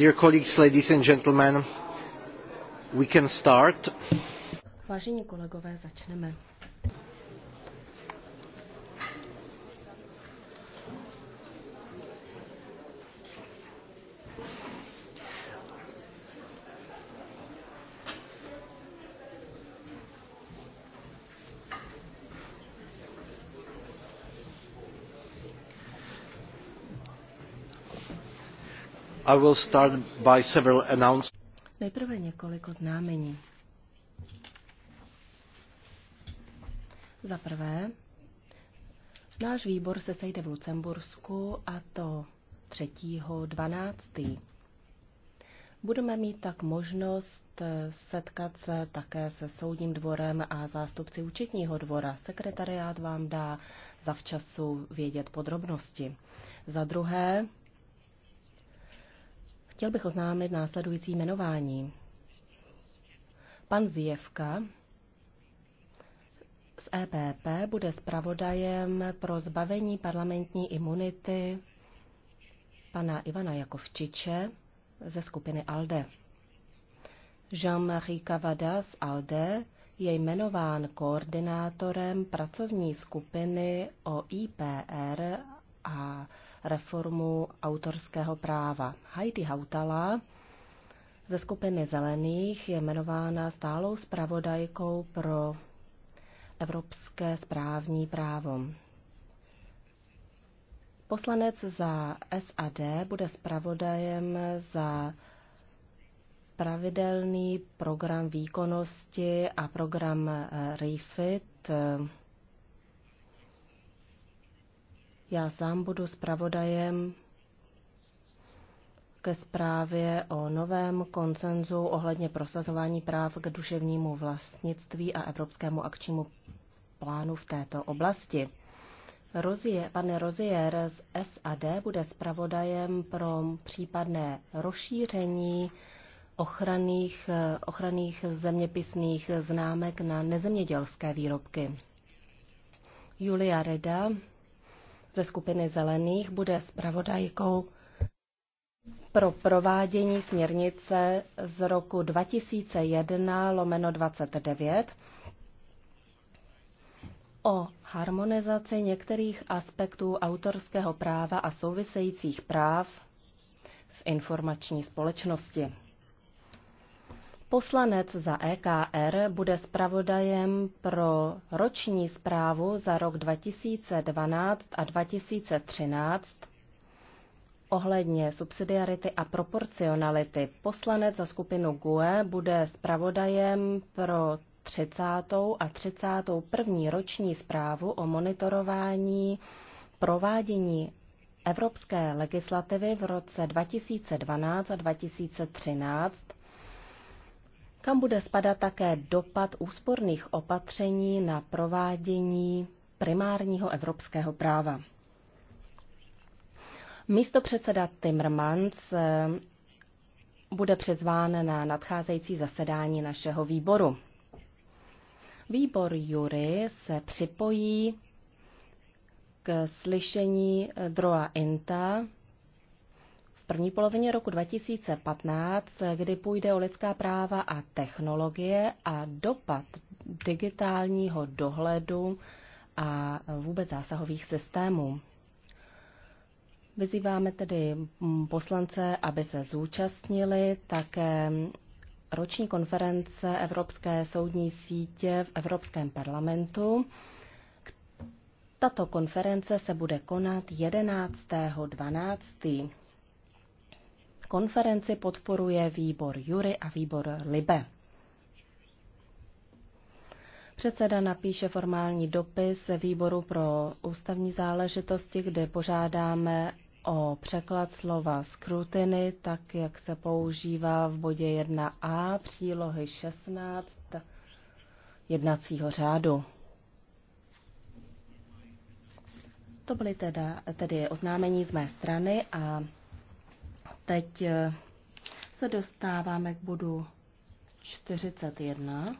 Dear colleagues, ladies and gentlemen, we can start. Vážení kolegové, začneme. I will start by several Nejprve několik oznámení. Za prvé, náš výbor se sejde v Lucembursku a to 3.12. Budeme mít tak možnost setkat se také se soudním dvorem a zástupci účetního dvora. Sekretariát vám dá zavčasu vědět podrobnosti. Za druhé, Chtěl bych oznámit následující jmenování. Pan Zjevka z EPP bude zpravodajem pro zbavení parlamentní imunity pana Ivana Jakovčiče ze skupiny ALDE. Jean-Marie Cavada z ALDE je jmenován koordinátorem pracovní skupiny o IPR a reformu autorského práva. Heidi Hautala ze skupiny Zelených je jmenována stálou zpravodajkou pro evropské správní právo. Poslanec za SAD bude zpravodajem za pravidelný program výkonnosti a program eh, REFIT eh, Já sám budu zpravodajem ke zprávě o novém koncenzu ohledně prosazování práv k duševnímu vlastnictví a Evropskému akčnímu plánu v této oblasti. Rozie, pane Rozier z SAD bude zpravodajem pro případné rozšíření ochranných, ochranných zeměpisných známek na nezemědělské výrobky. Julia Reda ze skupiny zelených bude zpravodajkou pro provádění směrnice z roku 2001 lomeno 29 o harmonizaci některých aspektů autorského práva a souvisejících práv v informační společnosti. Poslanec za EKR bude zpravodajem pro roční zprávu za rok 2012 a 2013 ohledně subsidiarity a proporcionality. Poslanec za skupinu GUE bude zpravodajem pro 30. a 31. roční zprávu o monitorování provádění evropské legislativy v roce 2012 a 2013 kam bude spadat také dopad úsporných opatření na provádění primárního evropského práva. Místo předseda Timmermans eh, bude přizván na nadcházející zasedání našeho výboru. Výbor Jury se připojí k slyšení eh, Droa Inta první polovině roku 2015, kdy půjde o lidská práva a technologie a dopad digitálního dohledu a vůbec zásahových systémů. Vyzýváme tedy poslance, aby se zúčastnili také roční konference Evropské soudní sítě v Evropském parlamentu. Tato konference se bude konat 11.12 konferenci podporuje výbor Jury a výbor Libe. Předseda napíše formální dopis výboru pro ústavní záležitosti, kde požádáme o překlad slova skrutiny, tak jak se používá v bodě 1a přílohy 16 jednacího řádu. To byly teda, tedy oznámení z mé strany a teď eh, se dostáváme k bodu 41,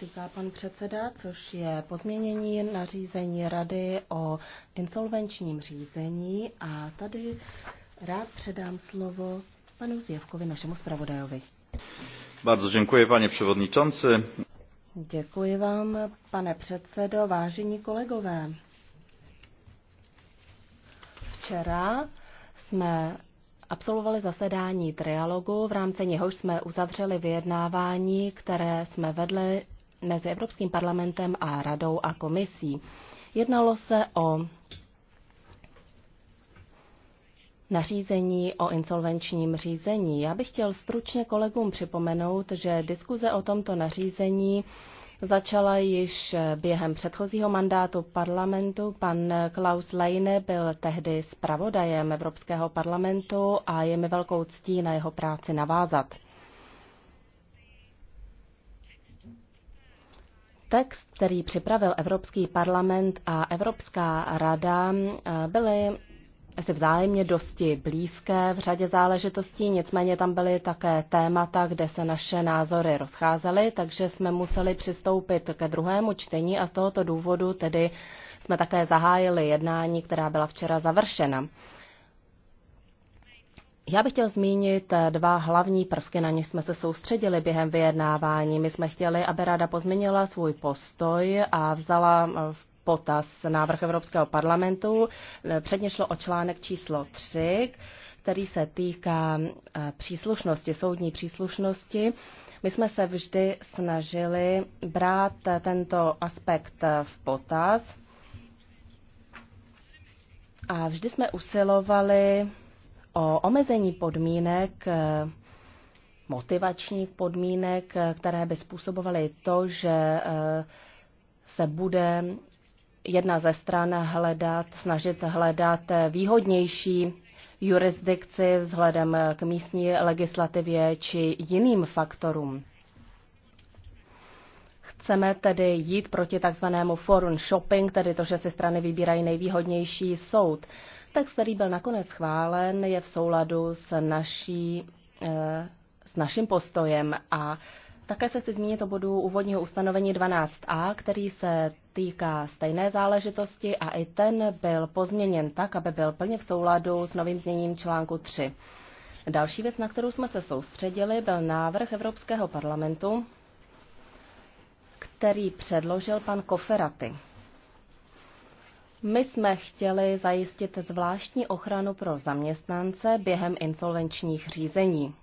říká pan předseda, což je pozměnění nařízení Rady o insolvenčním řízení. A tady rád předám slovo panu Zjevkovi, našemu zpravodajovi. Bardzo dziękuję, panie przewodniczący. Děkuji vám, pane předsedo, vážení kolegové. Včera jsme absolvovali zasedání trialogu, v rámci něhož jsme uzavřeli vyjednávání, které jsme vedli mezi Evropským parlamentem a radou a komisí. Jednalo se o nařízení o insolvenčním řízení. Já bych chtěl stručně kolegům připomenout, že diskuze o tomto nařízení začala již eh, během předchozího mandátu parlamentu. Pan eh, Klaus Leine byl tehdy zpravodajem Evropského parlamentu a je mi velkou ctí na jeho práci navázat. Text, který připravil Evropský parlament a Evropská rada, eh, byly si vzájemně dosti blízké v řadě záležitostí, nicméně tam byly také témata, kde se naše názory rozcházely, takže jsme museli přistoupit ke druhému čtení a z tohoto důvodu tedy jsme také zahájili jednání, která byla včera završena. Já bych chtěl zmínit eh, dva hlavní prvky, na něž jsme se soustředili během vyjednávání. My jsme chtěli, aby rada pozměnila svůj postoj a vzala eh, v potaz návrh Evropského parlamentu. Eh, předně šlo o článek číslo 3, který se týká eh, příslušnosti, soudní příslušnosti. My jsme se vždy snažili brát eh, tento aspekt v potaz a vždy jsme usilovali o omezení podmínek, motivačních podmínek, které by způsobovaly to, že se bude jedna ze stran hledat, snažit hledat výhodnější jurisdikci vzhledem k místní legislativě či jiným faktorům. Chceme tedy jít proti takzvanému forum shopping, tedy to, že si strany vybírají nejvýhodnější soud. Text, který byl nakonec schválen, je v souladu s, naší, eh, s naším postojem a také se chci zmínit o bodu úvodního ustanovení 12a, který se týká stejné záležitosti a i ten byl pozměněn tak, aby byl plně v souladu s novým zněním článku 3. Další věc, na kterou jsme se soustředili, byl návrh Evropského parlamentu, který předložil pan Koferaty. My jsme chtěli zajistit zvláštní ochranu pro zaměstnance během insolvenčních řízení.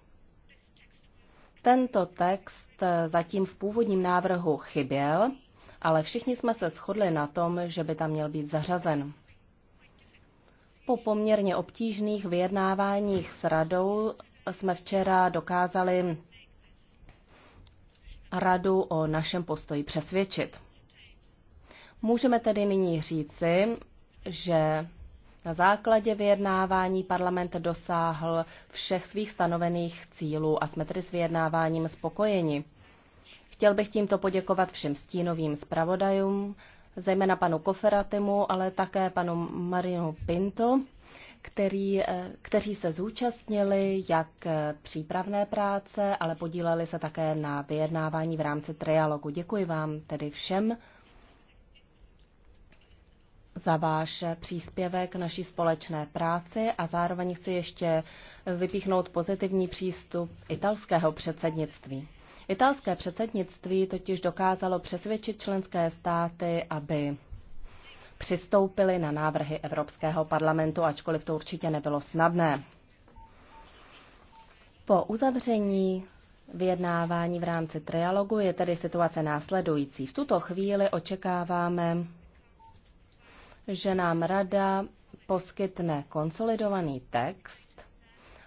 Tento text eh, zatím v původním návrhu chyběl, ale všichni jsme se shodli na tom, že by tam měl být zařazen. Po poměrně obtížných vyjednáváních s radou jsme včera dokázali radu o našem postoji přesvědčit. Můžeme tedy nyní říci, že na základě vyjednávání parlament dosáhl všech svých stanovených cílů a jsme tedy s vyjednáváním spokojeni. Chtěl bych tímto poděkovat všem stínovým zpravodajům, zejména panu Koferatemu, ale také panu Marinu Pinto, který, eh, kteří se zúčastnili jak eh, přípravné práce, ale podíleli se také na vyjednávání v rámci trialogu. Děkuji vám tedy všem za váš příspěvek naší společné práci a zároveň chci ještě vypíchnout pozitivní přístup italského předsednictví. Italské předsednictví totiž dokázalo přesvědčit členské státy, aby přistoupili na návrhy Evropského parlamentu, ačkoliv to určitě nebylo snadné. Po uzavření vyjednávání v rámci trialogu je tedy situace následující. V tuto chvíli očekáváme že nám rada poskytne konsolidovaný text,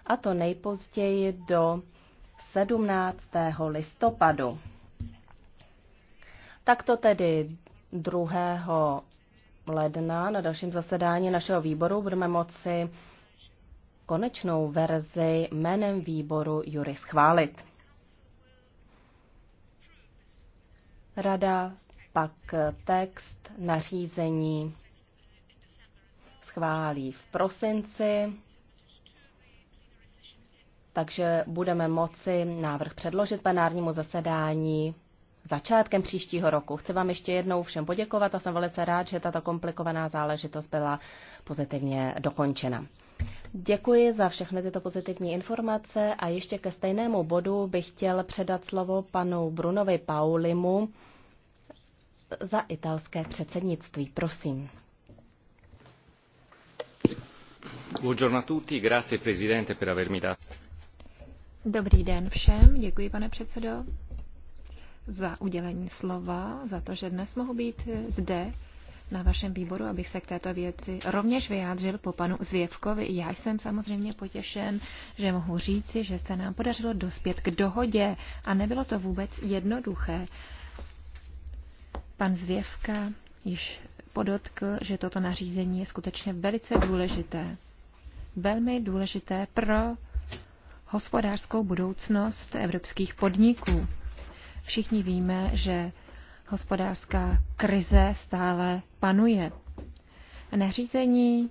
a to nejpozději do 17. listopadu. Takto tedy 2. ledna na dalším zasedání našeho výboru budeme moci konečnou verzi jménem výboru Jury schválit. Rada pak text nařízení schválí v prosinci, takže budeme moci návrh předložit plenárnímu zasedání začátkem příštího roku. Chci vám ještě jednou všem poděkovat a jsem velice rád, že tato komplikovaná záležitost byla pozitivně dokončena. Děkuji za všechny tyto pozitivní informace a ještě ke stejnému bodu bych chtěl předat slovo panu Brunovi Paulimu za italské předsednictví. Prosím. Dobrý den všem, děkuji pane předsedo za udělení slova, za to, že dnes mohu být zde na vašem výboru, abych se k této věci rovněž vyjádřil po panu Zvěvkovi. Já jsem samozřejmě potěšen, že mohu říci, že se nám podařilo dospět k dohodě a nebylo to vůbec jednoduché. Pan Zvěvka již podotkl, že toto nařízení je skutečně velice důležité velmi důležité pro hospodářskou budoucnost evropských podniků. Všichni víme, že hospodářská krize stále panuje. Nařízení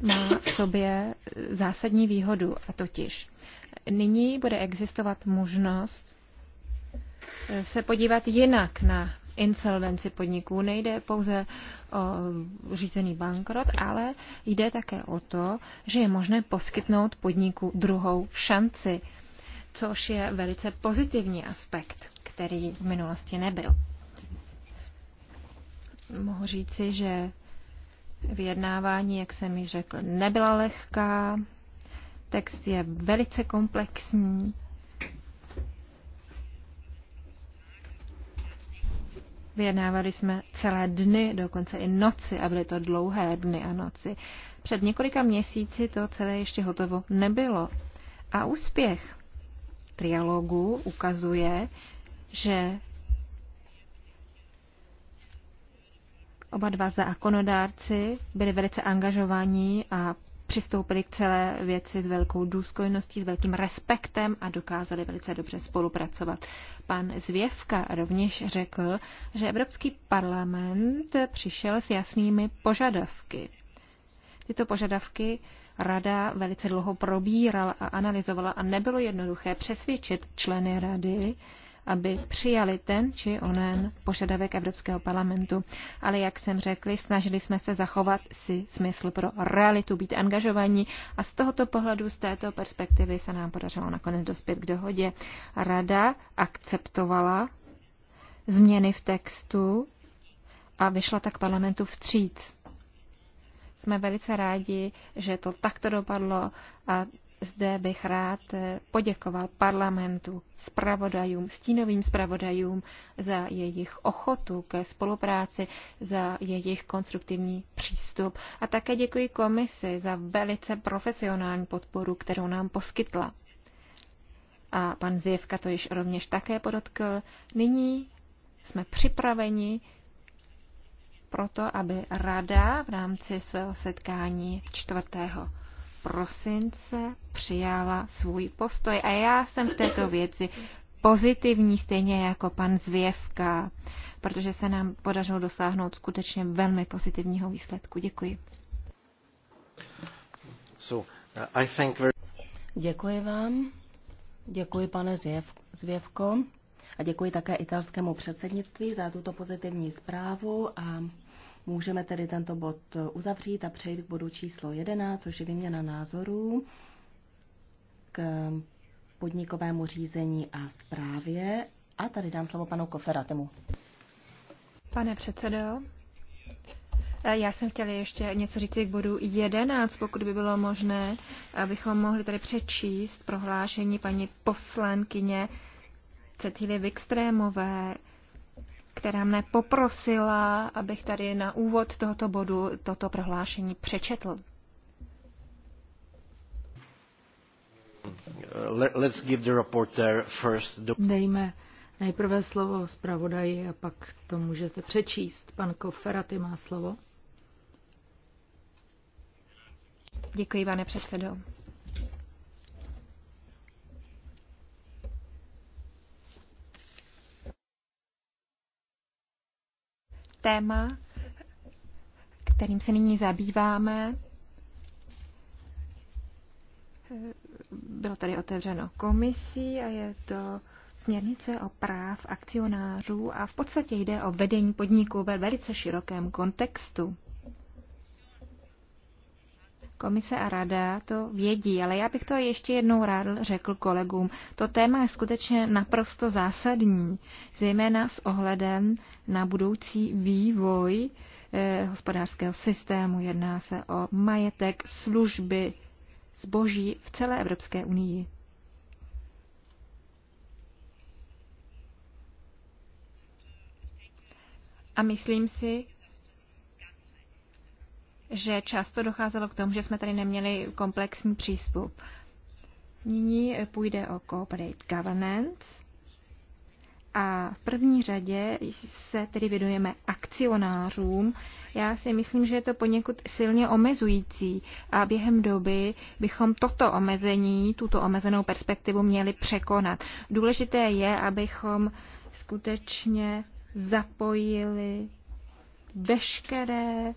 má v sobě zásadní výhodu, a totiž nyní bude existovat možnost se podívat jinak na insolvenci podniků. Nejde pouze o řízený bankrot, ale jde také o to, že je možné poskytnout podniku druhou šanci, což je velice pozitivní aspekt, který v minulosti nebyl. Mohu říci, že vyjednávání, jak jsem již řekl, nebyla lehká, text je velice komplexní, Vyjednávali jsme celé dny, dokonce i noci a byly to dlouhé dny a noci. Před několika měsíci to celé ještě hotovo nebylo. A úspěch trialogu ukazuje, že oba dva zákonodárci byli velice angažovaní a přistoupili k celé věci s velkou důstojností, s velkým respektem a dokázali velice dobře spolupracovat. Pan Zvěvka rovněž řekl, že Evropský parlament přišel s jasnými požadavky. Tyto požadavky rada velice dlouho probírala a analyzovala a nebylo jednoduché přesvědčit členy rady, aby přijali ten či onen požadavek Evropského parlamentu. Ale jak jsem řekli, snažili jsme se zachovat si smysl pro realitu, být angažovaní a z tohoto pohledu, z této perspektivy se nám podařilo nakonec dospět k dohodě. Rada akceptovala změny v textu a vyšla tak parlamentu vstříc. Jsme velice rádi, že to takto dopadlo a zde bych rád eh, poděkoval parlamentu, spravodajům, stínovým spravodajům za jejich ochotu ke spolupráci, za jejich konstruktivní přístup a také děkuji komisi za velice profesionální podporu, kterou nám poskytla. A pan Zjevka to již rovněž také podotkl. Nyní jsme připraveni proto, aby rada v rámci svého setkání 4 prosince přijala svůj postoj. A já jsem v této věci pozitivní, stejně jako pan Zvěvka, protože se nám podařilo dosáhnout skutečně velmi pozitivního výsledku. Děkuji. So, uh, I think very... Děkuji vám. Děkuji, pane Zvěvko. A děkuji také italskému předsednictví za tuto pozitivní zprávu a Můžeme tedy tento bod e, uzavřít a přejít k bodu číslo 11, což je výměna názorů k podnikovému řízení a zprávě. A tady dám slovo panu Koferatemu. Pane předsedo, e, já jsem chtěla ještě něco říct k bodu 11, pokud by bylo možné, abychom mohli tady přečíst prohlášení paní poslankyně Cetily Vikstrémové která mne poprosila, abych tady na úvod tohoto bodu toto prohlášení přečetl. Let's give the reporter first the... Dejme nejprve slovo zpravodaji a pak to můžete přečíst. Pan Koferaty má slovo. Děkuji, pane předsedo. téma, kterým se nyní zabýváme. Bylo tady otevřeno komisí a je to směrnice o práv akcionářů a v podstatě jde o vedení podniku ve velice širokém kontextu. Komise a rada to vědí, ale já bych to ještě jednou rád řekl kolegům. To téma je skutečně naprosto zásadní, zejména s ohledem na budoucí vývoj eh, hospodářského systému. Jedná se o majetek, služby, zboží v celé Evropské unii. A myslím si, že často docházelo k tomu, že jsme tady neměli komplexní přístup. Nyní půjde o corporate governance a v první řadě se tedy věnujeme akcionářům. Já si myslím, že je to poněkud silně omezující a během doby bychom toto omezení, tuto omezenou perspektivu měli překonat. Důležité je, abychom skutečně zapojili veškeré e,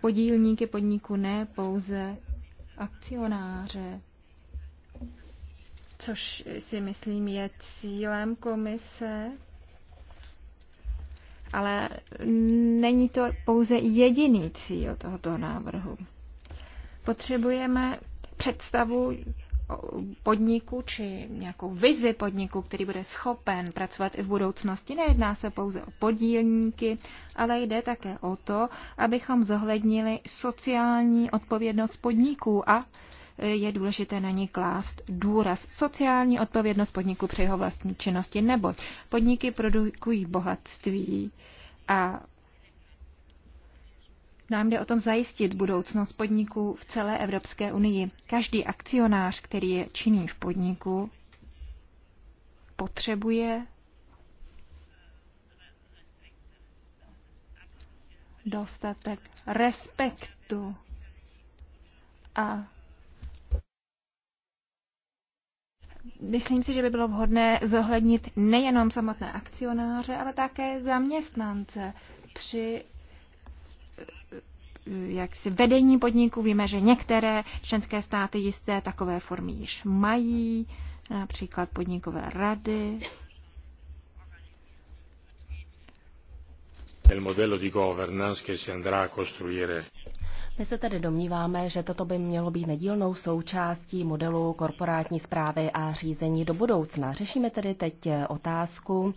podílníky podniku, ne pouze akcionáře. Což si myslím je cílem komise, ale není to pouze jediný cíl tohoto návrhu. Potřebujeme představu podniku či nějakou vizi podniku, který bude schopen pracovat i v budoucnosti. Nejedná se pouze o podílníky, ale jde také o to, abychom zohlednili sociální odpovědnost podniků a e, je důležité na ní klást důraz. Sociální odpovědnost podniku při jeho vlastní činnosti, neboť podniky produkují bohatství a nám jde o tom zajistit budoucnost podniků v celé Evropské unii. Každý akcionář, který je činný v podniku, potřebuje dostatek respektu a myslím si, že by bylo vhodné zohlednit nejenom samotné akcionáře, ale také zaměstnance při jaksi vedení podniků. Víme, že některé členské státy jisté takové formy již mají, například podnikové rady. El modelo di governance che si andrà a costruire my se tedy domníváme, že toto by mělo být nedílnou součástí modelu korporátní zprávy a řízení do budoucna. Řešíme tedy teď otázku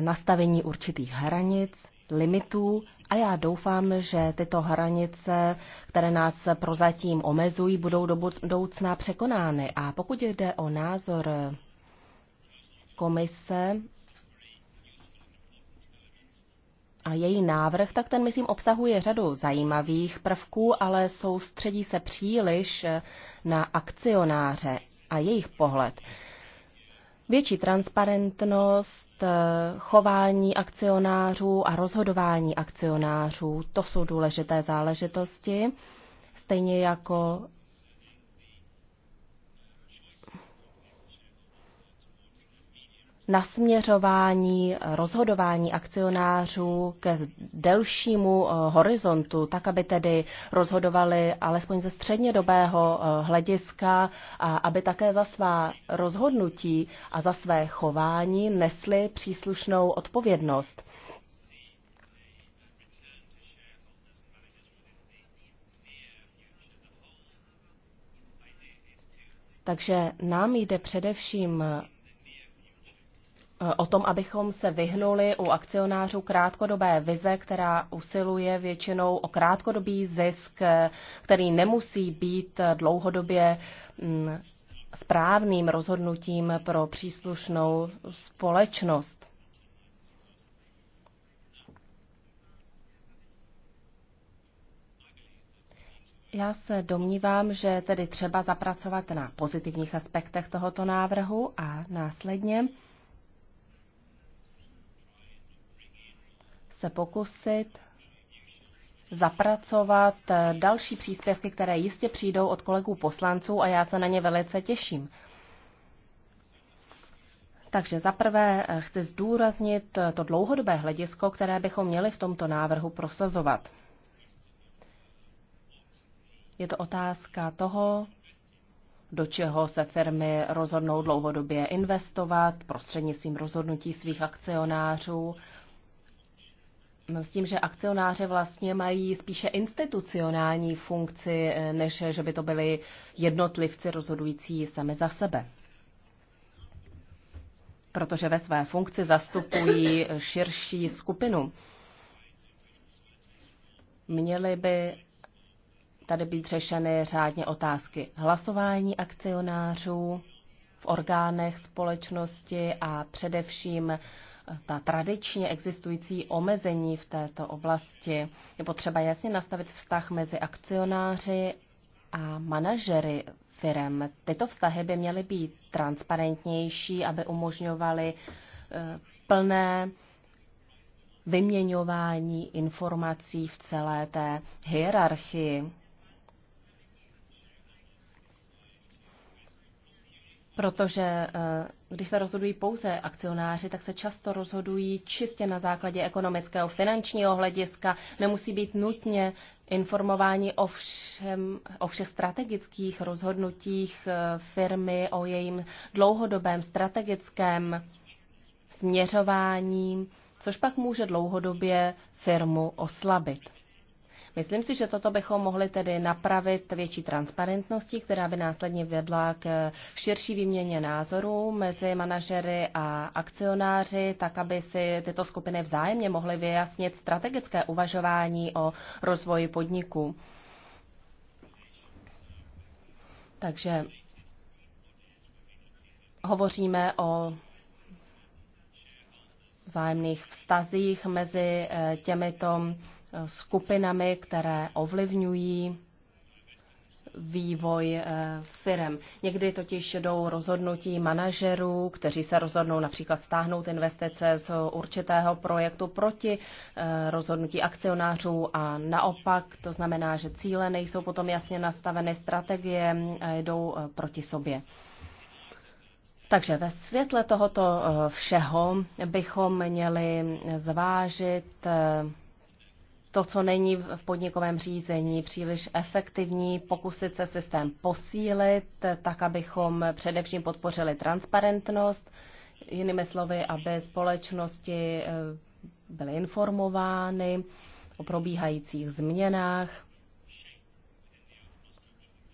nastavení určitých hranic, limitů a já doufám, že tyto hranice, které nás prozatím omezují, budou do budoucna překonány. A pokud jde o názor komise a její návrh, tak ten, myslím, obsahuje řadu zajímavých prvků, ale soustředí se příliš na akcionáře a jejich pohled větší transparentnost eh, chování akcionářů a rozhodování akcionářů. To jsou důležité záležitosti, stejně jako nasměřování rozhodování akcionářů ke delšímu eh, horizontu, tak aby tedy rozhodovali alespoň ze střednědobého eh, hlediska a aby také za svá rozhodnutí a za své chování nesli příslušnou odpovědnost. Takže nám jde především Eh, o tom, abychom se vyhnuli u akcionářů krátkodobé vize, která usiluje většinou o krátkodobý zisk, který nemusí být dlouhodobě mm, správným rozhodnutím pro příslušnou společnost. Já se domnívám, že tedy třeba zapracovat na pozitivních aspektech tohoto návrhu a následně se pokusit zapracovat eh, další příspěvky, které jistě přijdou od kolegů poslanců a já se na ně velice těším. Takže zaprvé eh, chci zdůraznit eh, to dlouhodobé hledisko, které bychom měli v tomto návrhu prosazovat. Je to otázka toho, do čeho se firmy rozhodnou dlouhodobě investovat prostřednictvím rozhodnutí svých akcionářů No, s tím, že akcionáře vlastně mají spíše institucionální funkci, eh, než že by to byli jednotlivci rozhodující sami za sebe. Protože ve své funkci zastupují širší skupinu. Měly by tady být řešeny řádně otázky hlasování akcionářů v orgánech společnosti a především ta tradičně existující omezení v této oblasti. Je potřeba jasně nastavit vztah mezi akcionáři a manažery firm. Tyto vztahy by měly být transparentnější, aby umožňovaly eh, plné vyměňování informací v celé té hierarchii. Protože eh, když se rozhodují pouze akcionáři, tak se často rozhodují čistě na základě ekonomického, finančního hlediska. Nemusí být nutně informováni o, všem, o všech strategických rozhodnutích eh, firmy, o jejím dlouhodobém strategickém směřování, což pak může dlouhodobě firmu oslabit. Myslím si, že toto bychom mohli tedy napravit větší transparentností, která by následně vedla k širší výměně názorů mezi manažery a akcionáři, tak aby si tyto skupiny vzájemně mohly vyjasnit strategické uvažování o rozvoji podniku. Takže hovoříme o vzájemných vztazích mezi eh, těmito skupinami, které ovlivňují vývoj eh, firm. Někdy totiž jdou rozhodnutí manažerů, kteří se rozhodnou například stáhnout investice z určitého projektu proti eh, rozhodnutí akcionářů a naopak. To znamená, že cíle nejsou potom jasně nastaveny, strategie eh, jdou proti sobě. Takže ve světle tohoto všeho bychom měli zvážit to, co není v podnikovém řízení příliš efektivní, pokusit se systém posílit, tak abychom především podpořili transparentnost, jinými slovy, aby společnosti eh, byly informovány o probíhajících změnách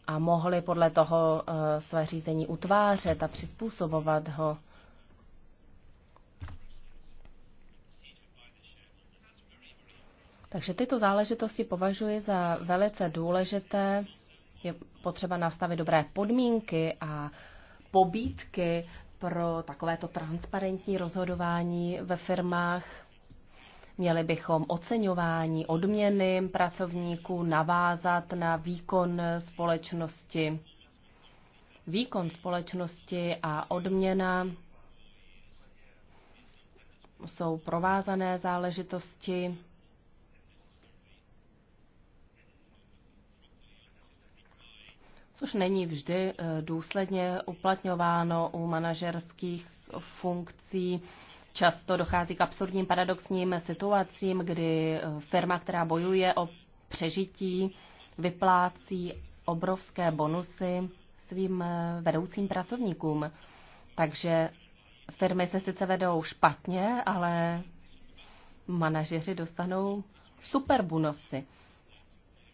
a mohly podle toho eh, své řízení utvářet a přizpůsobovat ho Takže tyto záležitosti považuji za velice důležité. Je potřeba nastavit dobré podmínky a pobídky pro takovéto transparentní rozhodování ve firmách. Měli bychom oceňování odměny pracovníků navázat na výkon společnosti. Výkon společnosti a odměna jsou provázané záležitosti. což není vždy eh, důsledně uplatňováno u manažerských funkcí. Často dochází k absurdním paradoxním situacím, kdy eh, firma, která bojuje o přežití, vyplácí obrovské bonusy svým eh, vedoucím pracovníkům. Takže firmy se sice vedou špatně, ale manažeři dostanou super bonusy.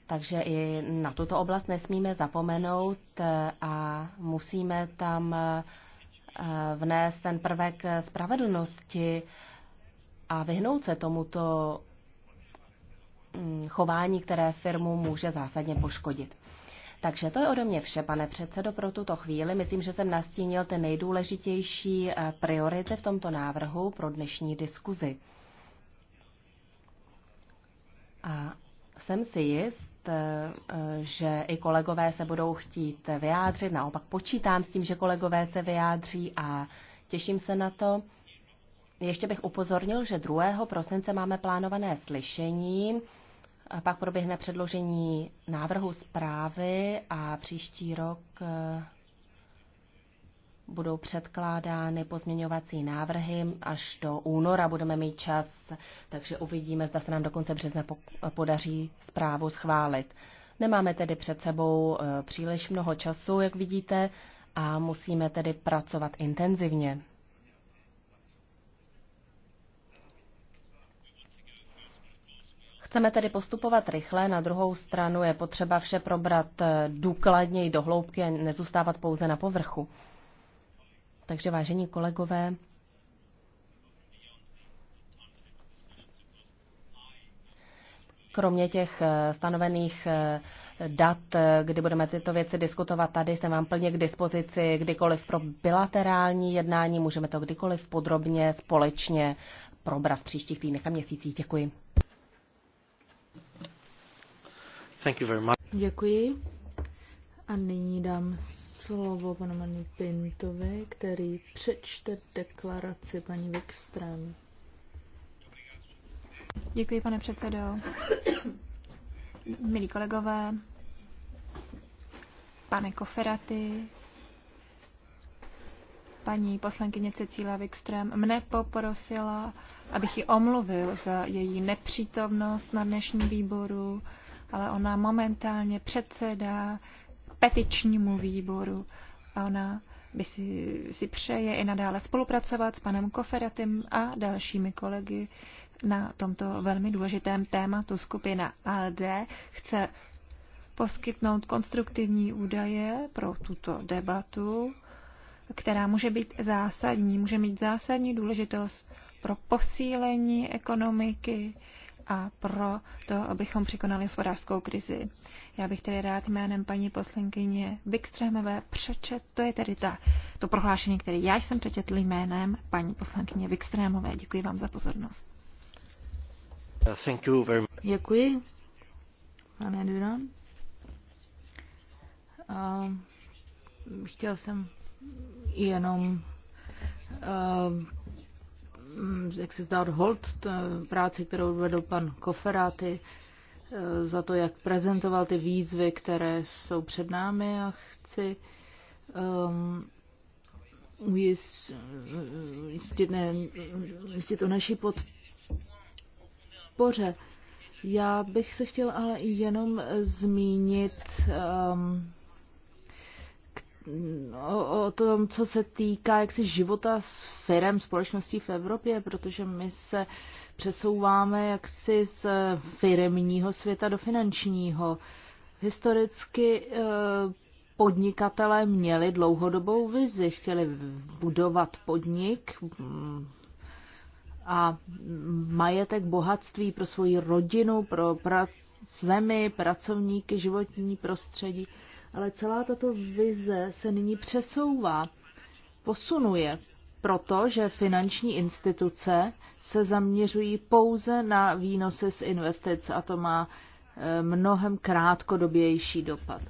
Takže i na tuto oblast nesmíme zapomenout eh, a musíme tam eh, vnést ten prvek spravedlnosti a vyhnout se tomuto mm, chování, které firmu může zásadně poškodit. Takže to je ode mě vše, pane předsedo, pro tuto chvíli. Myslím, že jsem nastínil ty nejdůležitější eh, priority v tomto návrhu pro dnešní diskuzi. A jsem si jist, Eh, že i kolegové se budou chtít vyjádřit. Naopak počítám s tím, že kolegové se vyjádří a těším se na to. Ještě bych upozornil, že 2. prosince máme plánované slyšení, a pak proběhne předložení návrhu zprávy a příští rok eh, budou předkládány pozměňovací návrhy. Až do února budeme mít čas, takže uvidíme, zda se nám do konce března podaří zprávu schválit. Nemáme tedy před sebou eh, příliš mnoho času, jak vidíte, a musíme tedy pracovat intenzivně. Chceme tedy postupovat rychle, na druhou stranu je potřeba vše probrat eh, důkladněji do hloubky a nezůstávat pouze na povrchu. Takže vážení kolegové, kromě těch eh, stanovených eh, dat, eh, kdy budeme tyto věci diskutovat tady, jsem vám plně k dispozici kdykoliv pro bilaterální jednání, můžeme to kdykoliv podrobně společně probrat v příštích týdnech a měsících. Děkuji. Thank you very much. Děkuji. A nyní dám slovo panu Manu Pintovi, který přečte deklaraci paní Wikström. Děkuji, pane předsedo. Milí kolegové, pane Koferaty, paní poslankyně Cecília Wikström mne poprosila, abych ji omluvil za její nepřítomnost na dnešním výboru, ale ona momentálně předsedá petičnímu výboru. A ona by si, si přeje i nadále spolupracovat s panem Koferatem a dalšími kolegy na tomto velmi důležitém tématu. Skupina ALD chce poskytnout konstruktivní údaje pro tuto debatu, která může být zásadní, může mít zásadní důležitost pro posílení ekonomiky, a pro to, abychom překonali hospodářskou krizi. Já bych tedy rád jménem paní poslankyně Vikstrémové přečet, to je tedy ta, to prohlášení, které já jsem přečetl jménem paní poslankyně Vikstrémové. Děkuji vám za pozornost. Uh, Děkuji, pane Duran. Uh, chtěl jsem jenom um, Mm, jak si zdát hold práci, kterou vedl pan Koferáty, e, za to, jak prezentoval ty výzvy, které jsou před námi a chci um, ujistit, ne, ujistit o naší podpoře. Já bych se chtěl ale jenom zmínit um, Mm, o, o tom, co se týká jaksi života s firem, společností v Evropě, protože my se přesouváme jaksi z firemního světa do finančního. Historicky eh, podnikatelé měli dlouhodobou vizi, chtěli budovat podnik mm, a majetek bohatství pro svoji rodinu, pro pra- zemi, pracovníky, životní prostředí ale celá tato vize se nyní přesouvá, posunuje, protože finanční instituce se zaměřují pouze na výnosy z investic a to má eh, mnohem krátkodobější dopad.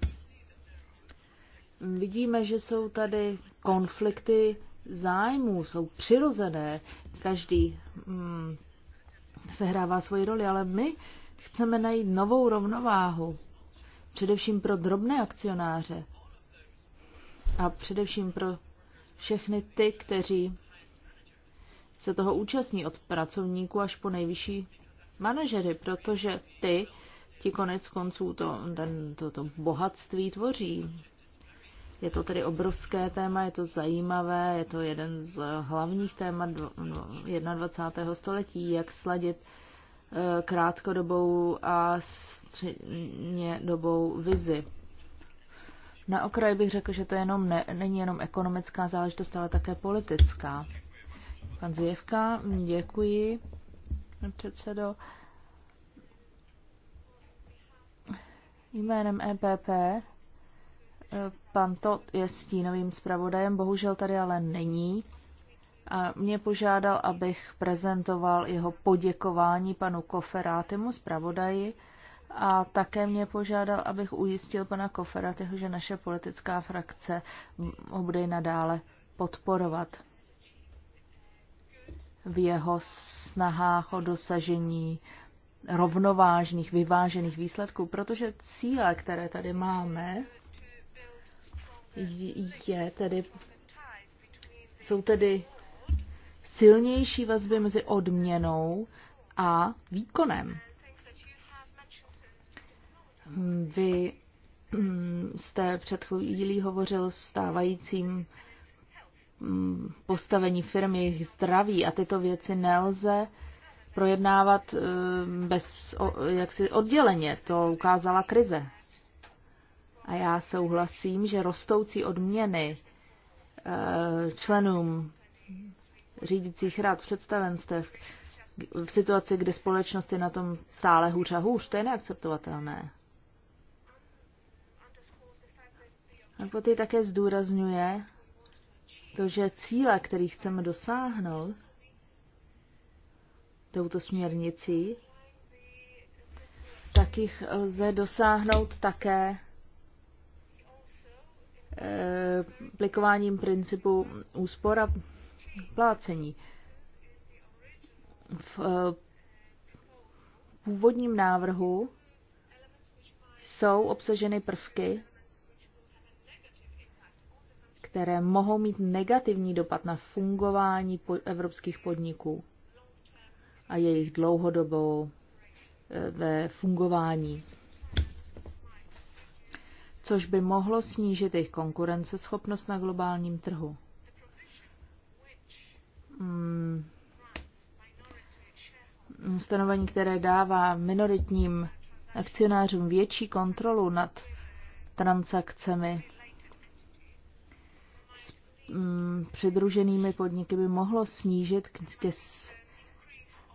Vidíme, že jsou tady konflikty zájmů, jsou přirozené, každý hmm, sehrává svoji roli, ale my chceme najít novou rovnováhu především pro drobné akcionáře a především pro všechny ty, kteří se toho účastní od pracovníků až po nejvyšší manažery, protože ty, ti konec konců to, ten, to, to bohatství tvoří. Je to tedy obrovské téma, je to zajímavé, je to jeden z hlavních témat 21. No, století, jak sladit Eh, krátkodobou a středně dobou vizi. Na okraji bych řekl, že to jenom ne, není jenom ekonomická záležitost, ale také politická. Pan Zvěvka, děkuji, předsedo. Jménem EPP eh, pan Tot je stínovým zpravodajem, bohužel tady ale není a mě požádal, abych prezentoval jeho poděkování panu Koferátemu zpravodaji a také mě požádal, abych ujistil pana Koferátyho, že naše politická frakce ho bude nadále podporovat v jeho snahách o dosažení rovnovážných, vyvážených výsledků, protože cíle, které tady máme, je tedy, jsou tedy silnější vazby mezi odměnou a výkonem. Vy mm, jste před chvílí hovořil stávajícím mm, postavení firmy, jejich zdraví a tyto věci nelze projednávat e, bez, jaksi odděleně. To ukázala krize. A já souhlasím, že rostoucí odměny e, členům řídících rád, představenstev, v situaci, kdy společnost je na tom stále hůř a hůř, to je neakceptovatelné. A poté také zdůrazňuje to, že cíle, který chceme dosáhnout touto směrnicí, tak jich lze dosáhnout také eh, aplikováním principu úspora plácení. V eh, původním návrhu jsou obsaženy prvky, které mohou mít negativní dopad na fungování evropských podniků a jejich dlouhodobou eh, ve fungování, což by mohlo snížit jejich konkurenceschopnost na globálním trhu mm, ustanovení, které dává minoritním akcionářům větší kontrolu nad transakcemi s mm, přidruženými podniky, by mohlo snížit ke,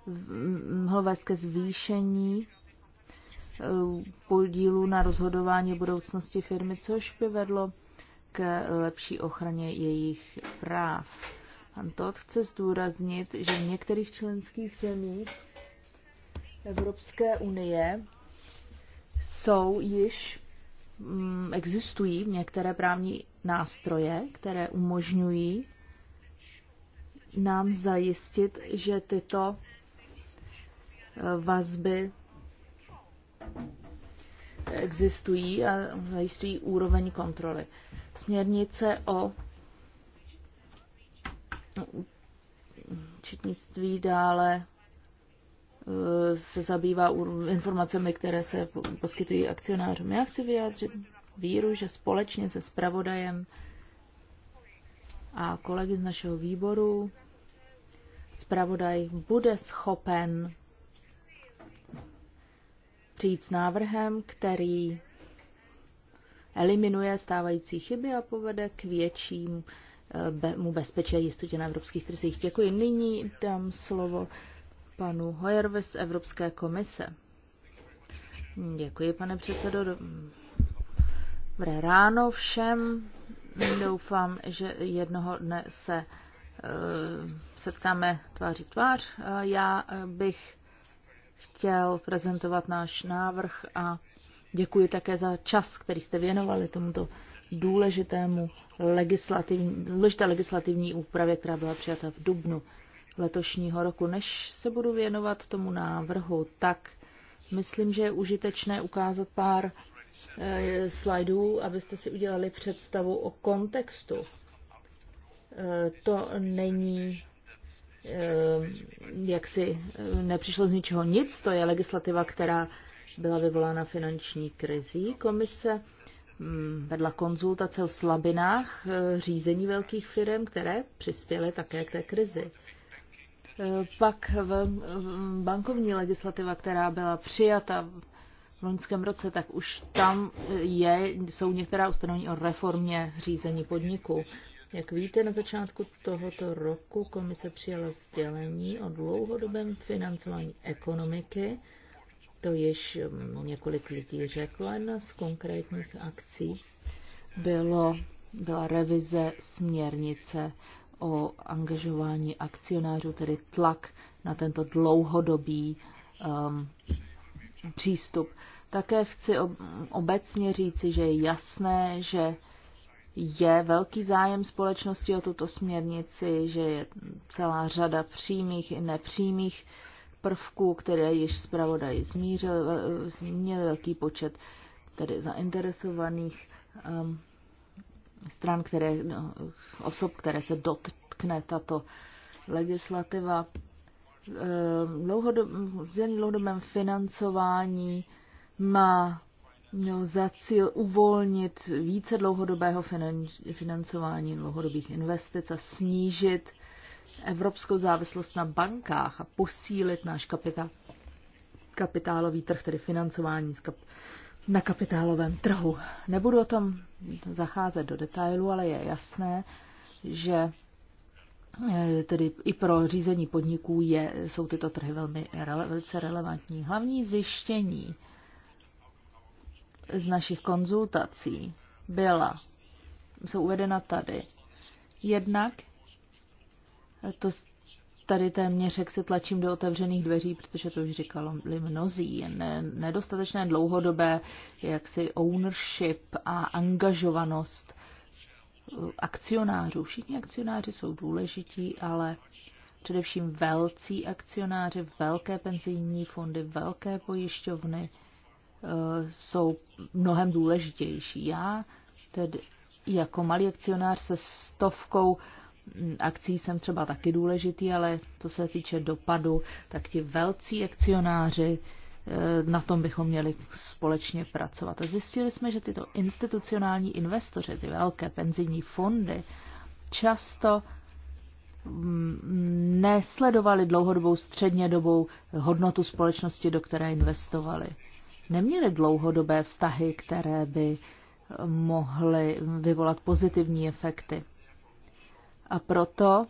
mm, mohlo vést ke zvýšení eh, podílu na rozhodování budoucnosti firmy, což by vedlo k lepší ochraně jejich práv. Pan Todd chce zdůraznit, že v některých členských zemích Evropské unie jsou již mm, existují některé právní nástroje, které umožňují nám zajistit, že tyto e, vazby existují a zajistují úroveň kontroly. Směrnice o Četnictví dále eh, se zabývá informacemi, které se poskytují akcionářům. Já chci vyjádřit víru, že společně se spravodajem a kolegy z našeho výboru zpravodaj bude schopen přijít s návrhem, který eliminuje stávající chyby a povede k větším mu bezpečí a jistotě na evropských trzích. Děkuji. Nyní dám slovo panu Hojerve z Evropské komise. Děkuji, pane předsedo. Dobré ráno všem. Doufám, že jednoho dne se uh, setkáme tváří tvář. Uh, Já bych chtěl prezentovat náš návrh a děkuji také za čas, který jste věnovali tomuto uh, důležitému legislativní, důležité legislativní úpravě, která byla přijata v Dubnu letošního roku. Než se budu věnovat tomu návrhu, tak myslím, že je užitečné ukázat pár e, slajdů, abyste si udělali představu o kontextu. Eh, to není eh, jak si nepřišlo z ničeho nic, to je legislativa, která byla vyvolána finanční krizí. Komise Mm, vedla konzultace o slabinách e, řízení velkých firm, které přispěly také k té krizi. E, pak v bankovní legislativa, která byla přijata v loňském roce, tak už tam je, jsou některá ustanovení o reformě řízení podniku. Jak víte, na začátku tohoto roku komise přijala sdělení o dlouhodobém financování ekonomiky to již mm, několik lidí řeklo. Jedna z konkrétních akcí bylo, byla revize směrnice o angažování akcionářů, tedy tlak na tento dlouhodobý um, přístup. Také chci obecně říci, že je jasné, že je velký zájem společnosti o tuto směrnici, že je celá řada přímých i nepřímých prvků, které již zpravodaj zmířil, eh, měl velký počet tedy zainteresovaných um, stran, které, no, osob, které se dotkne tato legislativa. Ehm, Dlouhodob, dlouhodobém financování má měl za cíl uvolnit více dlouhodobého financování dlouhodobých investic a snížit evropskou závislost na bankách a posílit náš kapitál, kapitálový trh, tedy financování na kapitálovém trhu. Nebudu o tom zacházet do detailu, ale je jasné, že eh, tedy i pro řízení podniků je, jsou tyto trhy velmi rele, velice relevantní. Hlavní zjištění z našich konzultací byla, jsou uvedena tady. Jednak to tady téměř, jak se tlačím do otevřených dveří, protože to už říkali mnozí, ne, nedostatečné dlouhodobé jaksi ownership a angažovanost uh, akcionářů. Všichni akcionáři jsou důležití, ale především velcí akcionáři, velké penzijní fondy, velké pojišťovny uh, jsou mnohem důležitější. Já tedy jako malý akcionář se stovkou akcí jsem třeba taky důležitý, ale co se týče dopadu, tak ti velcí akcionáři, eh, na tom bychom měli společně pracovat. A zjistili jsme, že tyto institucionální investoři, ty velké penzijní fondy, často mm, nesledovali dlouhodobou střednědobou hodnotu společnosti, do které investovali. Neměli dlouhodobé vztahy, které by mohly vyvolat pozitivní efekty a proto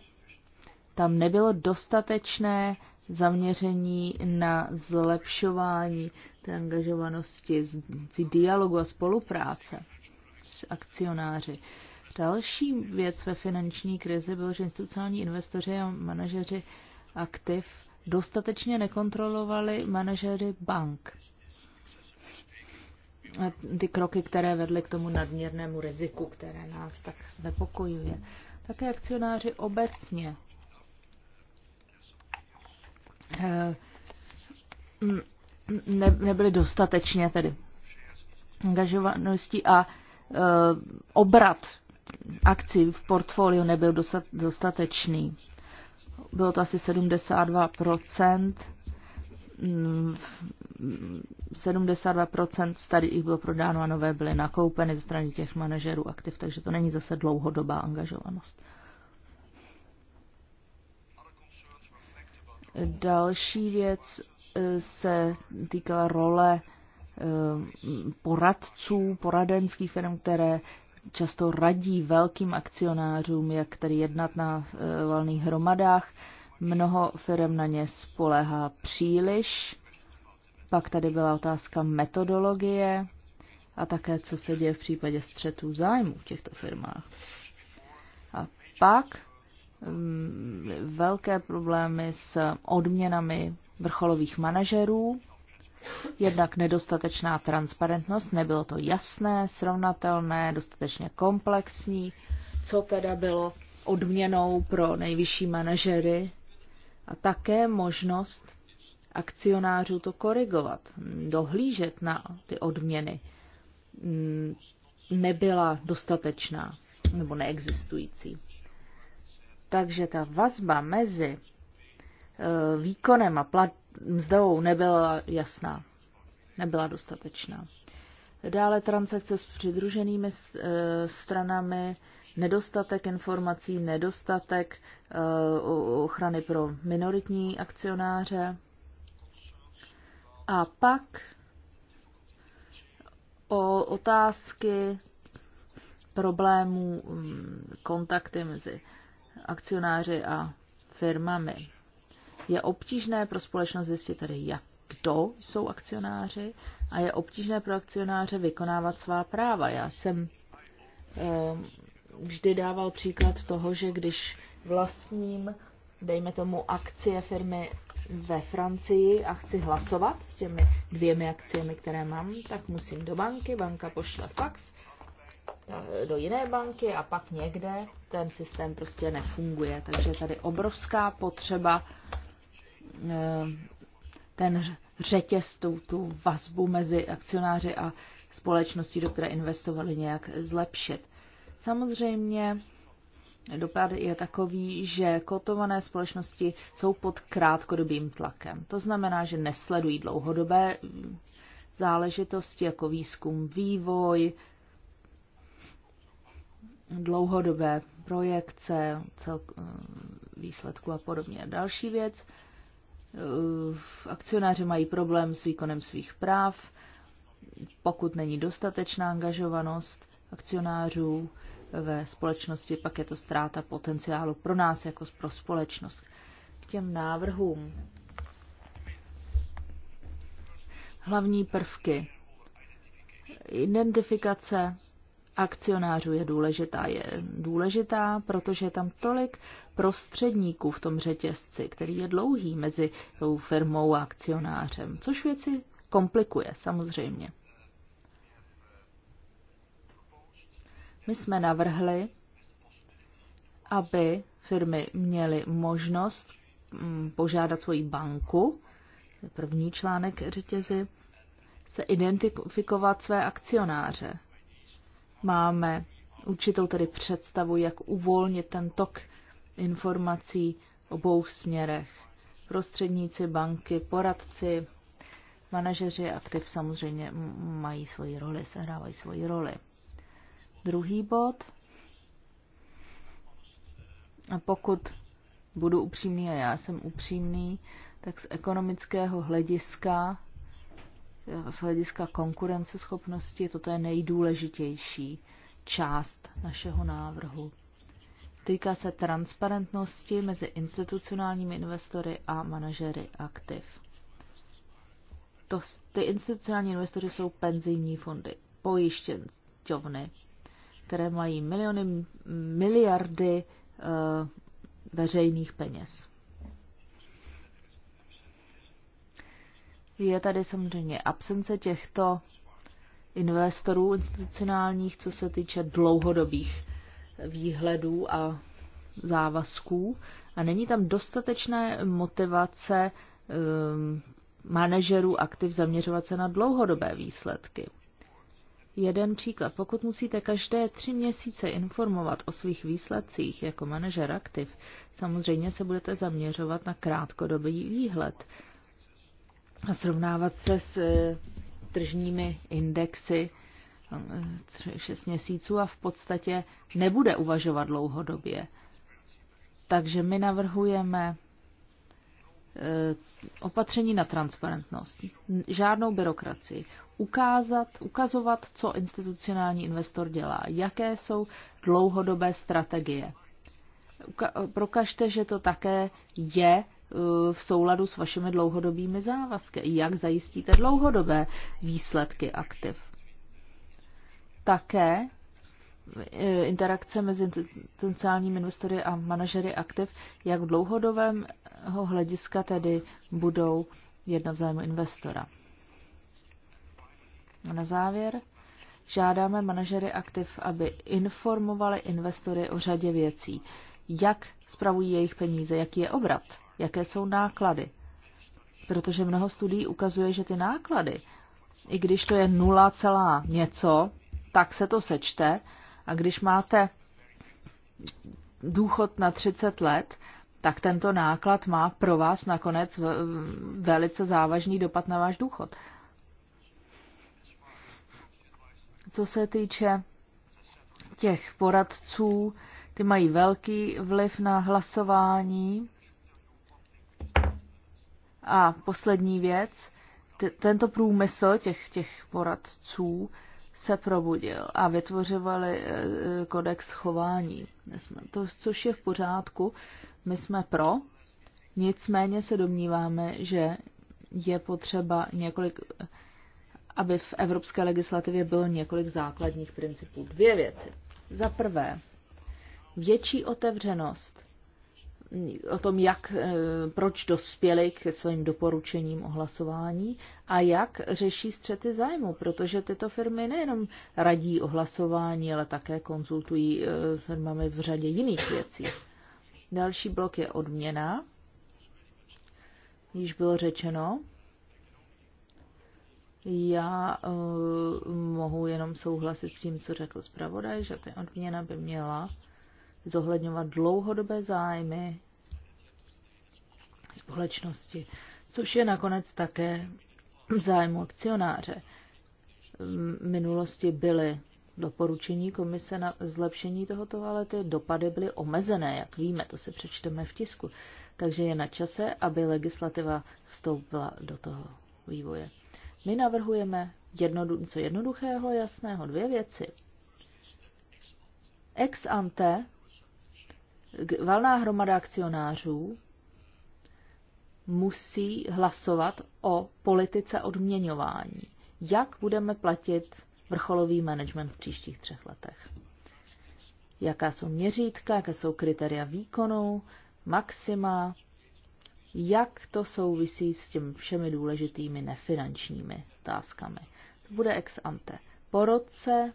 tam nebylo dostatečné zaměření na zlepšování té angažovanosti, dialogu a spolupráce s akcionáři. Další věc ve finanční krizi bylo, že institucionální investoři a manažeři aktiv dostatečně nekontrolovali manažery bank. A ty kroky, které vedly k tomu nadměrnému riziku, které nás tak znepokojuje také akcionáři obecně eh, ne, nebyly dostatečně tedy angažovanosti a e, obrat akcí v portfoliu nebyl dostatečný. Bylo to asi 72 72% starých bylo prodáno a nové byly nakoupeny ze strany těch manažerů aktiv, takže to není zase dlouhodobá angažovanost. Další věc eh, se týkala role eh, poradců, poradenských firm, které často radí velkým akcionářům, jak tedy jednat na eh, valných hromadách Mnoho firm na ně spolehá příliš. Pak tady byla otázka metodologie a také, co se děje v případě střetů zájmů v těchto firmách. A pak mm, velké problémy s odměnami vrcholových manažerů, jednak nedostatečná transparentnost, nebylo to jasné, srovnatelné, dostatečně komplexní, co teda bylo odměnou pro nejvyšší manažery a také možnost akcionářů to korigovat, dohlížet na ty odměny mm, nebyla dostatečná nebo neexistující. Takže ta vazba mezi e, výkonem a plat, mzdou nebyla jasná, nebyla dostatečná. Dále transakce s přidruženými e, stranami nedostatek informací, nedostatek eh, ochrany pro minoritní akcionáře. A pak o otázky problémů, mm, kontakty mezi akcionáři a firmami. Je obtížné pro společnost zjistit tedy, jak, kdo jsou akcionáři a je obtížné pro akcionáře vykonávat svá práva. Já jsem eh, vždy dával příklad toho, že když vlastním, dejme tomu, akcie firmy ve Francii a chci hlasovat s těmi dvěmi akciemi, které mám, tak musím do banky, banka pošle fax eh, do jiné banky a pak někde ten systém prostě nefunguje. Takže tady obrovská potřeba eh, ten řetěz, tu, tu vazbu mezi akcionáři a společností, do které investovali, nějak zlepšit. Samozřejmě dopad je takový, že kotované společnosti jsou pod krátkodobým tlakem. To znamená, že nesledují dlouhodobé záležitosti jako výzkum, vývoj, dlouhodobé projekce, eh, výsledku a podobně. Další věc, eh, akcionáři mají problém s výkonem svých práv, pokud není dostatečná angažovanost, akcionářů ve společnosti, pak je to ztráta potenciálu pro nás jako pro společnost. K těm návrhům. Hlavní prvky. Identifikace akcionářů je důležitá. Je důležitá, protože je tam tolik prostředníků v tom řetězci, který je dlouhý mezi tou firmou a akcionářem, což věci komplikuje samozřejmě. My jsme navrhli, aby firmy měly možnost mm, požádat svoji banku, první článek řetězy, se identifikovat své akcionáře. Máme určitou tedy představu, jak uvolnit ten tok informací v obou směrech. Prostředníci, banky, poradci, manažeři aktiv samozřejmě mají svoji roli, sehrávají svoji roli. Druhý bod. A pokud budu upřímný a já jsem upřímný, tak z ekonomického hlediska, z hlediska konkurenceschopnosti, toto je nejdůležitější část našeho návrhu. Týká se transparentnosti mezi institucionálními investory a manažery aktiv. To, ty institucionální investory jsou penzijní fondy, pojištěvny, které mají miliony, miliardy eh, veřejných peněz. Je tady samozřejmě absence těchto investorů institucionálních, co se týče dlouhodobých výhledů a závazků a není tam dostatečné motivace um, manažerů aktiv zaměřovat se na dlouhodobé výsledky jeden příklad. Pokud musíte každé tři měsíce informovat o svých výsledcích jako manažer aktiv, samozřejmě se budete zaměřovat na krátkodobý výhled a srovnávat se s eh, tržními indexy 6 eh, měsíců a v podstatě nebude uvažovat dlouhodobě. Takže my navrhujeme Eh, opatření na transparentnost, žádnou byrokracii, ukázat, ukazovat, co institucionální investor dělá, jaké jsou dlouhodobé strategie. Prokažte, že to také je eh, v souladu s vašimi dlouhodobými závazky. Jak zajistíte dlouhodobé výsledky aktiv? Také interakce mezi potenciálními investory a manažery aktiv, jak v dlouhodobém hlediska tedy budou jedna vzájmu investora. A na závěr žádáme manažery aktiv, aby informovali investory o řadě věcí. Jak spravují jejich peníze, jaký je obrat, jaké jsou náklady. Protože mnoho studií ukazuje, že ty náklady, i když to je nula celá něco, tak se to sečte a když máte důchod na 30 let, tak tento náklad má pro vás nakonec velice závažný dopad na váš důchod. Co se týče těch poradců, ty mají velký vliv na hlasování. A poslední věc, tento průmysl těch, těch poradců se probudil a vytvořovali eh, kodex chování. To, což je v pořádku, my jsme pro, nicméně se domníváme, že je potřeba několik, aby v evropské legislativě bylo několik základních principů. Dvě věci. Za prvé, větší otevřenost o tom, jak, eh, proč dospěli k svým doporučením o hlasování a jak řeší střety zájmu, protože tyto firmy nejenom radí o hlasování, ale také konzultují eh, firmami v řadě jiných věcí. Další blok je odměna. Již bylo řečeno, já uh, mohu jenom souhlasit s tím, co řekl zpravodaj, že ta odměna by měla zohledňovat dlouhodobé zájmy společnosti, což je nakonec také v zájmu akcionáře. V minulosti byly doporučení komise na zlepšení tohoto, ale ty dopady byly omezené, jak víme, to se přečteme v tisku. Takže je na čase, aby legislativa vstoupila do toho vývoje. My navrhujeme jednodu, co jednoduchého, jasného, dvě věci. Ex ante valná hromada akcionářů musí hlasovat o politice odměňování. Jak budeme platit vrcholový management v příštích třech letech? Jaká jsou měřítka, jaké jsou kritéria výkonu, maxima, jak to souvisí s těmi všemi důležitými nefinančními otázkami. To bude ex ante. Po roce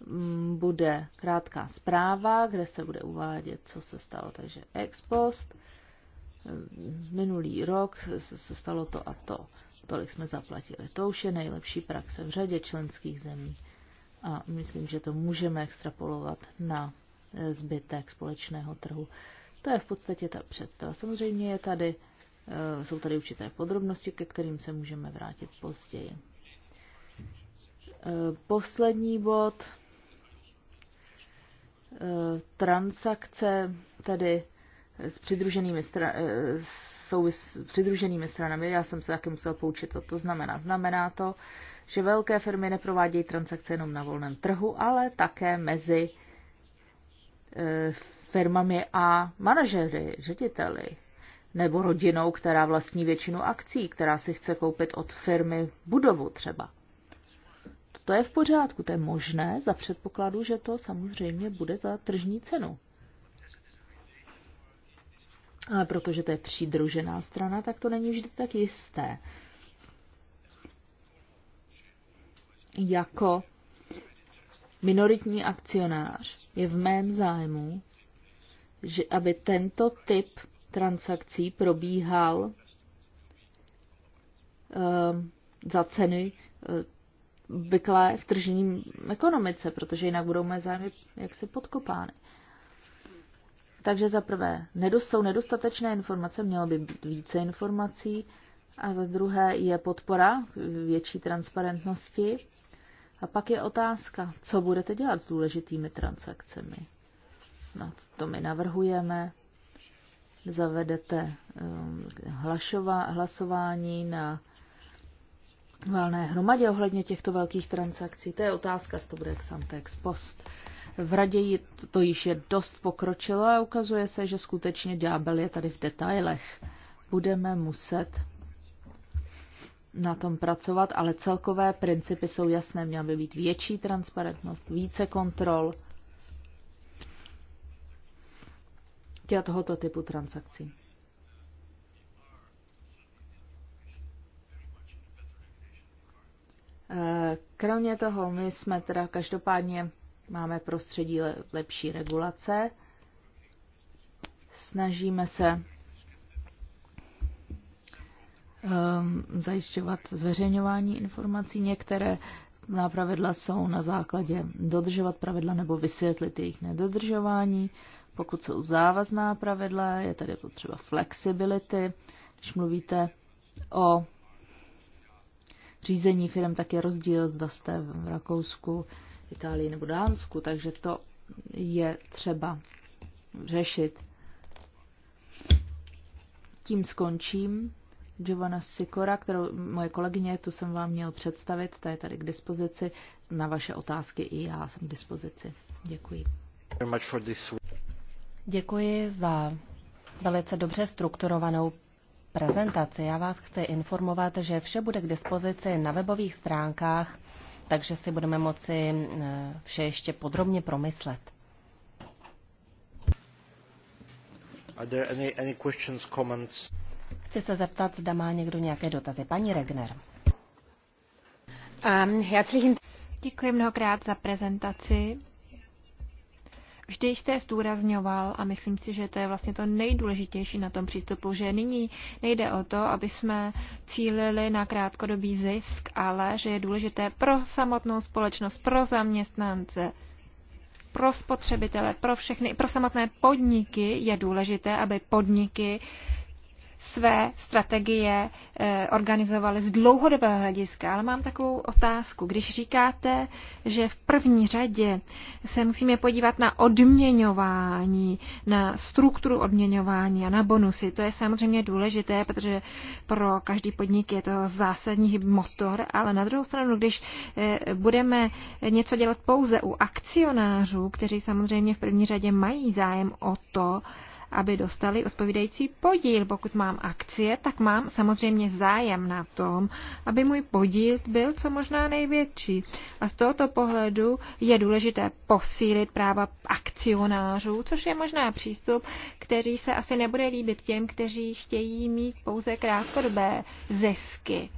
Mm, bude krátká zpráva, kde se bude uvádět, co se stalo. Takže ex post, eh, minulý rok se stalo to a to. Tolik jsme zaplatili. To už je nejlepší praxe v řadě členských zemí. A myslím, že to můžeme extrapolovat na eh, zbytek společného trhu. To je v podstatě ta představa. Samozřejmě je tady, eh, jsou tady určité podrobnosti, ke kterým se můžeme vrátit později. Poslední bod Eh, transakce tedy s přidruženými, stra- eh, souvis- přidruženými stranami, já jsem se taky musel poučit, co to znamená. Znamená to, že velké firmy neprovádějí transakce jenom na volném trhu, ale také mezi eh, firmami a manažery, řediteli nebo rodinou, která vlastní většinu akcí, která si chce koupit od firmy budovu třeba. To je v pořádku, to je možné za předpokladu, že to samozřejmě bude za tržní cenu. Ale protože to je přidružená strana, tak to není vždy tak jisté. Jako minoritní akcionář je v mém zájmu, že aby tento typ transakcí probíhal uh, za ceny eh, obvykle v tržní ekonomice, protože jinak budou mé zájmy jaksi podkopány. Takže za prvé, jsou nedostatečné informace, mělo by být více informací, a za druhé je podpora větší transparentnosti. A pak je otázka, co budete dělat s důležitými transakcemi. No, to my navrhujeme. Zavedete um, hlasování na valné hromadě ohledně těchto velkých transakcí. To je otázka, to bude jak ante ex post. V raději to již je dost pokročilo a ukazuje se, že skutečně ďábel je tady v detailech. Budeme muset na tom pracovat, ale celkové principy jsou jasné. Měla by být větší transparentnost, více kontrol tohoto typu transakcí. Eh, kromě toho, my jsme teda každopádně máme prostředí lepší regulace, snažíme se ehm, zajišťovat zveřejňování informací. Některé pravidla jsou na základě dodržovat pravidla nebo vysvětlit jejich nedodržování. Pokud jsou závazná pravidla, je tady potřeba flexibility. Když mluvíte o řízení firm, tak je rozdíl, zda jste v Rakousku, Itálii nebo Dánsku, takže to je třeba řešit. Tím skončím. Giovanna Sikora, kterou moje kolegyně, tu jsem vám měl představit, ta je tady k dispozici. Na vaše otázky i já jsem k dispozici. Děkuji. Děkuji za velice dobře strukturovanou prezentaci. Já vás chci informovat, že vše bude k dispozici na webových stránkách, takže si budeme moci e, vše ještě podrobně promyslet. Are there any, any questions, comments? Chci se zeptat, zda má někdo nějaké dotazy. Paní Regner. Um, herzlichen... Děkuji mnohokrát za prezentaci. Vždy jste zdůrazňoval, a myslím si, že to je vlastně to nejdůležitější na tom přístupu, že nyní nejde o to, aby jsme cílili na krátkodobý zisk, ale že je důležité pro samotnou společnost, pro zaměstnance, pro spotřebitele, pro všechny, pro samotné podniky je důležité, aby podniky uh, své strategie eh, organizovali z dlouhodobého hlediska. Ale mám takovou otázku. Když říkáte, že v první řadě se musíme podívat na odměňování, na strukturu odměňování a na bonusy, to je samozřejmě důležité, protože pro každý podnik je to zásadní motor, ale na druhou stranu, když eh, budeme něco dělat pouze u akcionářů, kteří samozřejmě v první řadě mají zájem o to, aby dostali odpovídající podíl. Pokud mám akcie, tak mám samozřejmě zájem na tom, aby můj podíl byl co možná největší. A z tohoto pohledu je důležité posílit práva akcionářů, což je možná přístup, který se asi nebude líbit těm, kteří chtějí mít pouze krátkodobé zisky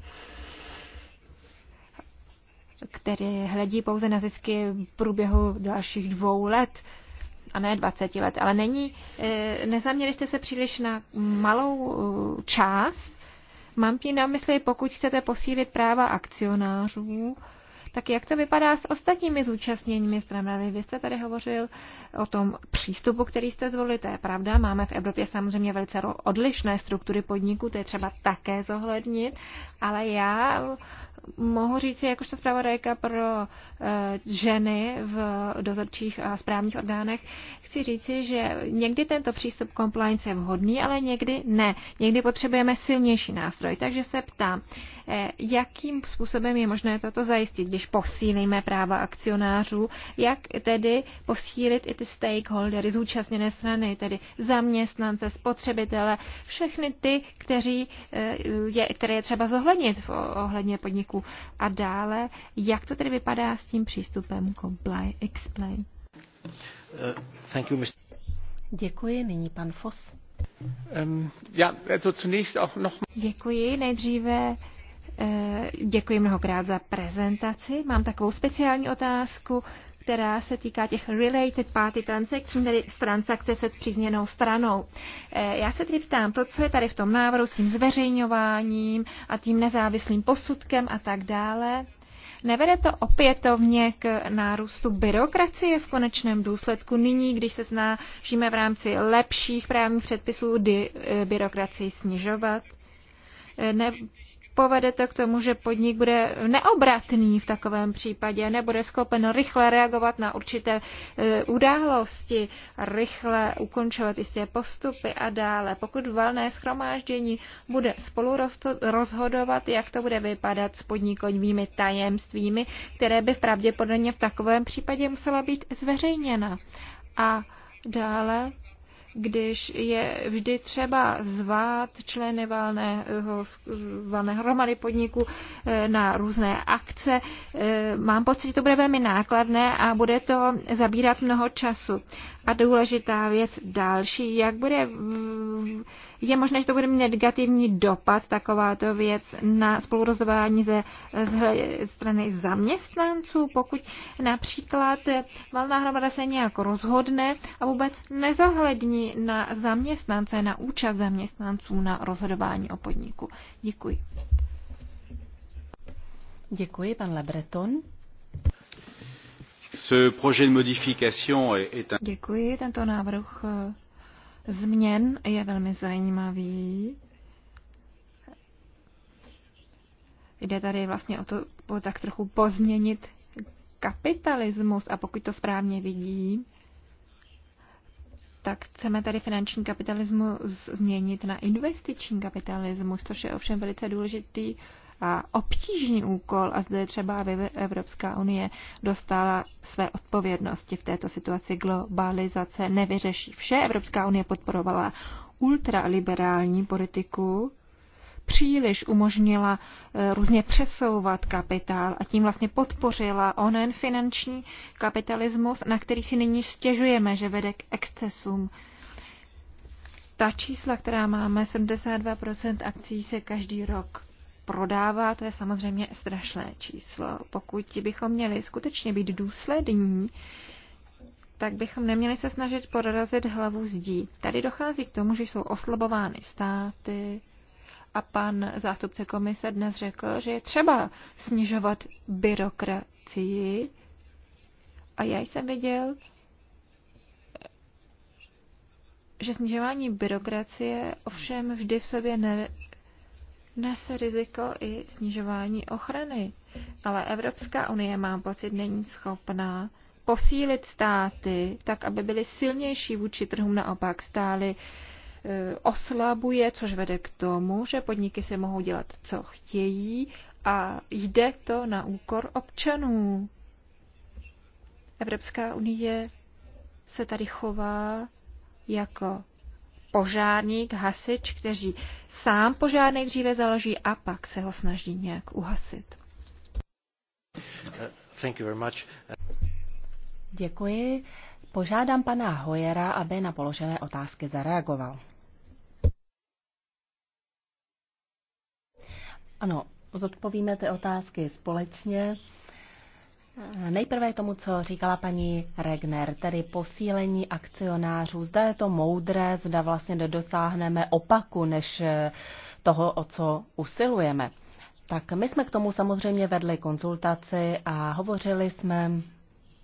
který hledí pouze na zisky v průběhu dalších dvou let a ne 20 let. Ale není, e, nezaměli jste se příliš na malou e, část. Mám tím na mysli, pokud chcete posílit práva akcionářů, tak jak to vypadá s ostatními zúčastněnými stranami? Vy jste tady hovořil o tom přístupu, který jste zvolili, to je pravda. Máme v Evropě samozřejmě velice odlišné struktury podniků, to je třeba také zohlednit, ale já mohu říct, jakožto zpravodajka pro uh, ženy v dozorčích a správních orgánech, chci říci, že někdy tento přístup compliance je vhodný, ale někdy ne. Někdy potřebujeme silnější nástroj. Takže se ptám, eh, jakým způsobem je možné toto zajistit, když posílíme práva akcionářů, jak tedy posílit i ty stakeholdery, zúčastněné strany, tedy zaměstnance, spotřebitele, všechny ty, kteří, eh, je, které je třeba zohlednit v, ohledně podniků podniků. A dále, jak to tedy vypadá s tím přístupem Comply Explain? Uh, thank you, Mr. Děkuji, nyní pan Foss. Um, ja, also zunächst auch noch... Děkuji, nejdříve eh, Děkuji mnohokrát za prezentaci. Mám takovou speciální otázku která se týká těch related party transaction, tedy transakce se zpřízněnou stranou. Eh, já se tedy ptám, to, co je tady v tom návrhu s tím zveřejňováním a tím nezávislým posudkem a tak dále, Nevede to opětovně k nárůstu byrokracie v konečném důsledku? Nyní, když se snažíme v rámci lepších právních předpisů dy, eh, byrokracii snižovat, eh, ne, povede to k tomu, že podnik bude neobratný v takovém případě, nebude schopen rychle reagovat na určité e, události, rychle ukončovat jisté postupy a dále. Pokud valné schromáždění bude spolu rozhodovat, jak to bude vypadat s podnikovými tajemstvími, které by pravděpodobně v takovém případě musela být zveřejněna. A dále když je vždy třeba zvát členy valného, valné hromady podniku eh, na různé akce. Eh, mám pocit, že to bude velmi nákladné a bude to zabírat mnoho času. A důležitá věc další, jak bude je možné, že to bude mít negativní dopad takováto věc na spolurozování ze ze strany zaměstnanců, pokud například valná hromada se nějak rozhodne a vůbec nezohlední na zaměstnance, na účast zaměstnanců na rozhodování o podniku. Děkuji. Děkuji, pan Lebreton. Děkuji, tento návrh změn je velmi zajímavý. Jde tady vlastně o to o tak trochu pozměnit kapitalismus a pokud to správně vidím, tak chceme tady finanční kapitalismus změnit na investiční kapitalismus, což je ovšem velice důležitý a obtížný úkol a zde třeba, Evropská unie dostala své odpovědnosti v této situaci. Globalizace nevyřeší vše. Evropská unie podporovala ultraliberální politiku, příliš umožnila eh, různě přesouvat kapitál a tím vlastně podpořila onen finanční kapitalismus, na který si nyní stěžujeme, že vede k excesům. Ta čísla, která máme, 72% akcí se každý rok prodává, to je samozřejmě strašné číslo. Pokud bychom měli skutečně být důslední, tak bychom neměli se snažit porazit hlavu zdí. Tady dochází k tomu, že jsou oslabovány státy a pan zástupce komise dnes řekl, že je třeba snižovat byrokracii. A já jsem viděl, že snižování byrokracie ovšem vždy v sobě ne nese riziko i snižování ochrany. Ale Evropská unie, má pocit, není schopná posílit státy tak, aby byly silnější vůči trhům, naopak stály e, oslabuje, což vede k tomu, že podniky si mohou dělat, co chtějí a jde to na úkor občanů. Evropská unie se tady chová jako požárník, hasič, kteří sám požár nejdříve založí a pak se ho snaží nějak uhasit. Thank you very much. Děkuji. Požádám pana Hojera, aby na položené otázky zareagoval. Ano, zodpovíme ty otázky společně. Nejprve tomu, co říkala paní Regner, tedy posílení akcionářů. Zda je to moudré, zda vlastně dosáhneme opaku než eh, toho, o co usilujeme. Tak my jsme k tomu samozřejmě vedli konzultaci a hovořili jsme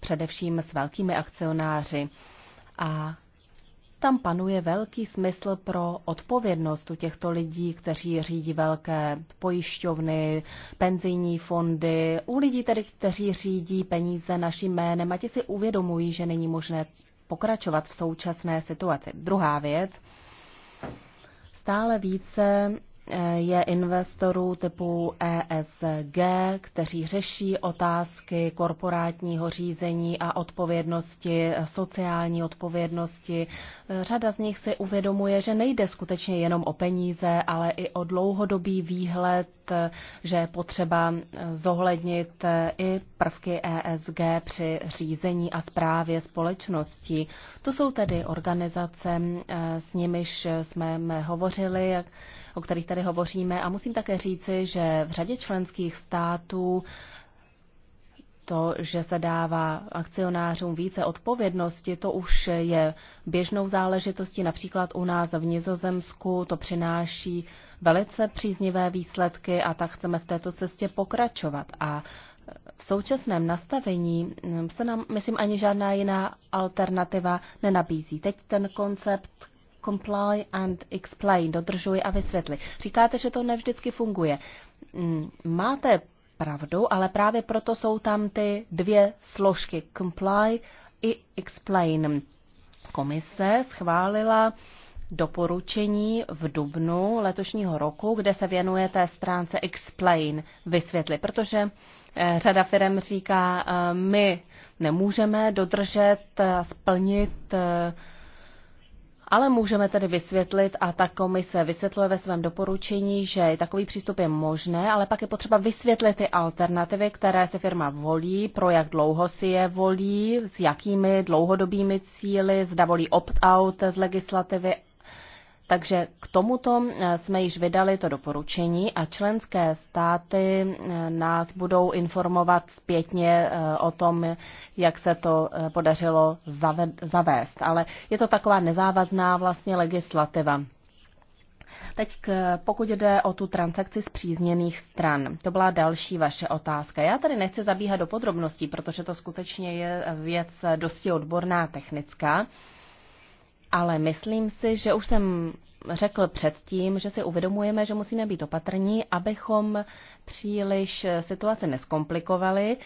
především s velkými akcionáři. A tam panuje velký smysl pro odpovědnost u těchto lidí, kteří řídí velké pojišťovny, penzijní fondy, u lidí tedy, kteří řídí peníze naším jménem a ti si uvědomují, že není možné pokračovat v současné situaci. Druhá věc, stále více je investorů typu ESG, kteří řeší otázky korporátního řízení a odpovědnosti, sociální odpovědnosti. Řada z nich si uvědomuje, že nejde skutečně jenom o peníze, ale i o dlouhodobý výhled, že je potřeba zohlednit i prvky ESG při řízení a správě společnosti. To jsou tedy organizace, s nimiž jsme hovořili, o kterých tady hovoříme. A musím také říci, že v řadě členských států to, že se dává akcionářům více odpovědnosti, to už je běžnou záležitostí. Například u nás v Nizozemsku to přináší velice příznivé výsledky a tak chceme v této cestě pokračovat. A v současném nastavení se nám, myslím, ani žádná jiná alternativa nenabízí. Teď ten koncept comply and explain, dodržuj a vysvětli. Říkáte, že to nevždycky funguje. Mm, máte pravdu, ale právě proto jsou tam ty dvě složky, comply i explain. Komise schválila doporučení v dubnu letošního roku, kde se věnuje té stránce explain, vysvětli, protože eh, řada firm říká, eh, my nemůžeme dodržet a splnit eh, ale můžeme tedy vysvětlit, a ta komise vysvětluje ve svém doporučení, že takový přístup je možné, ale pak je potřeba vysvětlit ty alternativy, které se firma volí, pro jak dlouho si je volí, s jakými dlouhodobými cíly, zda volí opt-out z legislativy takže k tomuto eh, jsme již vydali to doporučení a členské státy eh, nás budou informovat zpětně eh, o tom, jak se to podařilo zavést. Ale je to taková nezávazná vlastně legislativa. Teď k, pokud jde o tu transakci přízněných stran, to byla další vaše otázka. Já tady nechci zabíhat do podrobností, protože to skutečně je věc dosti odborná, technická ale myslím si, že už jsem řekl předtím, že si uvědomujeme, že musíme být opatrní, abychom příliš situaci neskomplikovali,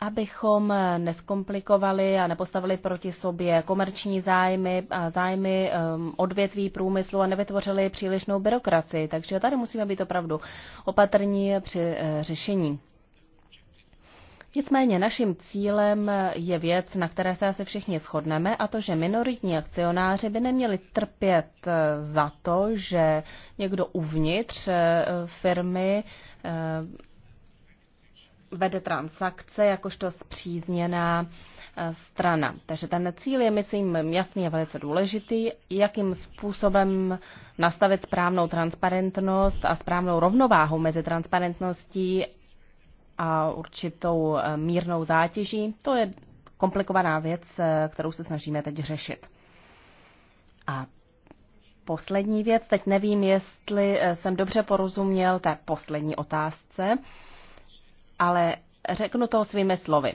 abychom neskomplikovali a nepostavili proti sobě komerční zájmy a zájmy um, odvětví průmyslu a nevytvořili přílišnou byrokracii. Takže tady musíme být opravdu opatrní při eh, řešení Nicméně naším cílem je věc, na které se asi všichni shodneme, a to, že minoritní akcionáři by neměli trpět za to, že někdo uvnitř eh, firmy eh, vede transakce jakožto zpřízněná eh, strana. Takže ten cíl je, myslím, jasný a velice důležitý, jakým způsobem nastavit správnou transparentnost a správnou rovnováhu mezi transparentností a určitou eh, mírnou zátěží. To je komplikovaná věc, eh, kterou se snažíme teď řešit. A poslední věc, teď nevím, jestli eh, jsem dobře porozuměl té poslední otázce, ale řeknu to svými slovy.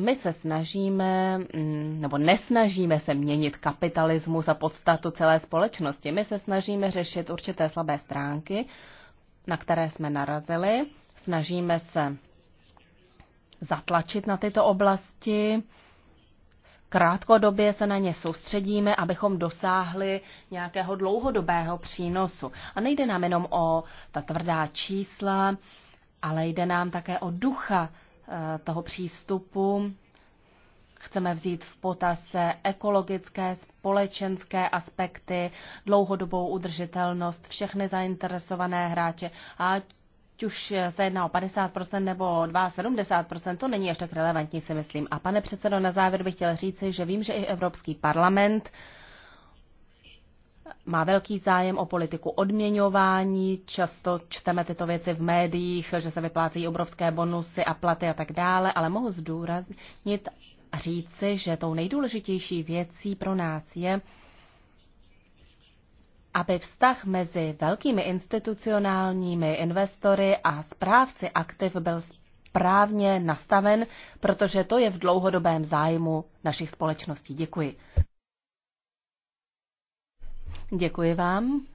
My se snažíme, mm, nebo nesnažíme se měnit kapitalismu za podstatu celé společnosti. My se snažíme řešit určité slabé stránky, na které jsme narazili Snažíme se zatlačit na tyto oblasti. Krátkodobě se na ně soustředíme, abychom dosáhli nějakého dlouhodobého přínosu. A nejde nám jenom o ta tvrdá čísla, ale jde nám také o ducha eh, toho přístupu. Chceme vzít v potaz ekologické, společenské aspekty, dlouhodobou udržitelnost, všechny zainteresované hráče, ať ať už se jedná o 50% nebo 72%, to není až tak relevantní, si myslím. A pane předsedo, na závěr bych chtěl říci, že vím, že i Evropský parlament má velký zájem o politiku odměňování, často čteme tyto věci v médiích, že se vyplácejí obrovské bonusy a platy a tak dále, ale mohu zdůraznit a říci, že tou nejdůležitější věcí pro nás je, aby vztah mezi velkými institucionálními investory a správci aktiv byl správně nastaven, protože to je v dlouhodobém zájmu našich společností. Děkuji. Děkuji vám.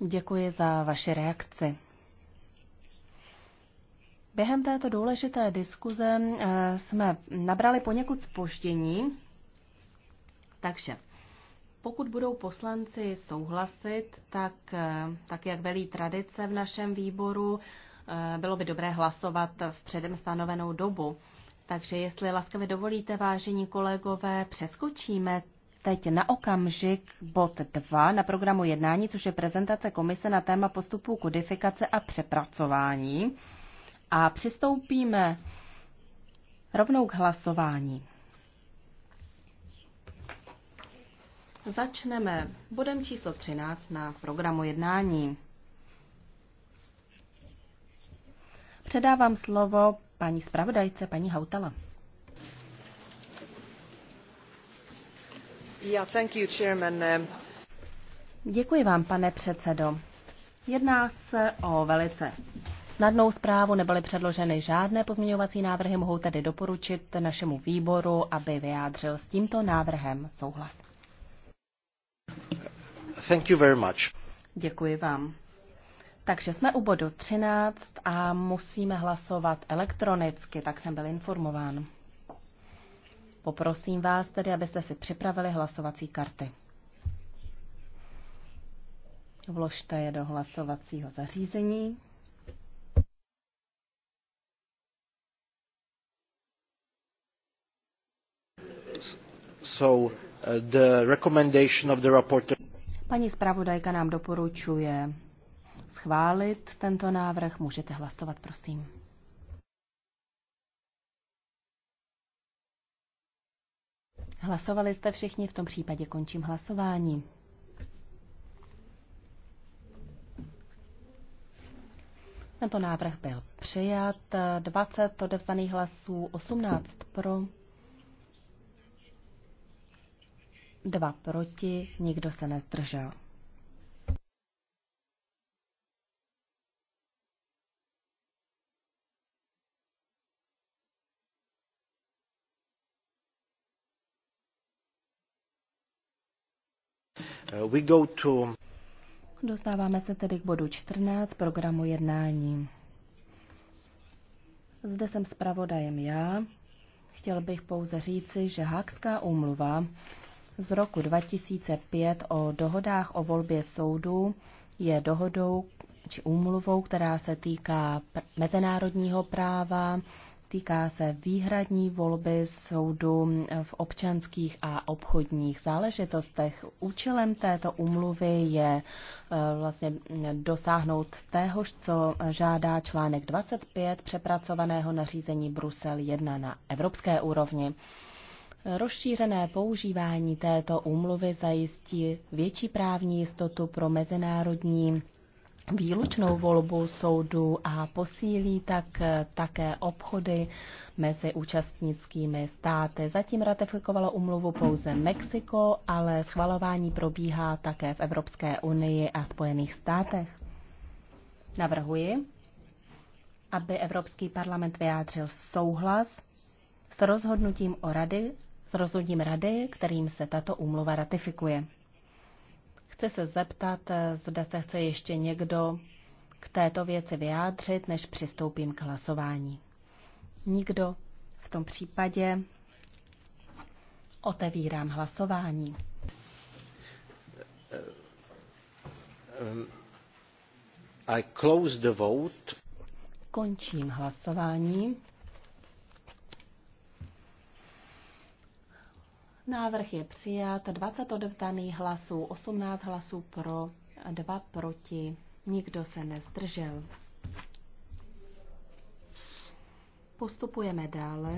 Děkuji za vaši reakci. Během této důležité diskuze eh, jsme nabrali poněkud spoždění, takže pokud budou poslanci souhlasit, tak, eh, tak jak velí tradice v našem výboru, eh, bylo by dobré hlasovat v předem stanovenou dobu. Takže jestli laskavě dovolíte, vážení kolegové, přeskočíme teď na okamžik bod 2 na programu jednání, což je prezentace komise na téma postupů kodifikace a přepracování. A přistoupíme rovnou k hlasování. Začneme bodem číslo 13 na programu jednání. Předávám slovo paní zpravodajce, paní Hautala. Yeah, thank you, chairman. Děkuji vám, pane předsedo. Jedná se o velice snadnou zprávu, nebyly předloženy žádné pozměňovací návrhy, mohou tedy doporučit našemu výboru, aby vyjádřil s tímto návrhem souhlas. Thank you very much. Děkuji vám. Takže jsme u bodu 13 a musíme hlasovat elektronicky, tak jsem byl informován. Poprosím vás tedy, abyste si připravili hlasovací karty. Vložte je do hlasovacího zařízení. So, uh, the recommendation of the rapporteur Paní zpravodajka nám doporučuje schválit tento návrh. Můžete hlasovat, prosím. Hlasovali jste všichni, v tom případě končím hlasování. Tento návrh byl přijat. 20 odevzdaných hlasů, 18 pro, dva proti, nikdo se nezdržel. Uh, we go to... Dostáváme se tedy k bodu 14 programu jednání. Zde jsem zpravodajem já. Chtěl bych pouze říci, že Hákská úmluva z roku 2005 o dohodách o volbě soudů je dohodou či úmluvou, která se týká mezinárodního práva, týká se výhradní volby soudu v občanských a obchodních záležitostech. Účelem této úmluvy je eh, vlastně dosáhnout téhož, co žádá článek 25 přepracovaného nařízení Brusel 1 na evropské úrovni. Rozšířené používání této úmluvy zajistí větší právní jistotu pro mezinárodní výlučnou volbu soudu a posílí tak také obchody mezi účastnickými státy. Zatím ratifikovalo umluvu pouze Mexiko, ale schvalování probíhá také v Evropské unii a Spojených státech. Navrhuji, aby Evropský parlament vyjádřil souhlas s rozhodnutím o Rady s rozhodním rady, kterým se tato úmluva ratifikuje. Chci se zeptat, zda se chce ještě někdo k této věci vyjádřit, než přistoupím k hlasování. Nikdo v tom případě otevírám hlasování. I close the vote. Končím hlasování. Návrh je přijat, 20 odevzdaných hlasů, 18 hlasů pro, 2 proti, nikdo se nezdržel. Postupujeme dále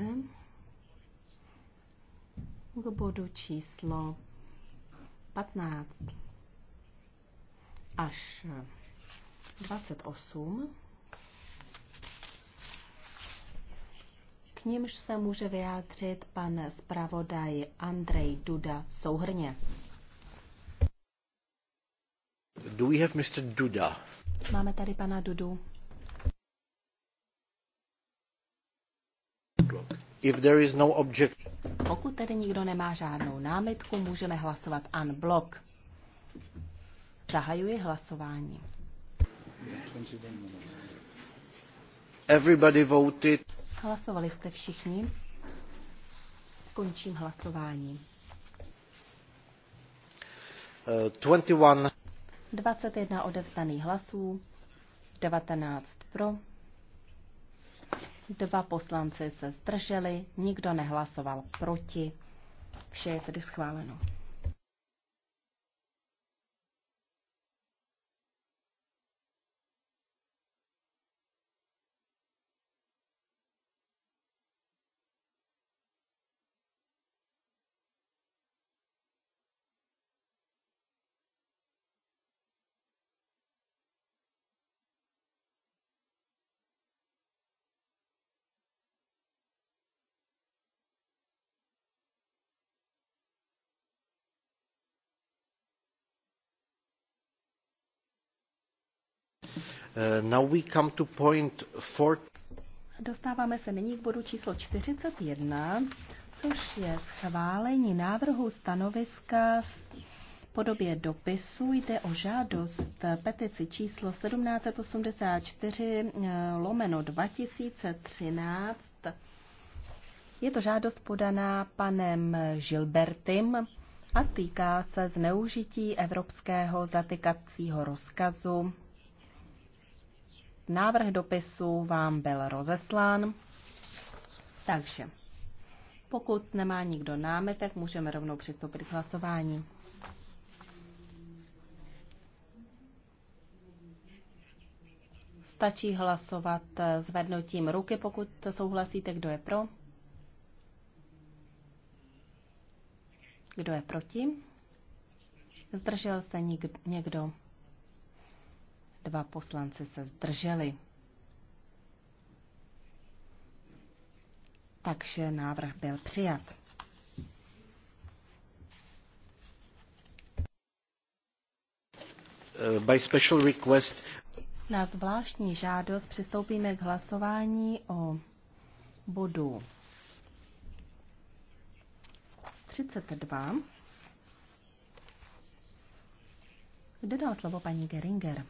k bodu číslo 15 až 28. nímž se může vyjádřit pan zpravodaj Andrej Duda souhrně. Do we have Mr. Duda? Máme tady pana Dudu. If there is no object... Pokud tedy nikdo nemá žádnou námitku, můžeme hlasovat an blok. Zahajuji hlasování. Everybody voted. Hlasovali jste všichni. Končím hlasování. 21. odevzdaných hlasů, 19 pro, dva poslanci se zdrželi, nikdo nehlasoval proti. Vše je tedy schváleno. Eh, Dostáváme se nyní k bodu číslo 41, což je schválení návrhu stanoviska v podobě dopisu. Jde o žádost petici číslo 1784 eh, lomeno 2013. Je to žádost podaná panem Gilbertim a týká se zneužití evropského zatykacího rozkazu Návrh dopisu vám byl rozeslán. Takže pokud nemá nikdo námitek, můžeme rovnou přistoupit k hlasování. Stačí hlasovat zvednutím ruky, pokud souhlasíte, kdo je pro. Kdo je proti? Zdržel se někdo? Dva poslanci se zdrželi. Takže návrh byl přijat. Uh, by special request. Na zvláštní žádost přistoupíme k hlasování o bodu 32. Kde dal slovo paní Geringer?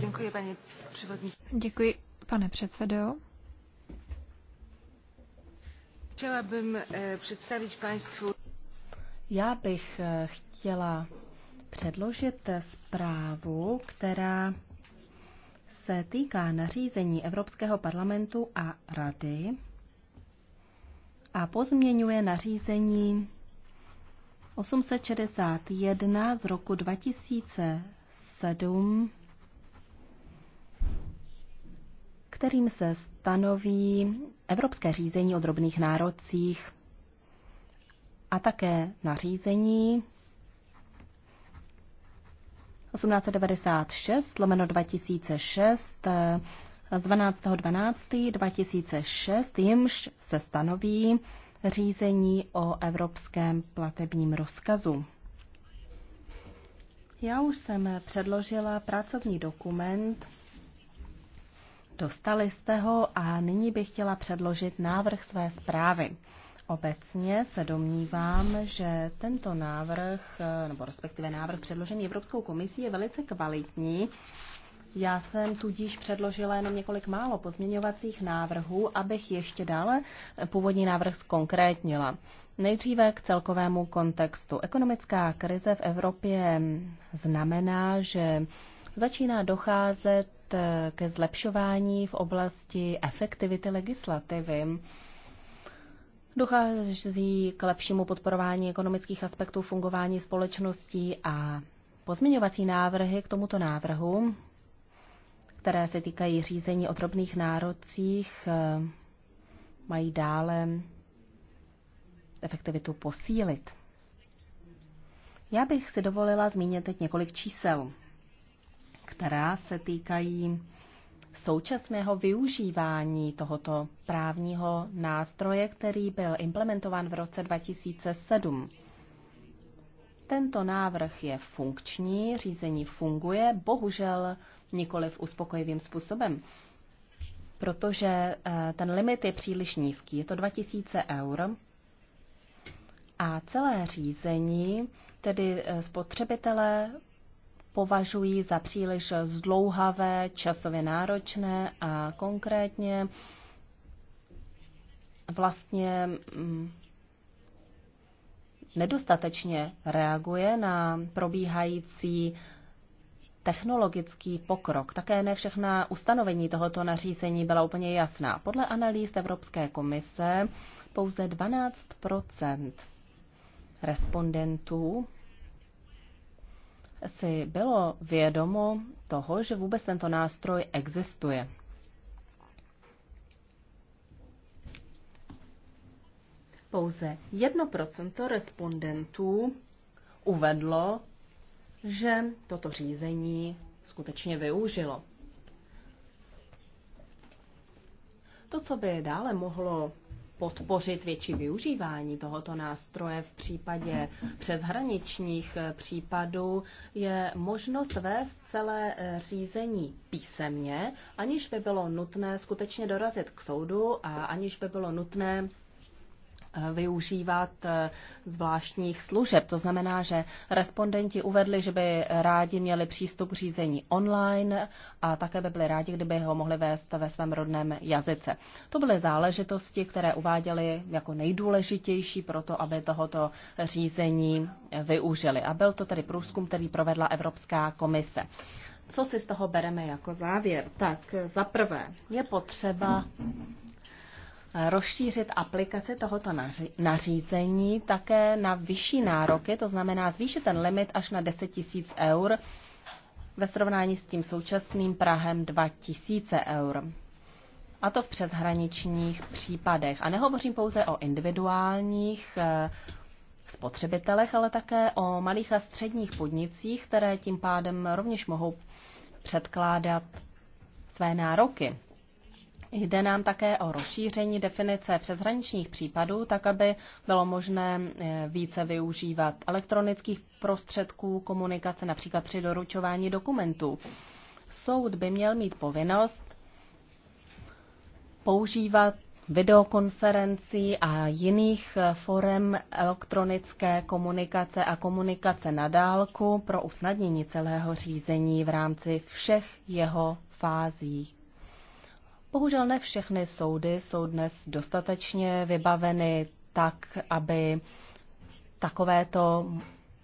Děkuji, paní předsedající. Děkuji, pane předsedo. Chtěla bym eh, představit państwu. Já bych eh, chtěla předložit eh, zprávu, která se týká nařízení Evropského parlamentu a Rady a pozměňuje nařízení 861 z roku 2007 kterým se stanoví evropské řízení o drobných nárocích a také nařízení 1896 lomeno 2006 z 2006, jimž se stanoví řízení o evropském platebním rozkazu. Já už jsem předložila pracovní dokument Dostali jste ho a nyní bych chtěla předložit návrh své zprávy. Obecně se domnívám, že tento návrh, nebo respektive návrh předložený Evropskou komisí je velice kvalitní. Já jsem tudíž předložila jenom několik málo pozměňovacích návrhů, abych ještě dále původní návrh zkonkrétnila. Nejdříve k celkovému kontextu. Ekonomická krize v Evropě znamená, že začíná docházet E, ke zlepšování v oblasti efektivity legislativy. Dochází k lepšímu podporování ekonomických aspektů fungování společností a pozměňovací návrhy k tomuto návrhu, které se týkají řízení o drobných nárocích, e, mají dále efektivitu posílit. Já bych si dovolila zmínit teď několik čísel která se týkají současného využívání tohoto právního nástroje, který byl implementován v roce 2007. Tento návrh je funkční, řízení funguje, bohužel nikoli v uspokojivým způsobem, protože eh, ten limit je příliš nízký, je to 2000 eur. A celé řízení, tedy eh, spotřebitelé považují za příliš zdlouhavé, časově náročné a konkrétně vlastně mm, nedostatečně reaguje na probíhající technologický pokrok. Také ne všechna ustanovení tohoto nařízení byla úplně jasná. Podle analýz Evropské komise pouze 12 respondentů si bylo vědomo toho, že vůbec tento nástroj existuje. Pouze 1% respondentů uvedlo, že toto řízení skutečně využilo. To, co by dále mohlo podpořit větší využívání tohoto nástroje v případě přeshraničních eh, případů, je možnost vést celé eh, řízení písemně, aniž by bylo nutné skutečně dorazit k soudu a aniž by bylo nutné využívat eh, zvláštních služeb. To znamená, že respondenti uvedli, že by rádi měli přístup k řízení online a také by byli rádi, kdyby ho mohli vést ve svém rodném jazyce. To byly záležitosti, které uváděli jako nejdůležitější pro to, aby tohoto řízení využili. A byl to tedy průzkum, který provedla Evropská komise. Co si z toho bereme jako závěr? Tak za prvé je potřeba rozšířit aplikaci tohoto nařízení také na vyšší nároky, to znamená zvýšit ten limit až na 10 000 eur ve srovnání s tím současným Prahem 2 000 eur. A to v přeshraničních případech. A nehovořím pouze o individuálních eh, spotřebitelech, ale také o malých a středních podnicích, které tím pádem rovněž mohou předkládat své nároky. Jde nám také o rozšíření definice přeshraničních případů, tak aby bylo možné eh, více využívat elektronických prostředků komunikace, například při doručování dokumentů. Soud by měl mít povinnost používat videokonferencí a jiných eh, forem elektronické komunikace a komunikace na dálku pro usnadnění celého řízení v rámci všech jeho fází Bohužel ne všechny soudy jsou dnes dostatečně vybaveny tak, aby takovéto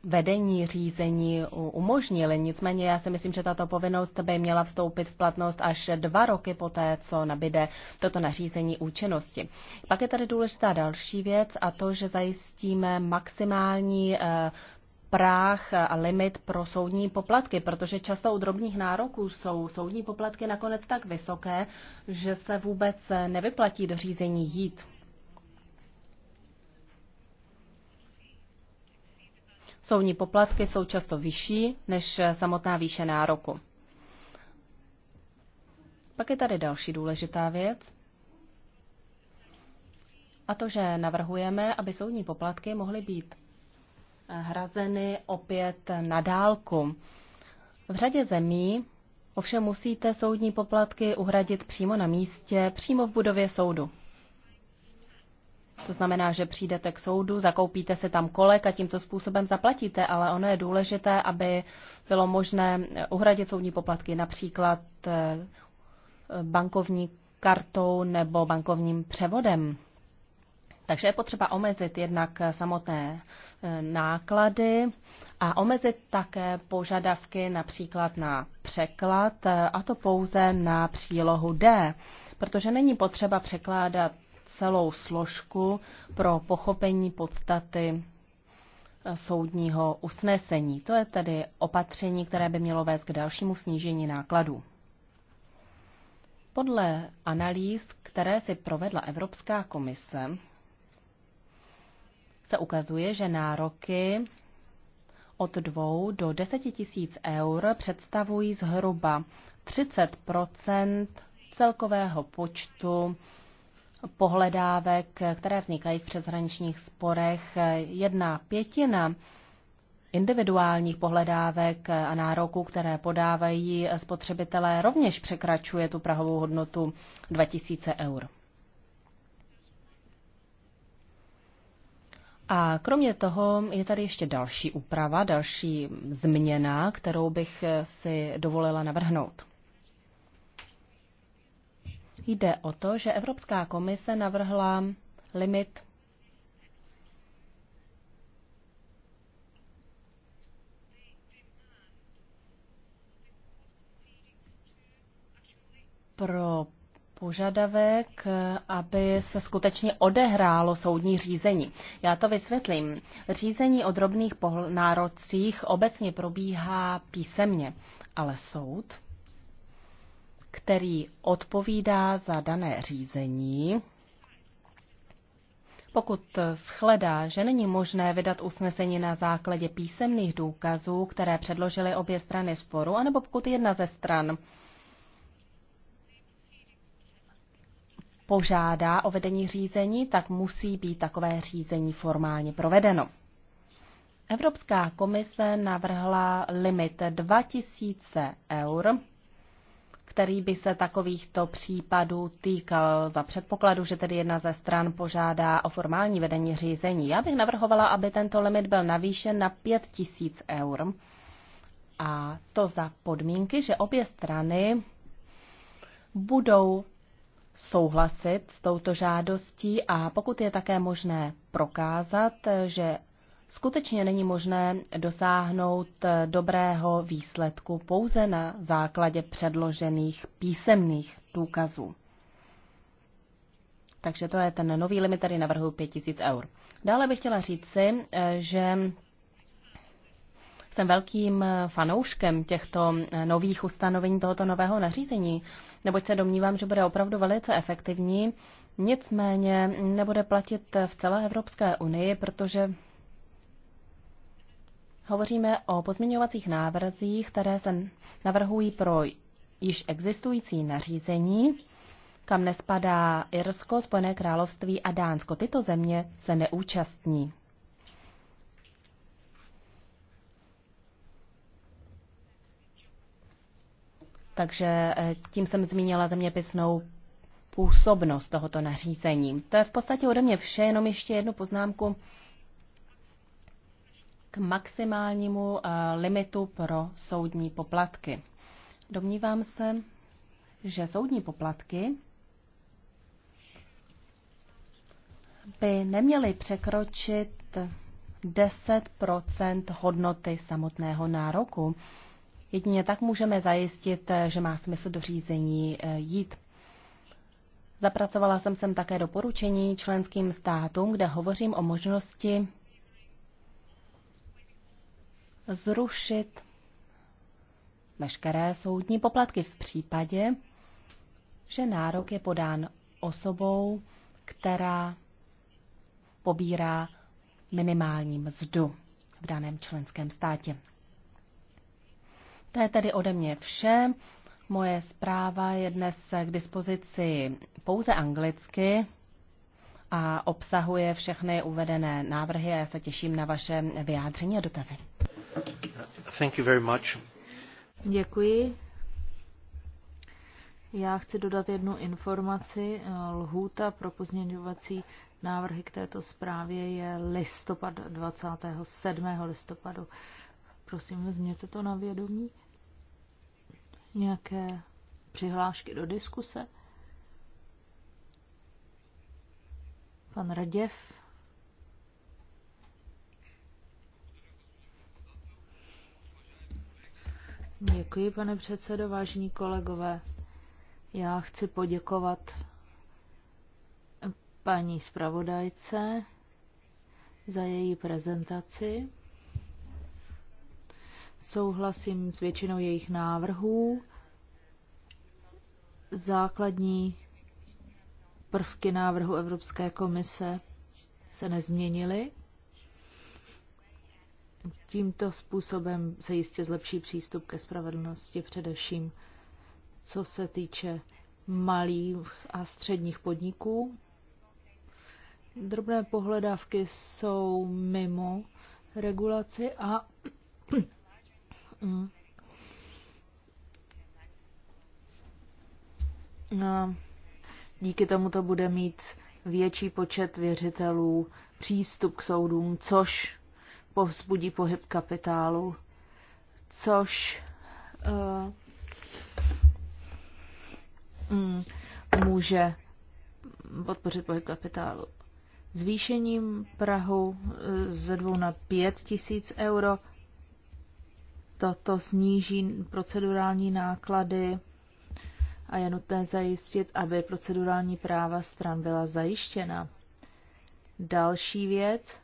vedení řízení umožnili. Nicméně já si myslím, že tato povinnost by měla vstoupit v platnost až dva roky poté, co nabide toto nařízení účinnosti. Pak je tady důležitá další věc a to, že zajistíme maximální eh, práh a limit pro soudní poplatky, protože často u drobných nároků jsou soudní poplatky nakonec tak vysoké, že se vůbec nevyplatí do řízení jít. Soudní poplatky jsou často vyšší než samotná výše nároku. Pak je tady další důležitá věc. A to, že navrhujeme, aby soudní poplatky mohly být hrazeny opět na dálku. V řadě zemí ovšem musíte soudní poplatky uhradit přímo na místě, přímo v budově soudu. To znamená, že přijdete k soudu, zakoupíte se tam kolek a tímto způsobem zaplatíte, ale ono je důležité, aby bylo možné uhradit soudní poplatky například eh, bankovní kartou nebo bankovním převodem. Takže je potřeba omezit jednak eh, samotné eh, náklady a omezit také požadavky například na překlad, eh, a to pouze na přílohu D, protože není potřeba překládat celou složku pro pochopení podstaty soudního usnesení. To je tedy opatření, které by mělo vést k dalšímu snížení nákladů. Podle analýz, které si provedla Evropská komise, se ukazuje, že nároky od 2 do 10 tisíc eur představují zhruba 30 celkového počtu pohledávek, které vznikají v přeshraničních sporech. Jedna pětina individuálních pohledávek a nároků, které podávají spotřebitelé, rovněž překračuje tu prahovou hodnotu 2000 eur. A kromě toho je tady ještě další úprava, další změna, kterou bych si dovolila navrhnout. Jde o to, že Evropská komise navrhla limit pro požadavek, aby se skutečně odehrálo soudní řízení. Já to vysvětlím. Řízení o drobných nárocích obecně probíhá písemně, ale soud, který odpovídá za dané řízení, pokud shledá, že není možné vydat usnesení na základě písemných důkazů, které předložily obě strany sporu, anebo pokud jedna ze stran požádá o vedení řízení, tak musí být takové řízení formálně provedeno. Evropská komise navrhla limit 2000 eur, který by se takovýchto případů týkal za předpokladu, že tedy jedna ze stran požádá o formální vedení řízení. Já bych navrhovala, aby tento limit byl navýšen na 5000 eur. A to za podmínky, že obě strany budou souhlasit s touto žádostí a pokud je také možné prokázat, že skutečně není možné dosáhnout dobrého výsledku pouze na základě předložených písemných důkazů. Takže to je ten nový limit, který navrhuji 5000 eur. Dále bych chtěla říci, že jsem velkým eh, fanouškem těchto eh, nových ustanovení tohoto nového nařízení, neboť se domnívám, že bude opravdu velice efektivní. Nicméně nebude platit eh, v celé Evropské unii, protože hovoříme o pozměňovacích návrzích, které se navrhují pro již existující nařízení, kam nespadá Irsko, Spojené království a Dánsko. Tyto země se neúčastní. Takže eh, tím jsem zmínila zeměpisnou působnost tohoto nařízení. To je v podstatě ode mě vše, jenom ještě jednu poznámku k maximálnímu eh, limitu pro soudní poplatky. Domnívám se, že soudní poplatky by neměly překročit 10 hodnoty samotného nároku. Jedině tak můžeme zajistit, eh, že má smysl do řízení eh, jít. Zapracovala jsem sem také doporučení členským státům, kde hovořím o možnosti zrušit veškeré soudní poplatky v případě, že nárok je podán osobou, která pobírá minimální mzdu v daném členském státě. To je tedy ode mě vše. Moje zpráva je dnes k dispozici pouze anglicky a obsahuje všechny uvedené návrhy a já se těším na vaše vyjádření a dotazy. Thank you very much. Děkuji. Já chci dodat jednu informaci. Lhůta pro pozměňovací návrhy k této zprávě je listopad 27. listopadu Prosím, vezměte to na vědomí. Nějaké přihlášky do diskuse? Pan Raděv. Děkuji, pane předsedo, vážní kolegové. Já chci poděkovat paní zpravodajce za její prezentaci souhlasím s většinou jejich návrhů. Základní prvky návrhu Evropské komise se nezměnily. Tímto způsobem se jistě zlepší přístup ke spravedlnosti, především co se týče malých a středních podniků. Drobné pohledávky jsou mimo regulaci a Mm. No, díky tomu to bude mít větší počet věřitelů, přístup k soudům, což povzbudí pohyb kapitálu, což uh, mm, může podpořit pohyb kapitálu. Zvýšením Prahu eh, ze dvou na pět tisíc euro Toto sníží procedurální náklady a je nutné zajistit, aby procedurální práva stran byla zajištěna. Další věc,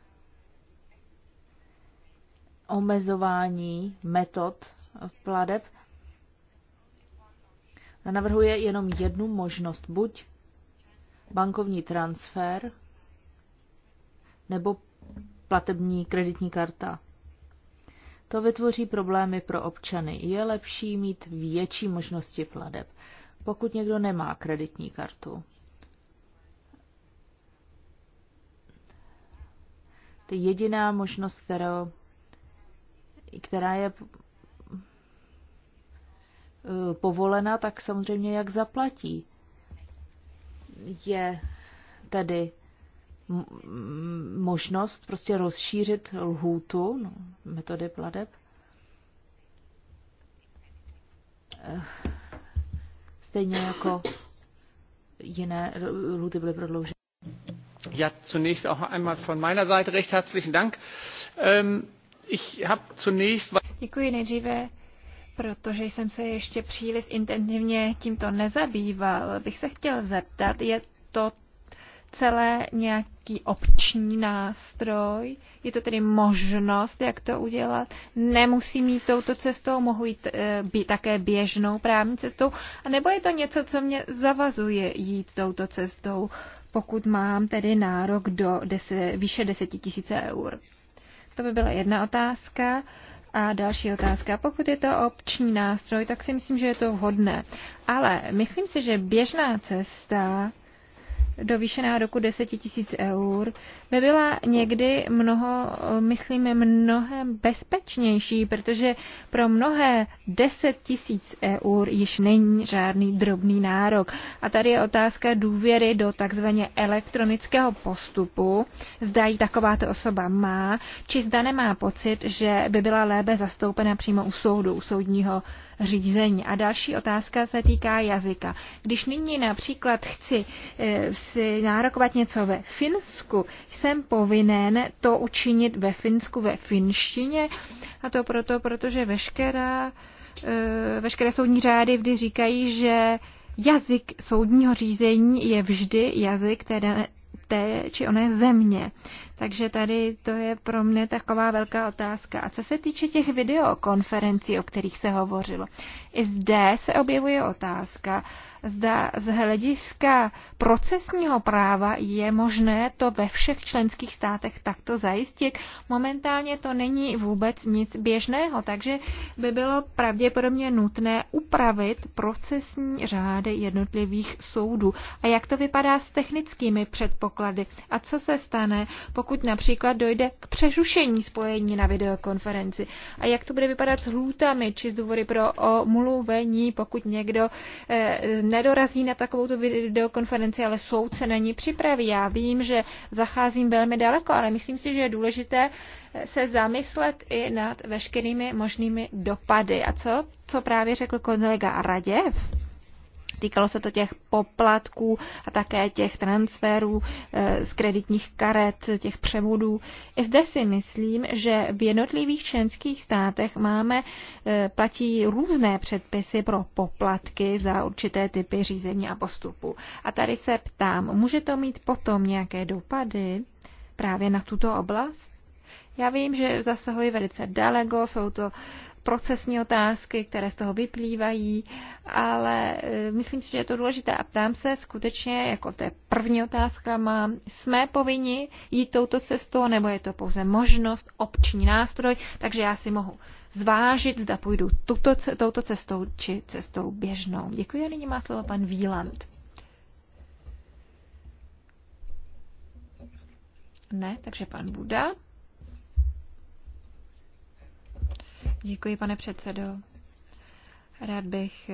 omezování metod pladeb, navrhuje jenom jednu možnost, buď bankovní transfer nebo platební kreditní karta. To vytvoří problémy pro občany. Je lepší mít větší možnosti pladeb, pokud někdo nemá kreditní kartu. To je jediná možnost, kterou, která je eh, povolena, tak samozřejmě jak zaplatí. Je tedy možnost prostě rozšířit lhůtu no, metody pladeb. Eh, stejně jako jiné lhůty byly prodlouženy. Ja, zunächst auch einmal von meiner Seite recht herzlichen Dank. Ähm, ich habe zunächst... Děkuji nejdříve Protože jsem se ještě příliš intenzivně tímto nezabýval, bych se chtěl zeptat, je to celé nějaký opční nástroj. Je to tedy možnost, jak to udělat. Nemusí mít touto cestou, mohu jít e, eh, být také běžnou právní cestou. A nebo je to něco, co mě zavazuje jít touto cestou, pokud mám tedy nárok do desi, výše 10 tisíce eur. To by byla jedna otázka. A další otázka. Pokud je to opční nástroj, tak si myslím, že je to vhodné. Ale myslím si, že běžná cesta do výše nároku 10 000 eur by byla někdy mnoho, myslím, mnohem bezpečnější, protože pro mnohé 10 tisíc eur již není žádný drobný nárok. A tady je otázka důvěry do takzvaně elektronického postupu. Zda ji takováto osoba má, či zda nemá pocit, že by byla lépe zastoupena přímo u soudu, u soudního řízení. A další otázka se týká jazyka. Když nyní například chci e, si nárokovat něco ve Finsku, jsem povinen to učinit ve Finsku, ve finštině. A to proto, protože veškerá, eh, veškeré soudní řády vždy říkají, že jazyk soudního řízení je vždy jazyk té, té či oné země. Takže tady to je pro mě taková velká otázka. A co se týče těch videokonferencí, o kterých se hovořilo, i zde se objevuje otázka, zda z hlediska procesního práva je možné to ve všech členských státech takto zajistit. Momentálně to není vůbec nic běžného, takže by bylo pravděpodobně nutné upravit procesní řády jednotlivých soudů. A jak to vypadá s technickými předpoklady? A co se stane, pokud například dojde k přerušení spojení na videokonferenci? A jak to bude vypadat s hlůtami či z důvody pro omluvení, pokud někdo ne eh, nedorazí na takovou tu videokonferenci, ale soudce na ní připraví. Já vím, že zacházím velmi daleko, ale myslím si, že je důležité eh, se zamyslet i nad veškerými možnými dopady. A co, co právě řekl kolega Raděv? Týkalo se to těch poplatků a také těch transferů eh, z kreditních karet, těch převodů. I zde si myslím, že v jednotlivých členských státech máme, eh, platí různé předpisy pro poplatky za určité typy řízení a postupu. A tady se ptám, může to mít potom nějaké dopady právě na tuto oblast? Já vím, že zasahuji velice daleko, jsou to procesní otázky, které z toho vyplývají, ale e, myslím si, že je to důležité a ptám se skutečně, jako to je první otázka, mám, jsme povinni jít touto cestou, nebo je to pouze možnost, opční nástroj, takže já si mohu zvážit, zda půjdu tuto, touto cestou či cestou běžnou. Děkuji a nyní má slovo pan Víland. Ne, takže pan Buda. Děkuji, pane předsedo. Rád bych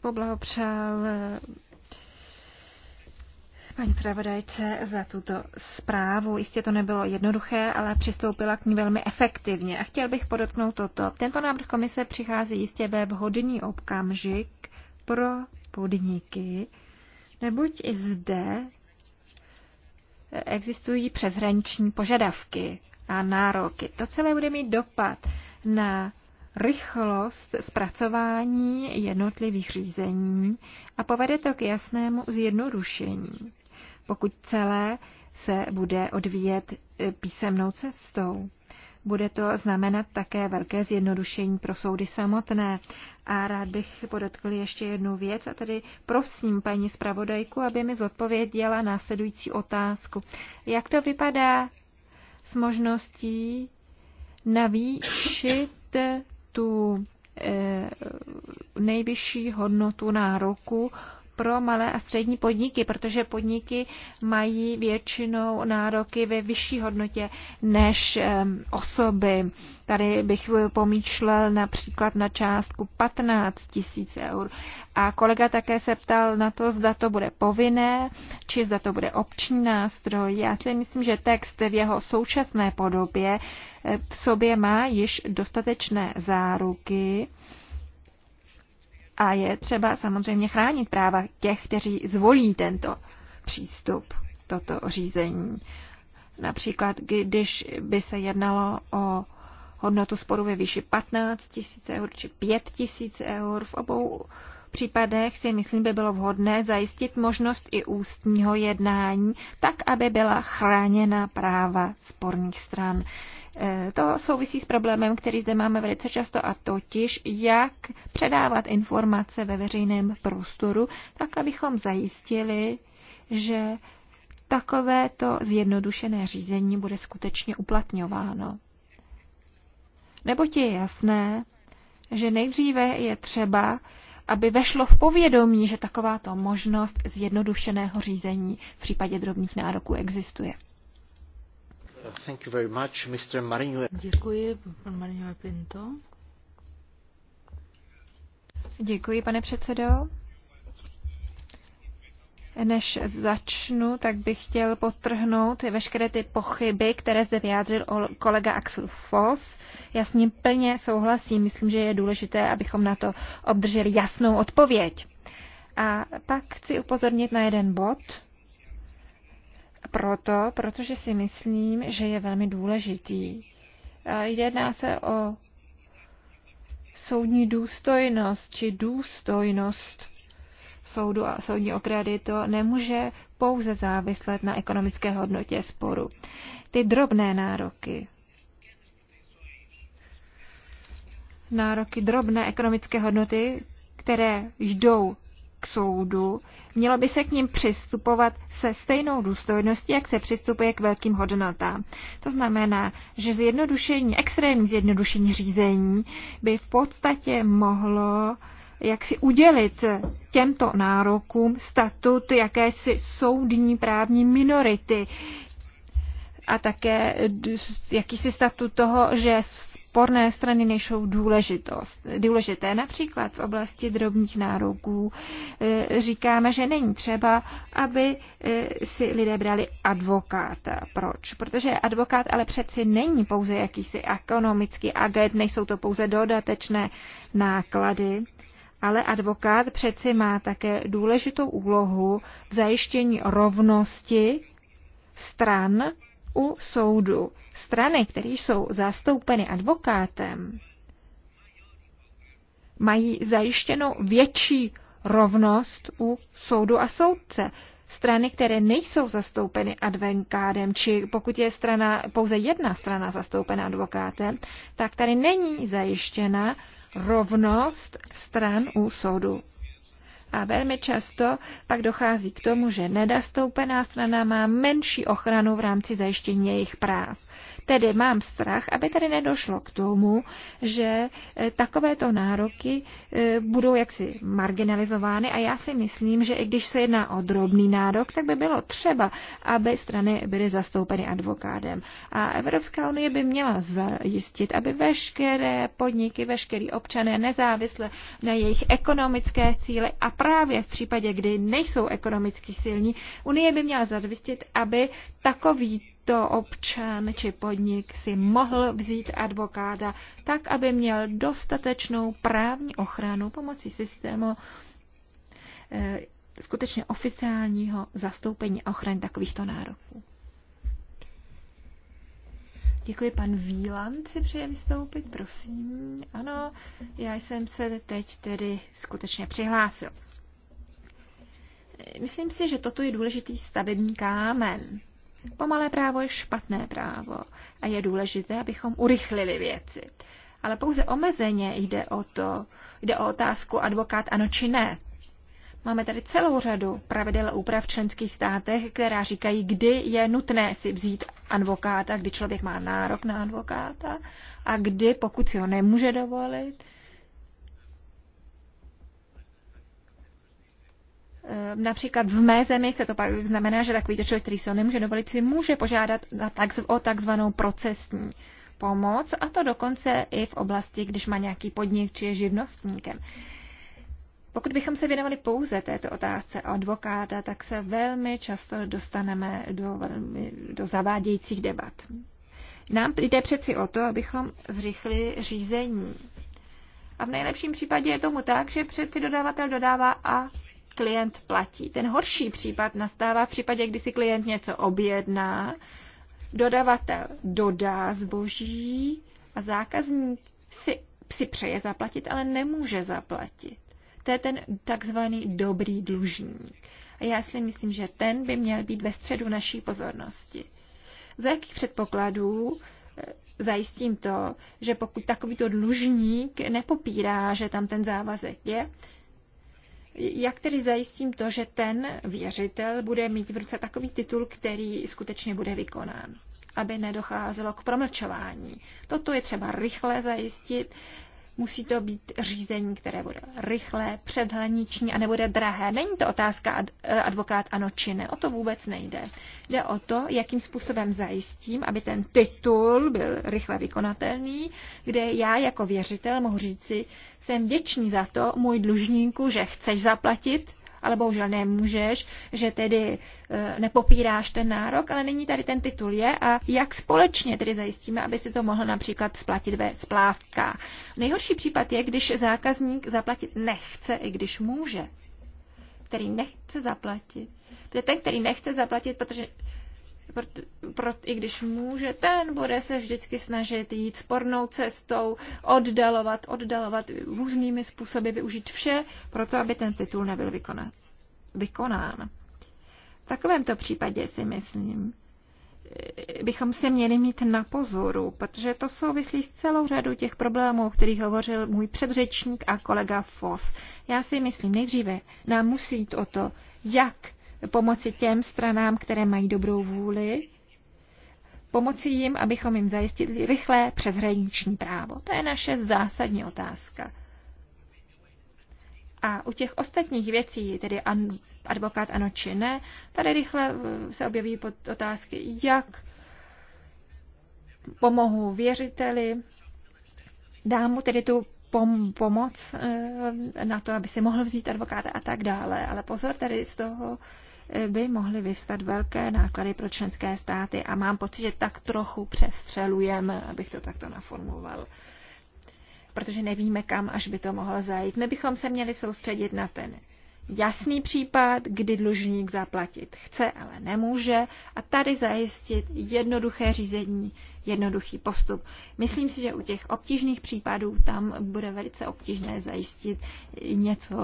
poblahopřál eh, paní zpravodajce za tuto zprávu. Jistě to nebylo jednoduché, ale přistoupila k ní velmi efektivně. A chtěl bych podotknout toto. Tento návrh komise přichází jistě ve vhodný okamžik pro podniky, neboť i zde eh, existují přeshraniční požadavky a nároky. To celé bude mít dopad na rychlost zpracování jednotlivých řízení a povede to k jasnému zjednodušení, pokud celé se bude odvíjet e, písemnou cestou. Bude to znamenat také velké zjednodušení pro soudy samotné. A rád bych podotkl ještě jednu věc a tedy prosím paní zpravodajku, aby mi zodpověděla následující otázku. Jak to vypadá s možností navýšit tu eh, nejvyšší hodnotu nároku pro malé a střední podniky, protože podniky mají většinou nároky ve vyšší hodnotě než osoby. Tady bych pomýšlel například na částku 15 tisíc eur. A kolega také se ptal na to, zda to bude povinné, či zda to bude opční nástroj. Já si myslím, že text v jeho současné podobě eh, v sobě má již dostatečné záruky, a je třeba samozřejmě chránit práva těch, kteří zvolí tento přístup, toto řízení. Například, když by se jednalo o hodnotu sporu ve výši 15 000 eur či 5 000 eur, v obou případech si myslím by bylo vhodné zajistit možnost i ústního jednání, tak aby byla chráněna práva sporných stran. Eh, to souvisí s problémem, který zde máme velice často, a totiž, jak předávat informace ve veřejném prostoru, tak abychom zajistili, že takovéto zjednodušené řízení bude skutečně uplatňováno. Neboť je jasné, že nejdříve je třeba, aby vešlo v povědomí, že takováto možnost zjednodušeného řízení v případě drobných nároků existuje. Thank you very much, Mr. Děkuji, pan Marino Pinto. Děkuji, pane předsedo. Než začnu, tak bych chtěl potrhnout veškeré ty pochyby, které zde vyjádřil kolega Axel Foss. Já s ním plně souhlasím. Myslím, že je důležité, abychom na to obdrželi jasnou odpověď. A pak chci upozornit na jeden bod, proto, protože si myslím, že je velmi důležitý. Jedná se o soudní důstojnost či důstojnost soudu a soudní okrady. To nemůže pouze závislet na ekonomické hodnotě sporu. Ty drobné nároky, nároky drobné ekonomické hodnoty, které jdou k soudu, mělo by se k ním přistupovat se stejnou důstojností, jak se přistupuje k velkým hodnotám. To znamená, že zjednodušení, extrémní zjednodušení řízení by v podstatě mohlo jak si udělit těmto nárokům statut jakési soudní právní minority a také jakýsi statut toho, že sporné strany nejsou důležitost, důležité. Například v oblasti drobných nároků eh, říkáme, že není třeba, aby eh, si lidé brali advokáta. Proč? Protože advokát ale přeci není pouze jakýsi ekonomický agent, nejsou to pouze dodatečné náklady, ale advokát přeci má také důležitou úlohu v zajištění rovnosti stran u soudu strany, které jsou zastoupeny advokátem, mají zajištěno větší rovnost u soudu a soudce. Strany, které nejsou zastoupeny advokátem. či pokud je strana, pouze jedna strana zastoupena advokátem, tak tady není zajištěna rovnost stran u soudu a velmi často pak dochází k tomu, že nedastoupená strana má menší ochranu v rámci zajištění jejich práv. Tedy mám strach, aby tady nedošlo k tomu, že eh, takovéto nároky eh, budou jaksi marginalizovány a já si myslím, že i když se jedná o drobný nárok, tak by bylo třeba, aby strany byly zastoupeny advokádem. A Evropská unie by měla zajistit, aby veškeré podniky, veškerý občané nezávisle na jejich ekonomické cíle a právě v případě, kdy nejsou ekonomicky silní, unie by měla zajistit, aby takový to občan či podnik si mohl vzít advokáta tak, aby měl dostatečnou právní ochranu pomocí systému eh, skutečně oficiálního zastoupení a ochrany takovýchto nároků. Děkuji, pan Víland si přeje vystoupit, prosím. Ano, já jsem se teď tedy skutečně přihlásil. Myslím si, že toto je důležitý stavební kámen Pomalé právo je špatné právo a je důležité, abychom urychlili věci. Ale pouze omezeně jde o to, jde o otázku advokát ano či ne. Máme tady celou řadu pravidel úprav v členských státech, která říkají, kdy je nutné si vzít advokáta, kdy člověk má nárok na advokáta a kdy, pokud si ho nemůže dovolit, Ehm, například v mé zemi se to pak znamená, že takový člověk, který se nemůže dovolit, si může požádat o takzvanou procesní pomoc, a to dokonce i v oblasti, když má nějaký podnik či je živnostníkem. Pokud bychom se věnovali pouze této otázce advokáta, tak se velmi často dostaneme do, do zavádějících debat. Nám jde přeci o to, abychom zrychli řízení. A v nejlepším případě je tomu tak, že přeci dodavatel dodává a klient platí. Ten horší případ nastává v případě, kdy si klient něco objedná, dodavatel dodá zboží a zákazník si, si přeje zaplatit, ale nemůže zaplatit. To je ten takzvaný dobrý dlužník. A já si myslím, že ten by měl být ve středu naší pozornosti. Za jakých předpokladů eh, zajistím to, že pokud takovýto dlužník nepopírá, že tam ten závazek je, jak tedy zajistím to, že ten věřitel bude mít v ruce takový titul, který skutečně bude vykonán, aby nedocházelo k promlčování. Toto je třeba rychle zajistit Musí to být řízení, které bude rychlé, předhraniční a nebude drahé. Není to otázka eh, advokát ano či ne, o to vůbec nejde. Jde o to, jakým způsobem zajistím, aby ten titul byl rychle vykonatelný, kde já jako věřitel mohu říci, jsem vděčný za to, můj dlužníku, že chceš zaplatit, ale bohužel nemůžeš, že tedy eh, nepopíráš ten nárok, ale nyní tady ten titul je a jak společně tedy zajistíme, aby si to mohl například splatit ve splávkách. Nejhorší případ je, když zákazník zaplatit nechce, i když může který nechce zaplatit. To je ten, který nechce zaplatit, protože prot, prot, i když může, ten bude se vždycky snažit jít spornou cestou, oddalovat, oddalovat různými způsoby, využít vše, proto aby ten titul nebyl vykonán. vykonán. V takovémto případě si myslím, bychom se měli mít na pozoru, protože to souvislí s celou řadou těch problémů, o kterých hovořil můj předřečník a kolega Foss. Já si myslím, nejdříve nám musí jít o to, jak pomoci těm stranám, které mají dobrou vůli, pomoci jim, abychom jim zajistili rychlé přeshraniční právo. To je naše zásadní otázka. A u těch ostatních věcí, tedy advokát ano či ne, tady rychle eh, se objeví pod otázky, jak pomohu věřiteli, dám mu tedy tu pom- pomoc eh, na to, aby si mohl vzít advokáta a tak dále. Ale pozor, tady z toho by mohly vyvstat velké náklady pro členské státy a mám pocit, že tak trochu přestřelujeme, abych to takto naformuloval protože nevíme, kam až by to mohlo zajít. My bychom se měli soustředit na ten jasný případ, kdy dlužník zaplatit chce, ale nemůže a tady zajistit jednoduché řízení, jednoduchý postup. Myslím si, že u těch obtížných případů tam bude velice obtížné zajistit něco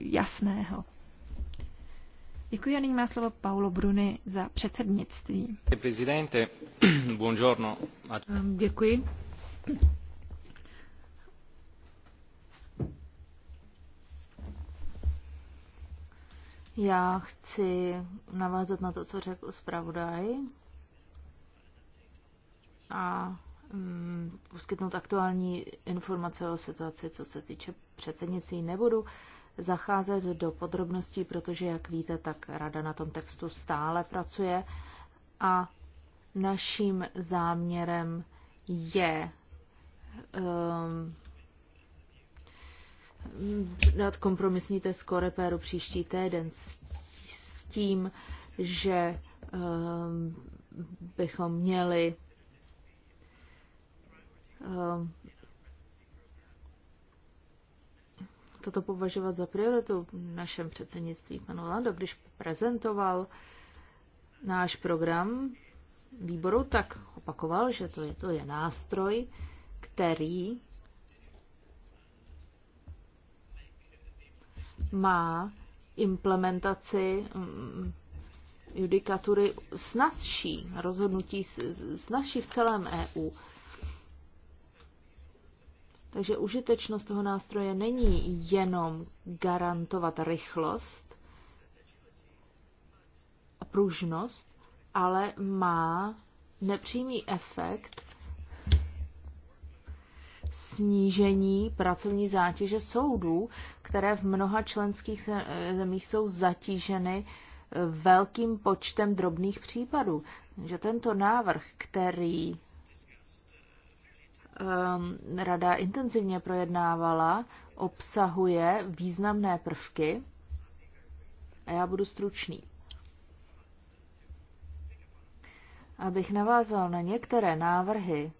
jasného. Děkuji a nyní má slovo Paulo Bruni za předsednictví. Prezidente, buongiorno. Děkuji. Já chci navázat na to, co řekl zpravodaj a mm, poskytnout aktuální informace o situaci, co se týče předsednictví. Nebudu zacházet do podrobností, protože, jak víte, tak Rada na tom textu stále pracuje a naším záměrem je um, dát kompromisní test korepéru příští týden s tím, že um, bychom měli um, toto považovat za prioritu v našem předsednictví. Pan Lando, když prezentoval náš program výboru, tak opakoval, že to je, to je nástroj, který má implementaci mm, judikatury snazší, rozhodnutí snazší v celém EU. Takže užitečnost toho nástroje není jenom garantovat rychlost a pružnost, ale má nepřímý efekt snížení pracovní zátěže soudů, které v mnoha členských zemích jsou zatíženy eh, velkým počtem drobných případů. Že tento návrh, který Um, rada intenzivně projednávala, obsahuje významné prvky a já budu stručný. Abych navázal na některé návrhy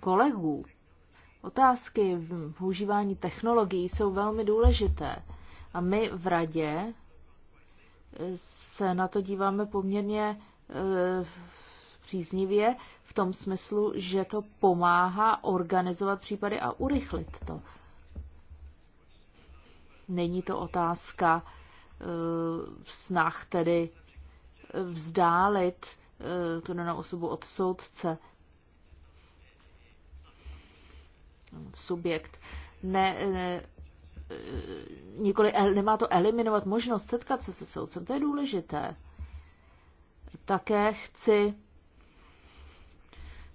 kolegů, otázky v používání technologií jsou velmi důležité a my v radě se na to díváme poměrně eh, příznivě v tom smyslu, že to pomáhá organizovat případy a urychlit to. Není to otázka e, snah tedy vzdálit e, tu danou osobu od soudce. Subjekt. Ne, ne, e, nikoli, nemá to eliminovat možnost setkat se se soudcem. To je důležité. Také chci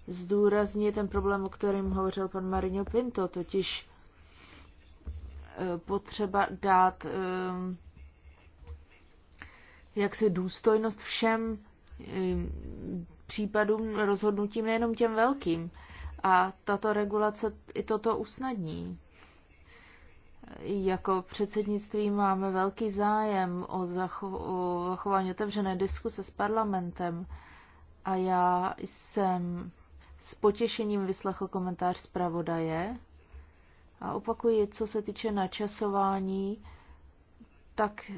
zdůrazní ten problém, o kterém hovořil pan Marino Pinto, totiž eh, potřeba dát ehm, jaksi důstojnost všem ehm, případům rozhodnutím, nejenom těm velkým. A tato regulace i toto usnadní. Jako předsednictví máme velký zájem o, o zachování otevřené diskuse s parlamentem a já jsem s potěšením vyslechl komentář zpravodaje. A opakuji, co se týče načasování, tak e,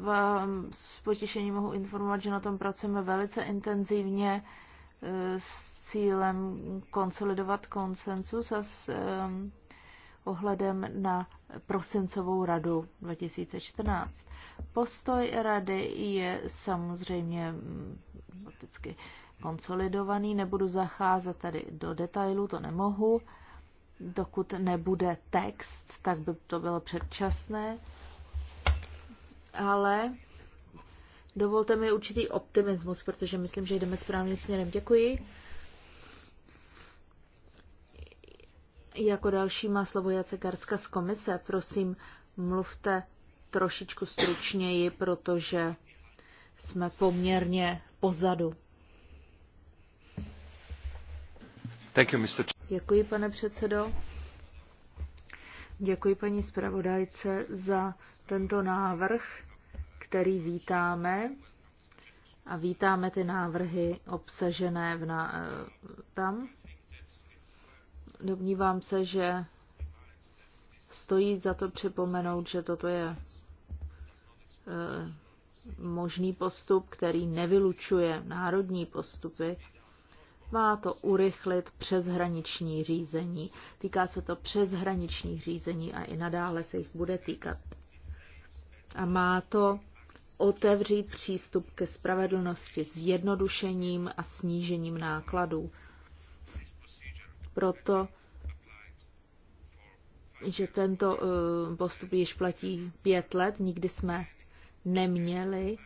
vám s potěšením mohu informovat, že na tom pracujeme velice intenzivně e, s cílem konsolidovat konsensus a s e, ohledem na prosincovou radu 2014. Postoj rady je samozřejmě politicky konsolidovaný. Nebudu zacházet tady do detailů, to nemohu. Dokud nebude text, tak by to bylo předčasné. Ale dovolte mi určitý optimismus, protože myslím, že jdeme správným směrem. Děkuji. Jako další má slovo Jacek Garska z komise. Prosím, mluvte trošičku stručněji, protože jsme poměrně pozadu. Děkuji, pane předsedo. Děkuji paní zpravodajce za tento návrh, který vítáme. A vítáme ty návrhy obsažené v na, eh, tam. Domnívám se, že stojí za to připomenout, že toto je eh, možný postup, který nevylučuje národní postupy má to urychlit přeshraniční řízení. Týká se to přeshraničních řízení a i nadále se jich bude týkat. A má to otevřít přístup ke spravedlnosti s jednodušením a snížením nákladů. Proto, že tento eh, postup již platí pět let, nikdy jsme neměli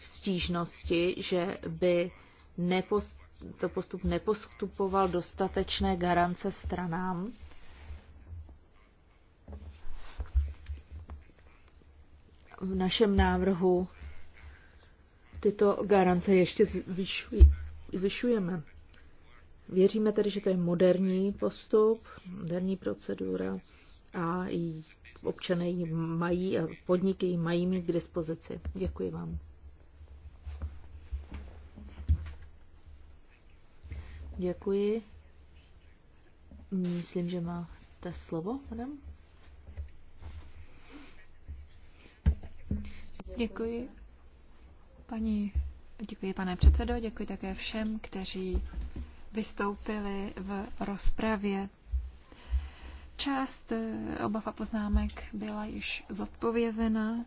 stížnosti, že by nepost tento postup nepostupoval dostatečné garance stranám. V našem návrhu tyto garance ještě zvyšujeme. Věříme tedy, že to je moderní postup, moderní procedura a i občané ji mají a podniky ji mají mít k dispozici. Děkuji vám. Děkuji. Myslím, že máte slovo, madam. Děkuji. Paní, děkuji pane předsedo, děkuji také všem, kteří vystoupili v rozpravě. Část eh, obav a poznámek byla již zodpovězena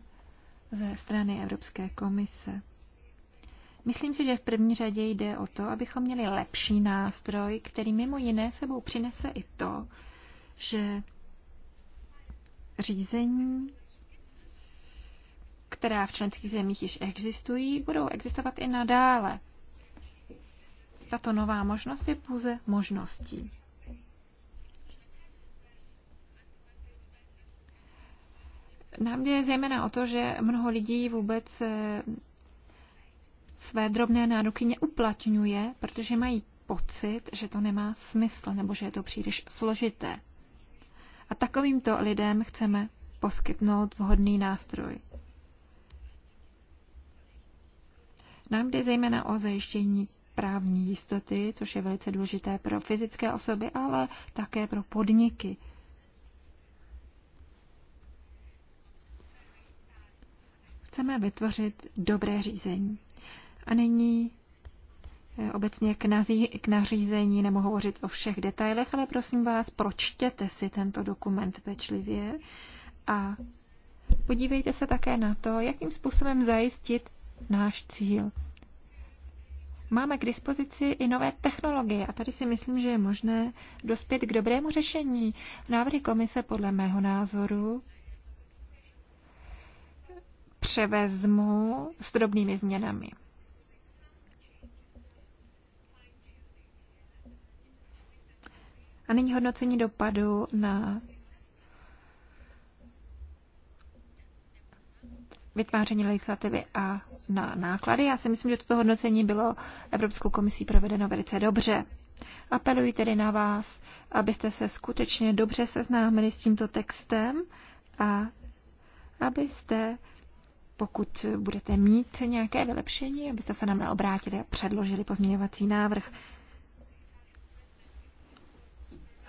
ze strany Evropské komise. Myslím si, že v první řadě jde o to, abychom měli lepší nástroj, který mimo jiné sebou přinese i to, že řízení, která v členských zemích již existují, budou existovat i nadále. Tato nová možnost je pouze možností. Nám jde zejména o to, že mnoho lidí vůbec eh, své drobné nároky neuplatňuje, protože mají pocit, že to nemá smysl nebo že je to příliš složité. A takovýmto lidem chceme poskytnout vhodný nástroj. Nám jde zejména o zajištění právní jistoty, což je velice důležité pro fyzické osoby, ale také pro podniky. Chceme vytvořit dobré řízení. A nyní eh, obecně k, nazí, k nařízení nemohu hovořit o všech detailech, ale prosím vás, pročtěte si tento dokument pečlivě a podívejte se také na to, jakým způsobem zajistit náš cíl. Máme k dispozici i nové technologie a tady si myslím, že je možné dospět k dobrému řešení. Návrhy komise podle mého názoru převezmu s drobnými změnami. A nyní hodnocení dopadu na vytváření legislativy a na náklady. Já si myslím, že toto hodnocení bylo Evropskou komisí provedeno velice dobře. Apeluji tedy na vás, abyste se skutečně dobře seznámili s tímto textem a abyste, pokud budete mít nějaké vylepšení, abyste se nám neobrátili a předložili pozměňovací návrh.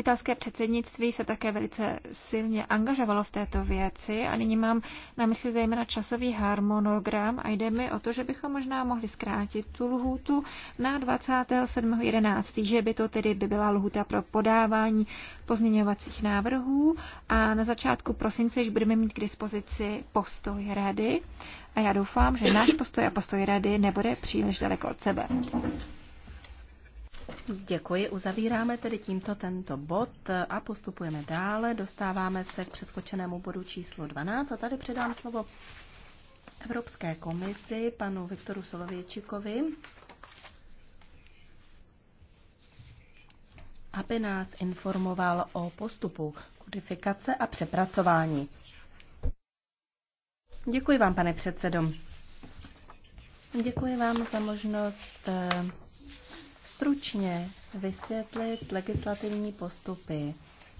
Italské předsednictví se také velice silně angažovalo v této věci a nyní mám na mysli zejména časový harmonogram a jde mi o to, že bychom možná mohli zkrátit tu lhůtu na 27.11., že by to tedy by byla lhůta pro podávání pozměňovacích návrhů a na začátku prosince už budeme mít k dispozici postoj rady a já doufám, že náš postoj a postoj rady nebude příliš daleko od sebe. Děkuji. Uzavíráme tedy tímto tento bod a postupujeme dále. Dostáváme se k přeskočenému bodu číslo 12 a tady předám slovo Evropské komisi panu Viktoru Solověčikovi, aby nás informoval o postupu kodifikace a přepracování. Děkuji vám, pane předsedo. Děkuji vám za možnost eh, stručně vysvětlit legislativní postupy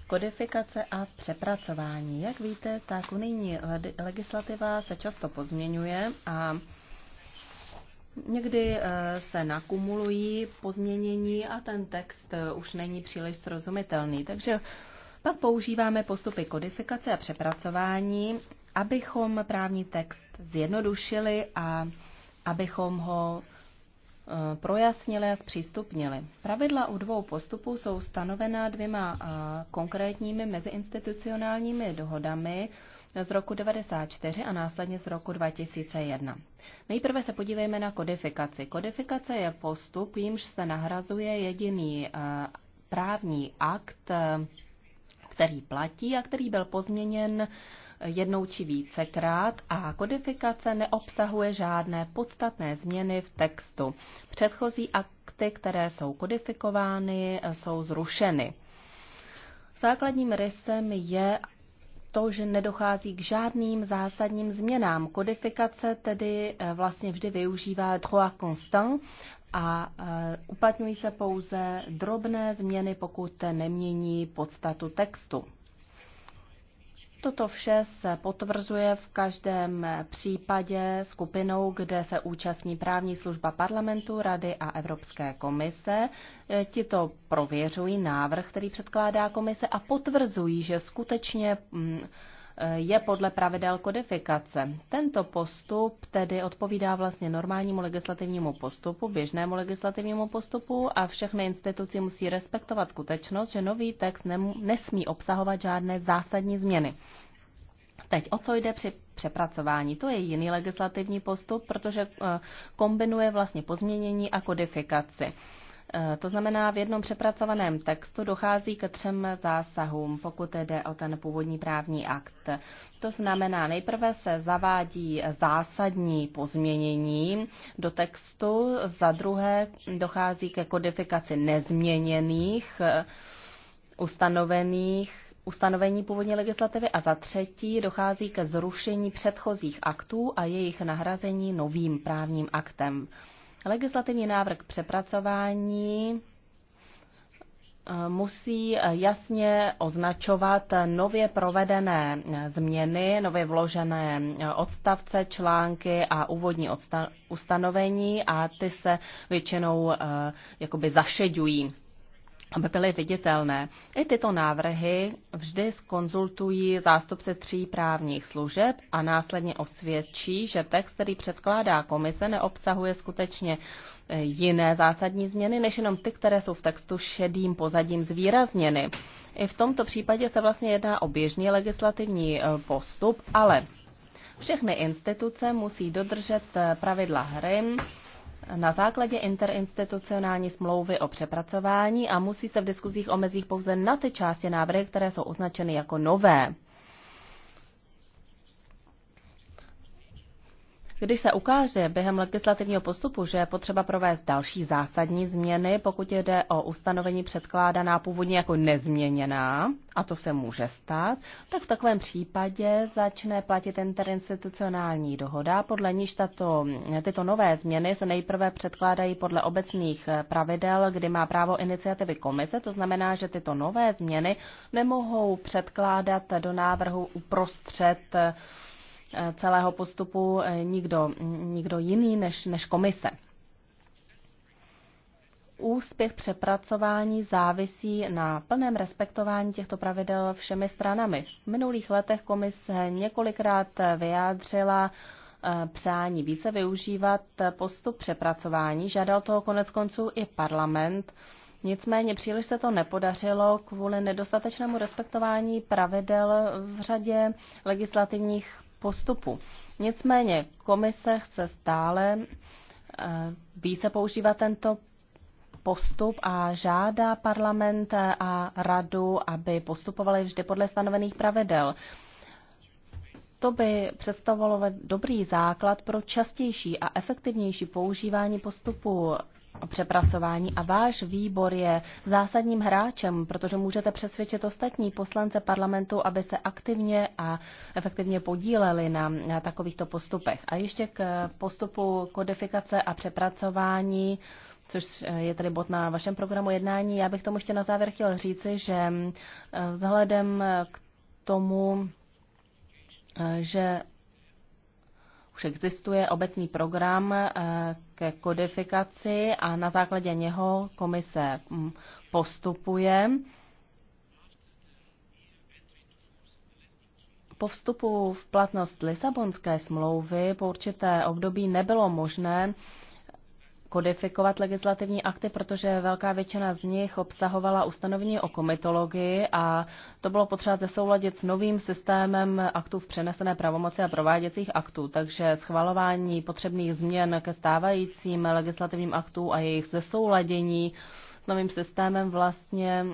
kodifikace a přepracování. Jak víte, tak unijní legislativa se často pozměňuje a někdy eh, se nakumulují pozměnění a ten text eh, už není příliš srozumitelný. Takže pak používáme postupy kodifikace a přepracování, abychom právní text zjednodušili a abychom ho Eh, projasnili a zpřístupnili. Pravidla u dvou postupů jsou stanovená dvěma eh, konkrétními meziinstitucionálními dohodami z roku 1994 a následně z roku 2001. Nejprve se podívejme na kodifikaci. Kodifikace je postup, jímž se nahrazuje jediný eh, právní akt, který platí a který byl pozměněn jednou či vícekrát a kodifikace neobsahuje žádné podstatné změny v textu. Předchozí akty, které jsou kodifikovány, jsou zrušeny. Základním rysem je to, že nedochází k žádným zásadním změnám. Kodifikace tedy eh, vlastně vždy využívá trois constant a eh, uplatňují se pouze drobné změny, pokud nemění podstatu textu. Toto vše se potvrzuje v každém případě skupinou, kde se účastní právní služba parlamentu, rady a Evropské komise. Ti to prověřují návrh, který předkládá komise a potvrzují, že skutečně mm, je podle pravidel kodifikace. Tento postup tedy odpovídá vlastně normálnímu legislativnímu postupu, běžnému legislativnímu postupu a všechny instituce musí respektovat skutečnost, že nový text nesmí obsahovat žádné zásadní změny. Teď o co jde při přepracování? To je jiný legislativní postup, protože eh, kombinuje vlastně pozměnění a kodifikaci. Eh, to znamená, v jednom přepracovaném textu dochází ke třem zásahům, pokud jde o ten původní právní akt. To znamená, nejprve se zavádí zásadní pozměnění do textu, za druhé dochází ke kodifikaci nezměněných eh, ustanovených ustanovení původní legislativy a za třetí dochází ke zrušení předchozích aktů a jejich nahrazení novým právním aktem. Legislativní návrh přepracování eh, musí eh, jasně označovat nově provedené eh, změny, nově vložené odstavce, články a úvodní ustanovení a ty se většinou jakoby zašeďují aby byly viditelné. I tyto návrhy vždy skonzultují zástupce tří právních služeb a následně osvědčí, že text, který předkládá komise, neobsahuje skutečně eh, jiné zásadní změny, než jenom ty, které jsou v textu šedým pozadím zvýrazněny. I v tomto případě se vlastně jedná o běžný legislativní eh, postup, ale všechny instituce musí dodržet eh, pravidla hry, na základě interinstitucionální smlouvy o přepracování a musí se v diskuzích omezit pouze na ty části návrhy, které jsou označeny jako nové. Když se ukáže během legislativního postupu, že je potřeba provést další zásadní změny, pokud jde o ustanovení předkládaná původně jako nezměněná, a to se může stát, tak v takovém případě začne platit interinstitucionální dohoda, podle níž tato, tyto nové změny se nejprve předkládají podle obecných pravidel, kdy má právo iniciativy komise, to znamená, že tyto nové změny nemohou předkládat do návrhu uprostřed celého postupu eh, nikdo, nikdo jiný než, než komise. Úspěch přepracování závisí na plném respektování těchto pravidel všemi stranami. V minulých letech komise několikrát vyjádřila eh, přání více využívat postup přepracování. Žádal toho konec konců i parlament. Nicméně příliš se to nepodařilo kvůli nedostatečnému respektování pravidel v řadě legislativních postupu. Nicméně komise chce stále eh, více používat tento postup a žádá parlament a radu, aby postupovali vždy podle stanovených pravidel. To by představovalo dobrý základ pro častější a efektivnější používání postupu přepracování a váš výbor je zásadním hráčem, protože můžete přesvědčit ostatní poslance parlamentu, aby se aktivně a efektivně podíleli na, na takovýchto postupech. A ještě k postupu kodifikace a přepracování což eh, je tedy bod na vašem programu jednání. Já bych tomu ještě na závěr chtěl říci, že eh, vzhledem k tomu, eh, že už existuje obecný program, ke kodifikaci a na základě něho komise mm, postupuje. Po vstupu v platnost Lisabonské smlouvy po určité období nebylo možné kodifikovat legislativní akty, protože velká většina z nich obsahovala ustanovení o komitologii a to bylo potřeba zesouladit s novým systémem aktů v přenesené pravomoci a prováděcích aktů. Takže schvalování potřebných změn ke stávajícím legislativním aktům a jejich zesouladění s novým systémem vlastně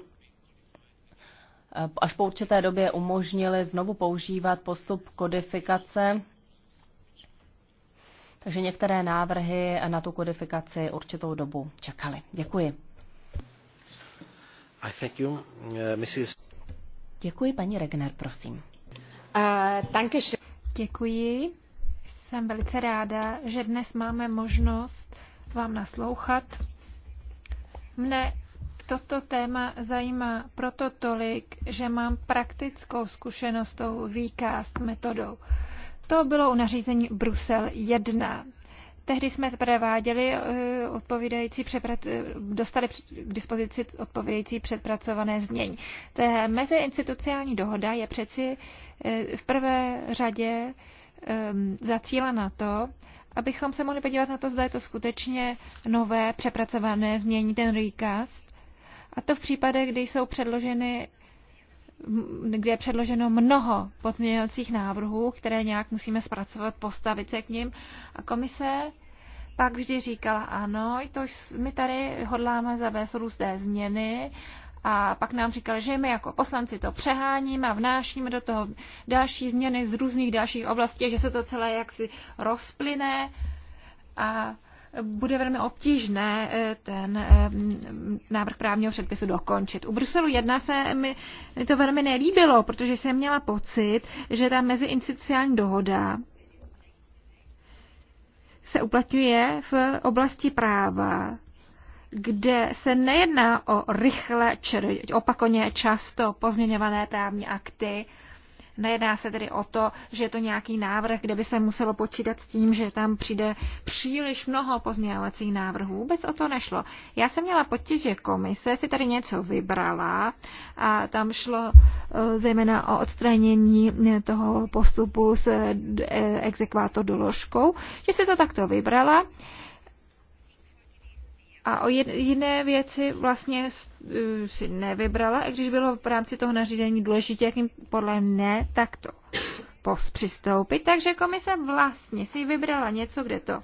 eh, až po určité době umožnili znovu používat postup kodifikace takže některé návrhy na tu kodifikaci určitou dobu čekaly. Děkuji. I thank you, uh, Mrs. Děkuji, paní Regner, prosím. Uh, Děkuji. Jsem velice ráda, že dnes máme možnost vám naslouchat. Mne toto téma zajímá proto tolik, že mám praktickou zkušenost s tou výkást metodou. Uh, to bylo u nařízení Brusel 1. Tehdy jsme prováděli eh, odpovídající přeprat, eh, dostali k dispozici odpovídající předpracované znění. Ta meziinstitucionální dohoda je přeci eh, v prvé řadě ehm, zacíla na to, abychom se mohli podívat na to, zda je to skutečně nové přepracované znění, ten recast. A to v případě, kdy jsou předloženy kde je předloženo mnoho pozměňovacích návrhů, které nějak musíme zpracovat, postavit se k ním. A komise pak vždy říkala, ano, to my tady hodláme zavést různé změny, a pak nám říkali, že my jako poslanci to přeháníme a vnášíme do toho další změny z různých dalších oblastí, že se to celé jaksi rozplyne. A bude velmi obtížné eh, ten eh, návrh právního předpisu dokončit. U Bruselu 1 se mi to velmi nelíbilo, protože jsem měla pocit, že ta meziinstitucionální dohoda se uplatňuje v oblasti práva, kde se nejedná o rychle, opakovaně často pozměňované právní akty, Nejedná se tedy o to, že je to nějaký návrh, kde by se muselo počítat s tím, že tam přijde příliš mnoho pozměňovacích návrhů. Vůbec o to nešlo. Já jsem měla potíž, že komise si tady něco vybrala a tam šlo eh, zejména o odstranění eh, toho postupu s eh, exekvátor doložkou, že si to takto vybrala a o jiné věci vlastně eh, si nevybrala, i když bylo v rámci toho nařízení důležité, jakým podle mne, tak to přistoupit. Takže komise vlastně si vybrala něco, kde to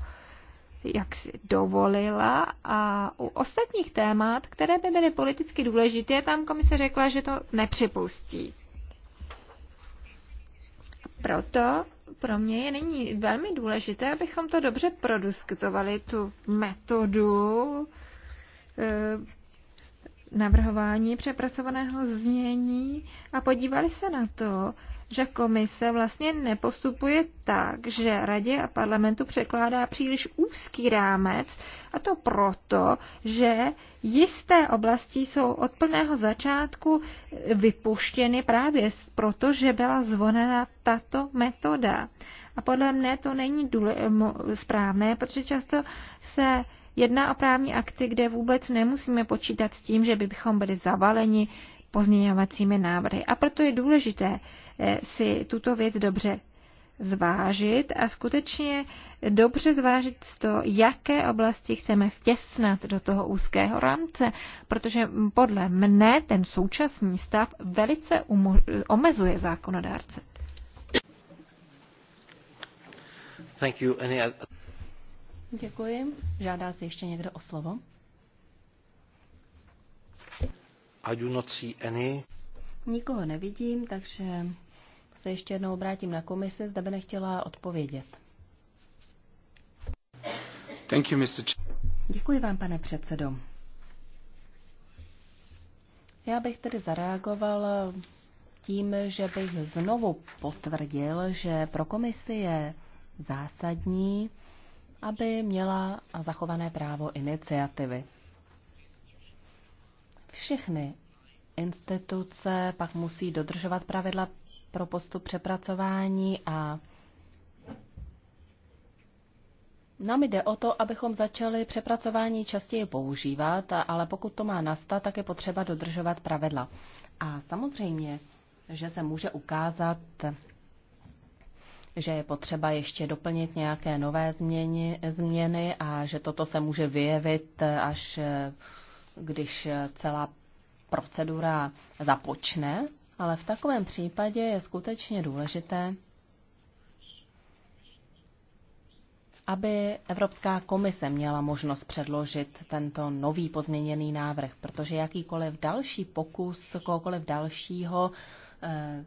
jak si dovolila a u ostatních témat, které by byly politicky důležité, tam komise řekla, že to nepřipustí. Proto pro mě je není velmi důležité, abychom to dobře prodiskutovali, tu metodu eh, navrhování přepracovaného znění a podívali se na to, že komise vlastně nepostupuje tak, že radě a parlamentu překládá příliš úzký rámec a to proto, že jisté oblasti jsou od plného začátku vypuštěny právě proto, že byla zvonena tato metoda. A podle mne to není správné, protože často se jedná o právní akty, kde vůbec nemusíme počítat s tím, že bychom byli zavaleni pozměňovacími návrhy. A proto je důležité, Eh, si tuto věc dobře zvážit a skutečně dobře zvážit to, jaké oblasti chceme vtěsnat do toho úzkého rámce, protože podle mne ten současný stav velice omezuje zákonodárce. Thank you. Any other... Děkuji. Žádá se ještě někdo o slovo? I do not see any. Nikoho nevidím, takže se ještě jednou obrátím na komisi, zda by nechtěla odpovědět. Thank you, Mr. Děkuji vám, pane předsedo. Já bych tedy zareagoval tím, že bych znovu potvrdil, že pro komisi je zásadní, aby měla zachované právo iniciativy. Všechny instituce pak musí dodržovat pravidla pro postup přepracování a nám jde o to, abychom začali přepracování častěji používat, ale pokud to má nastat, tak je potřeba dodržovat pravidla. A samozřejmě, že se může ukázat, že je potřeba ještě doplnit nějaké nové změny, změny a že toto se může vyjevit, e, až e, když e, celá procedura započne, ale v takovém případě je skutečně důležité, aby Evropská komise měla možnost předložit tento nový pozměněný návrh, protože jakýkoliv další pokus kohokoliv dalšího eh,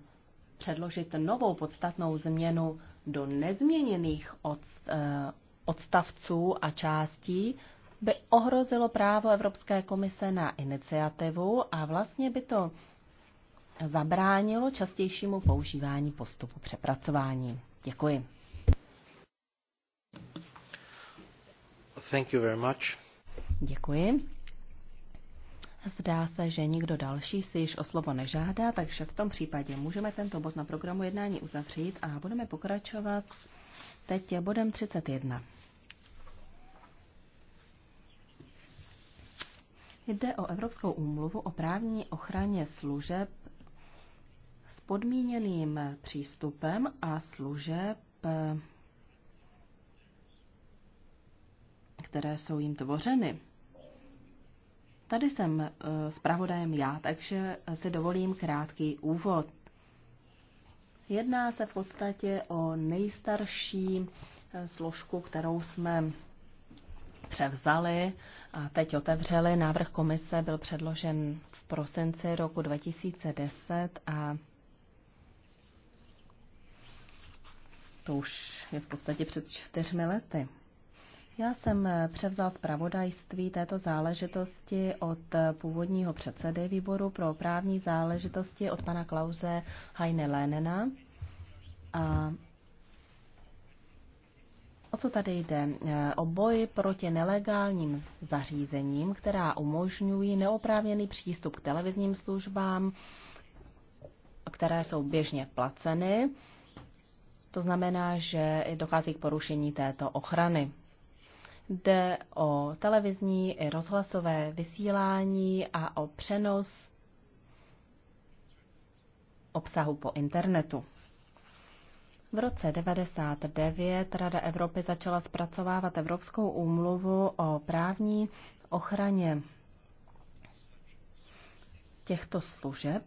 předložit novou podstatnou změnu do nezměněných od, eh, odstavců a částí by ohrozilo právo Evropské komise na iniciativu a vlastně by to zabránilo častějšímu používání postupu přepracování. Děkuji. Thank you very much. Děkuji. Zdá se, že nikdo další si již o slovo nežádá, takže v tom případě můžeme tento bod na programu jednání uzavřít a budeme pokračovat teď je bodem 31. Jde o Evropskou úmluvu o právní ochraně služeb s podmíněným přístupem a služeb, které jsou jim tvořeny. Tady jsem eh, zpravodajem já, takže si dovolím krátký úvod. Jedná se v podstatě o nejstarší eh, složku, kterou jsme převzali a teď otevřeli. Návrh komise byl předložen v prosinci roku 2010 a to už je v podstatě před čtyřmi lety. Já jsem převzal zpravodajství této záležitosti od původního předsedy výboru pro právní záležitosti od pana Klauze Heine Lénena. A O co tady jde? O boji proti nelegálním zařízením, která umožňují neoprávněný přístup k televizním službám, které jsou běžně placeny to znamená, že dochází k porušení této ochrany. Jde o televizní i rozhlasové vysílání a o přenos obsahu po internetu. V roce 1999 Rada Evropy začala zpracovávat Evropskou úmluvu o právní ochraně těchto služeb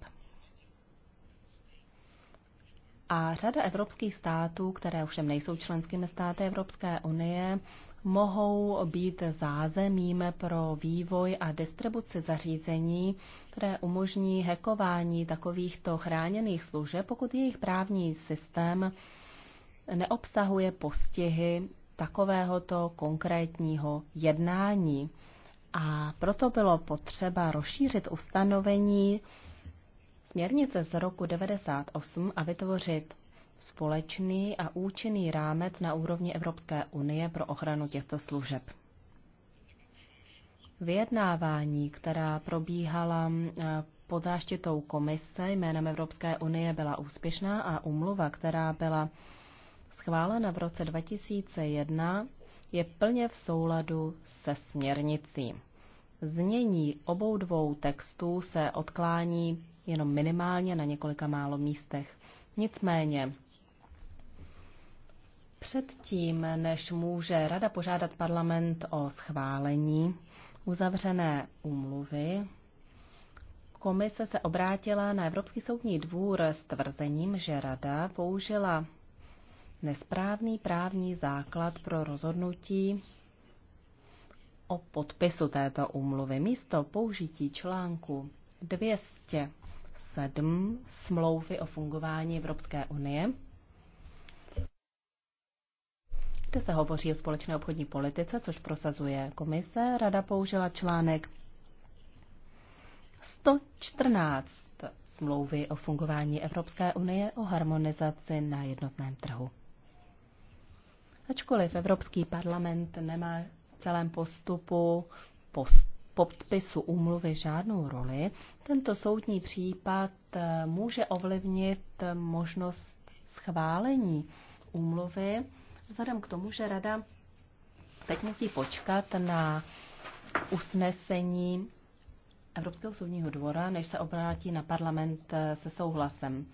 a řada evropských států, které ovšem nejsou členskými státy Evropské unie, mohou být zázemím pro vývoj a distribuci zařízení, které umožní hekování takovýchto chráněných služeb, pokud jejich právní systém neobsahuje postihy takovéhoto konkrétního jednání. A proto bylo potřeba rozšířit ustanovení směrnice z roku 1998 a vytvořit společný a účinný rámec na úrovni Evropské unie pro ochranu těchto služeb. Vyjednávání, která probíhala eh, pod záštitou komise jménem Evropské unie, byla úspěšná a umluva, která byla schválena v roce 2001, je plně v souladu se směrnicí. Znění obou dvou textů se odklání jenom minimálně na několika málo místech. Nicméně, předtím, než může Rada požádat parlament o schválení uzavřené úmluvy, komise se obrátila na Evropský soudní dvůr s tvrzením, že Rada použila nesprávný právní základ pro rozhodnutí o podpisu této úmluvy. Místo použití článku 200 7 smlouvy o fungování Evropské unie, kde se hovoří o společné obchodní politice, což prosazuje komise. Rada použila článek 114 smlouvy o fungování Evropské unie o harmonizaci na jednotném trhu. Ačkoliv Evropský parlament nemá v celém postupu post podpisu úmluvy žádnou roli, tento soudní případ eh, může ovlivnit eh, možnost schválení úmluvy, vzhledem k tomu, že Rada teď musí počkat na usnesení Evropského soudního dvora, než se obrátí na parlament eh, se souhlasem.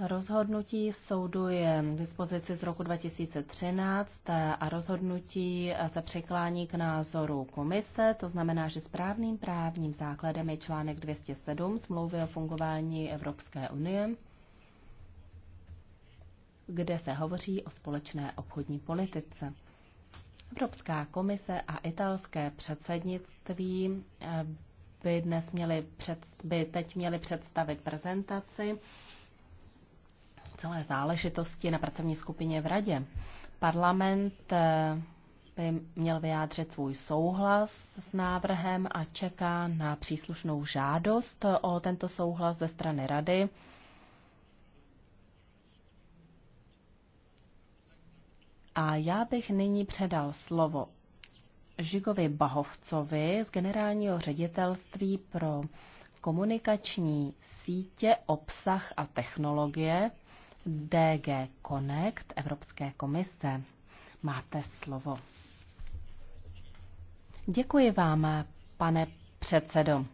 Rozhodnutí soudu je k dispozici z roku 2013 a rozhodnutí se překlání k názoru komise, to znamená, že správným právním základem je článek 207 smlouvy o fungování Evropské unie, kde se hovoří o společné obchodní politice. Evropská komise a italské předsednictví eh, by dnes měli před, by teď měli představit prezentaci celé záležitosti na pracovní skupině v Radě. Parlament eh, by měl vyjádřit svůj souhlas s návrhem a čeká na příslušnou žádost o tento souhlas ze strany Rady. A já bych nyní předal slovo Žigovi Bahovcovi z generálního ředitelství pro komunikační sítě, obsah a technologie DG Connect Evropské komise. Máte slovo. Děkuji vám, pane předsedo.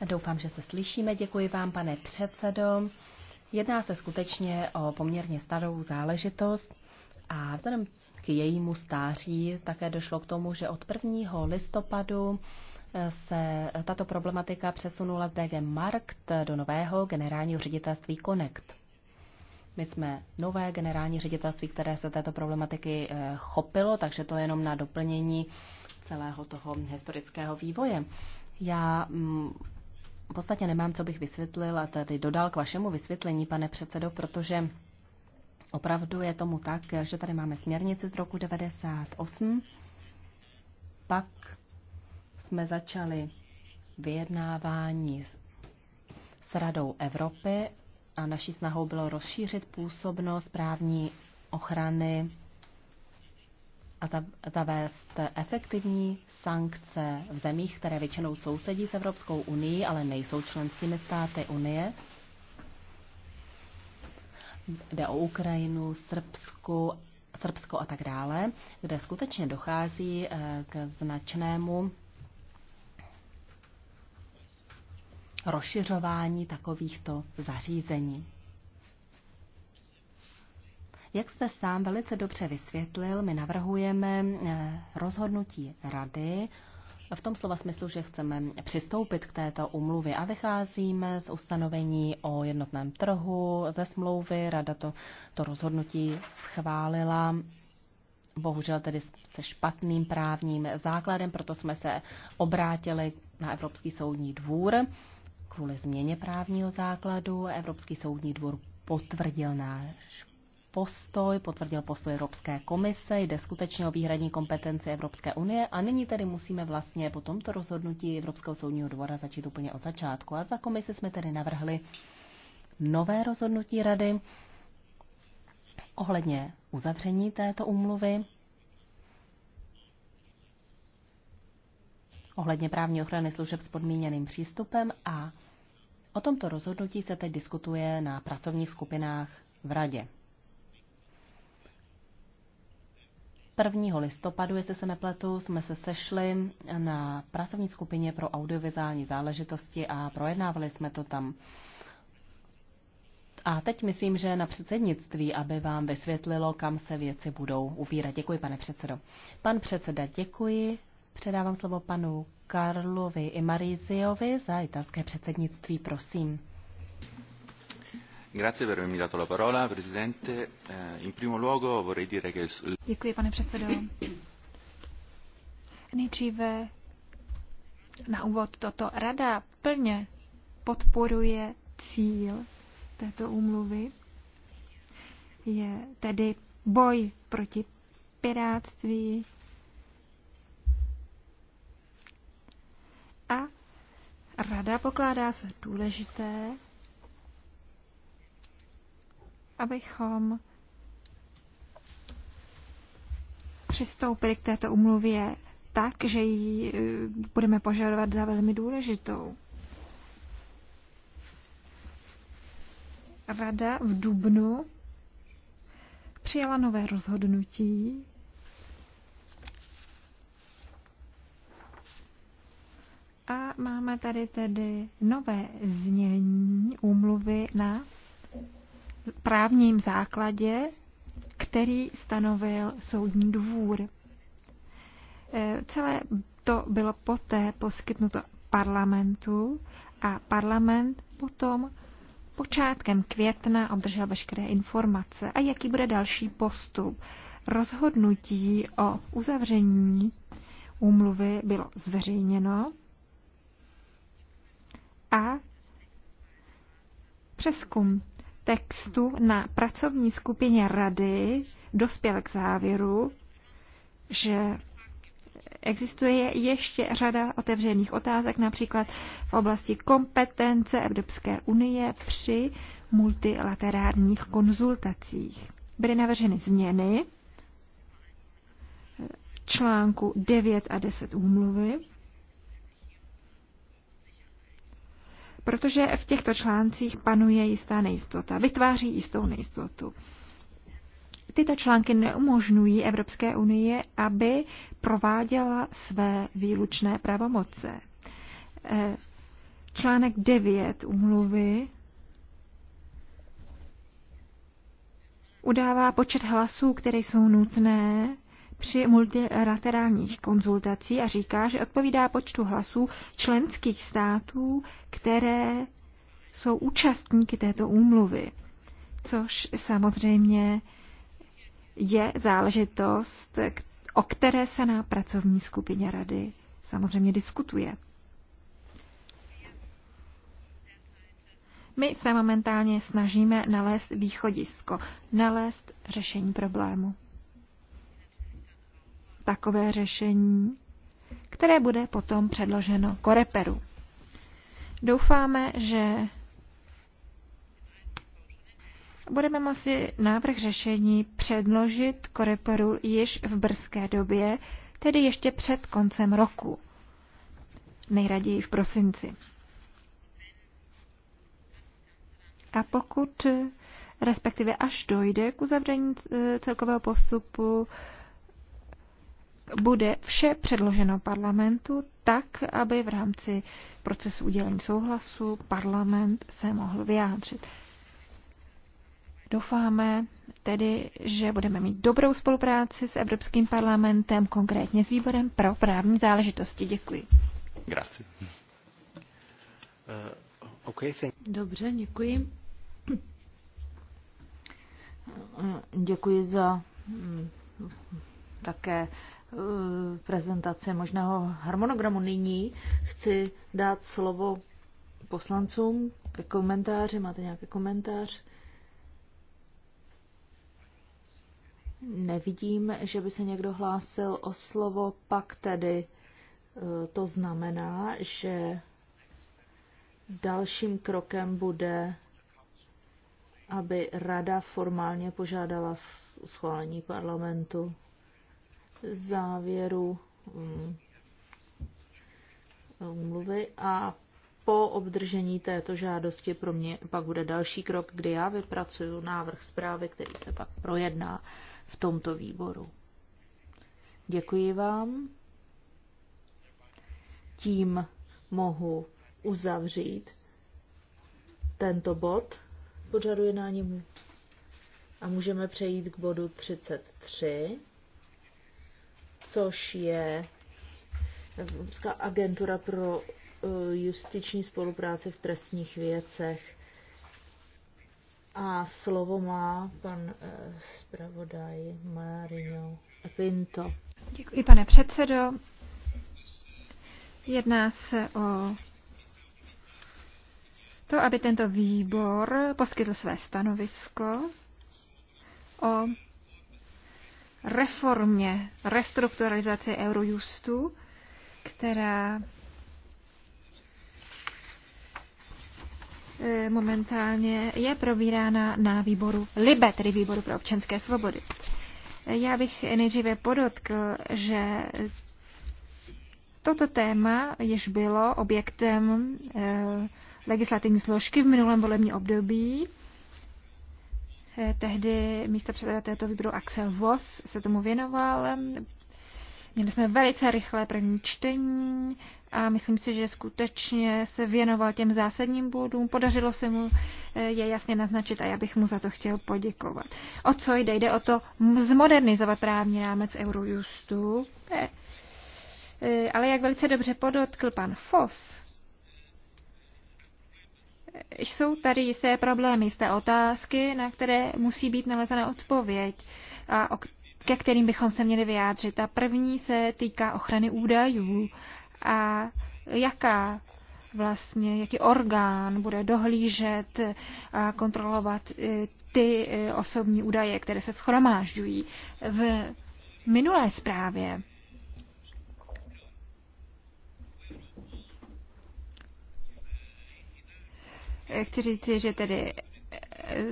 Doufám, že se slyšíme. Děkuji vám, pane předsedo. Jedná se skutečně o poměrně starou záležitost a vzhledem k jejímu stáří také došlo k tomu, že od 1. listopadu se tato problematika přesunula z DG Markt do nového generálního ředitelství Connect. My jsme nové generální ředitelství, které se této problematiky eh, chopilo, takže to je jenom na doplnění celého toho historického vývoje. Já mm, v podstatě nemám, co bych vysvětlil a tady dodal k vašemu vysvětlení, pane předsedo, protože opravdu je tomu tak, že tady máme směrnici z roku 98, pak jsme začali vyjednávání s Radou Evropy a naší snahou bylo rozšířit působnost právní ochrany a zavést efektivní sankce v zemích, které většinou sousedí s Evropskou unii, ale nejsou členskými státy Unie. Jde o Ukrajinu, Srbsku, Srbsko a tak dále, kde skutečně dochází eh, k značnému rozšiřování takovýchto zařízení. Jak jste sám velice dobře vysvětlil, my navrhujeme eh, rozhodnutí rady v tom slova smyslu, že chceme přistoupit k této umluvě a vycházíme z ustanovení o jednotném trhu, ze smlouvy. Rada to, to rozhodnutí schválila bohužel tedy se špatným právním základem, proto jsme se obrátili na Evropský soudní dvůr kvůli změně právního základu. Evropský soudní dvůr potvrdil náš postoj, potvrdil postoj Evropské komise, jde skutečně o výhradní kompetenci Evropské unie a nyní tedy musíme vlastně po tomto rozhodnutí Evropského soudního dvora začít úplně od začátku. A za komisi jsme tedy navrhli nové rozhodnutí rady ohledně uzavření této úmluvy, ohledně právní ochrany služeb s podmíněným přístupem a O tomto rozhodnutí se teď diskutuje na pracovních skupinách v Radě. 1. listopadu, jestli se nepletu, jsme se sešli na pracovní skupině pro audiovizuální záležitosti a projednávali jsme to tam. A teď myslím, že na předsednictví, aby vám vysvětlilo, kam se věci budou ubírat. Děkuji, pane předsedo. Pan předseda, děkuji. Předávám slovo panu Karlovi Mariziovi za italské předsednictví, prosím. Eh, Děkuji, pane předsedo. Nejdříve na úvod toto. Rada plně podporuje cíl této úmluvy. Je tedy boj proti pirátství, Rada pokládá za důležité, abychom přistoupili k této umluvě tak, že ji eh, budeme požadovat za velmi důležitou. Rada v Dubnu přijala nové rozhodnutí, A máme tady tedy nové znění úmluvy na právním základě, který stanovil soudní dvůr. Eh, celé to bylo poté poskytnuto parlamentu a parlament potom počátkem května obdržel veškeré informace. A jaký bude další postup? Rozhodnutí o uzavření úmluvy bylo zveřejněno a přeskum textu na pracovní skupině rady dospěl k závěru, že existuje ještě řada otevřených otázek, například v oblasti kompetence Evropské unie při multilaterálních konzultacích. Byly navrženy změny článku 9 a 10 úmluvy protože v těchto článcích panuje jistá nejistota, vytváří jistou nejistotu. Tyto články neumožňují Evropské unii, aby prováděla své výlučné pravomoce. Eh, článek 9 umluvy udává počet hlasů, které jsou nutné při multilaterálních konzultací a říká, že odpovídá počtu hlasů členských států, které jsou účastníky této úmluvy. Což samozřejmě je záležitost, o které se na pracovní skupině rady samozřejmě diskutuje. My se momentálně snažíme nalézt východisko, nalézt řešení problému takové řešení, které bude potom předloženo koreperu. Doufáme, že budeme moci návrh řešení předložit koreperu již v brzké době, tedy ještě před koncem roku, nejraději v prosinci. A pokud, respektive až dojde k uzavření eh, celkového postupu, bude vše předloženo parlamentu tak, aby v rámci procesu udělení souhlasu parlament se mohl vyjádřit. Doufáme tedy, že budeme mít dobrou spolupráci s Evropským parlamentem, konkrétně s výborem pro právní záležitosti. Děkuji. Grazie. Uh, okay, thank... Dobře, děkuji. Děkuji za mm, také Eh, prezentace možného harmonogramu. Nyní chci dát slovo poslancům ke komentáři. Máte nějaký komentář? Nevidím, že by se někdo hlásil o slovo, pak tedy eh, to znamená, že dalším krokem bude, aby rada formálně požádala schválení parlamentu závěru úmluvy mm, a po obdržení této žádosti pro mě pak bude další krok, kdy já vypracuju návrh zprávy, který se pak projedná v tomto výboru. Děkuji vám. Tím mohu uzavřít tento bod pořadu jednání a můžeme přejít k bodu 33 což je Evropská agentura pro e, justiční spolupráci v trestních věcech. A slovo má pan e, zpravodaj Marino Pinto. Děkuji, pane předsedo. Jedná se o to, aby tento výbor poskytl své stanovisko o reformě, restrukturalizaci Eurojustu, která eh, momentálně je probírána na výboru LIBE, tedy výboru pro občanské svobody. Eh, já bych nejdříve podotkl, že toto téma již bylo objektem eh, legislativní složky v minulém volebním období Eh, tehdy místo předseda této výboru Axel Voss se tomu věnoval. Měli jsme velice rychlé první čtení a myslím si, že skutečně se věnoval těm zásadním bodům. Podařilo se mu eh, je jasně naznačit a já bych mu za to chtěl poděkovat. O co jde? Jde o to zmodernizovat právní rámec Eurojustu. Eh, ale jak velice dobře podotkl pan Foss, jsou tady jisté problémy, jisté otázky, na které musí být nalezena odpověď a ke kterým bychom se měli vyjádřit. Ta první se týká ochrany údajů a jaká vlastně, jaký orgán bude dohlížet a kontrolovat e, ty e, osobní údaje, které se schromážďují. V minulé zprávě Chci říct, že tedy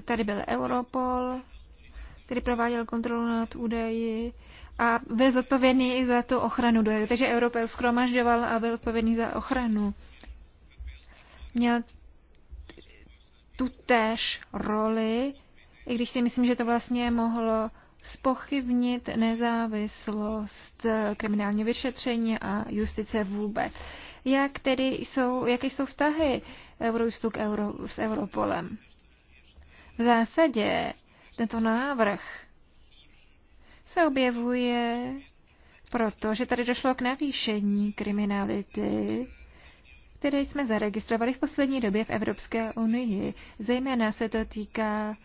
tady byl Europol, který prováděl kontrolu nad údaji a byl zodpovědný i za tu ochranu Takže Europol schromažďoval a byl odpovědný za ochranu. Měl tu též roli, i když si myslím, že to vlastně mohlo spochybnit nezávislost kriminálního vyšetření a justice vůbec jak tedy jsou, jaké jsou vztahy Eurojustu eh, k Euro, s Europolem. V zásadě tento návrh se objevuje proto, že tady došlo k navýšení kriminality, které jsme zaregistrovali v poslední době v Evropské unii. Zejména se to týká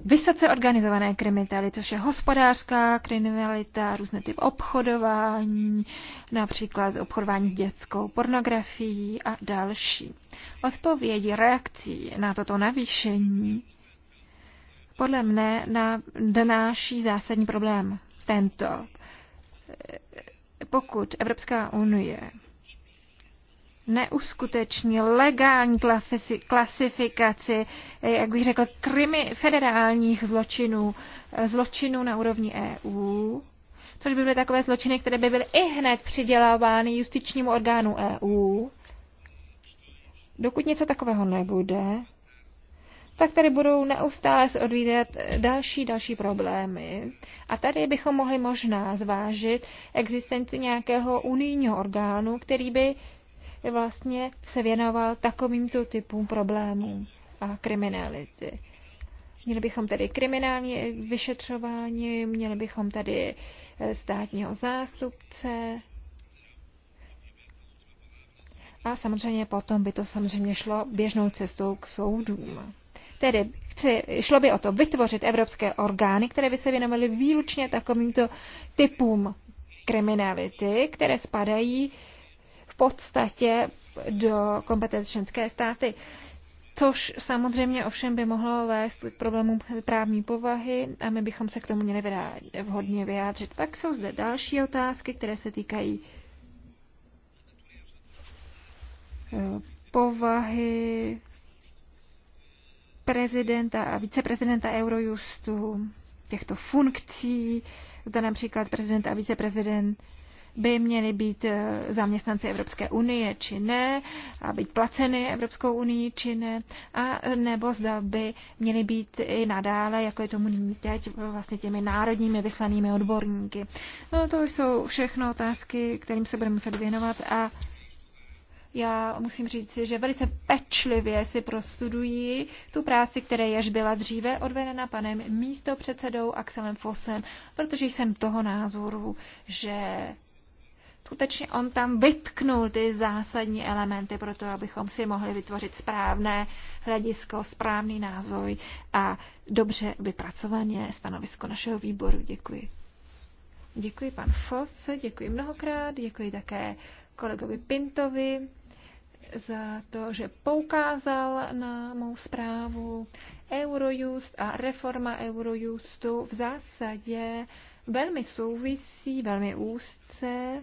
vysoce organizované kriminality, což je hospodářská kriminalita, různé typ obchodování, například obchodování s dětskou pornografií a další. Odpovědi, reakcí na toto navýšení podle mne na donáší zásadní problém. Tento. Pokud Evropská unie neuskuteční legální klasifikaci, eh, jak bych řekl, krimi, federálních zločinů, eh, zločinů na úrovni EU, což by byly takové zločiny, které by byly i hned přidělávány justičnímu orgánu EU. Dokud něco takového nebude, tak tady budou neustále se odvídat další, další problémy. A tady bychom mohli možná zvážit existenci nějakého unijního orgánu, který by vlastně se věnoval takovýmto typům problémů a kriminality. Měli bychom tady kriminální vyšetřování, měli bychom tady eh, státního zástupce. A samozřejmě potom by to samozřejmě šlo běžnou cestou k soudům. Tedy chci, šlo by o to vytvořit evropské orgány, které by se věnovaly výlučně takovýmto typům kriminality, které spadají uh, podstatě do kompetence členské státy. Což samozřejmě ovšem by mohlo vést k problémům právní povahy a my bychom se k tomu měli vhodně vyjádřit. Pak jsou zde další otázky, které se týkají eh, povahy prezidenta a viceprezidenta Eurojustu, těchto funkcí, zda například prezident a viceprezident by měli být eh, zaměstnanci Evropské unie či ne, a být placeny Evropskou unii či ne, a nebo zda by měli být i nadále, jako je tomu nyní teď, vlastně těmi národními vyslanými odborníky. No to jsou všechno otázky, kterým se budeme muset věnovat a já musím říct, že velice pečlivě si prostudují tu práci, které jež byla dříve odvedena panem místopředsedou Axelem Fosem, protože jsem toho názoru, že skutečně on tam vytknul ty zásadní elementy pro to, abychom si mohli vytvořit správné hledisko, správný názor a dobře vypracovaně stanovisko našeho výboru. Děkuji. Děkuji pan Foss, děkuji mnohokrát, děkuji také kolegovi Pintovi za to, že poukázal na mou zprávu. Eurojust a reforma Eurojustu v zásadě velmi souvisí, velmi úzce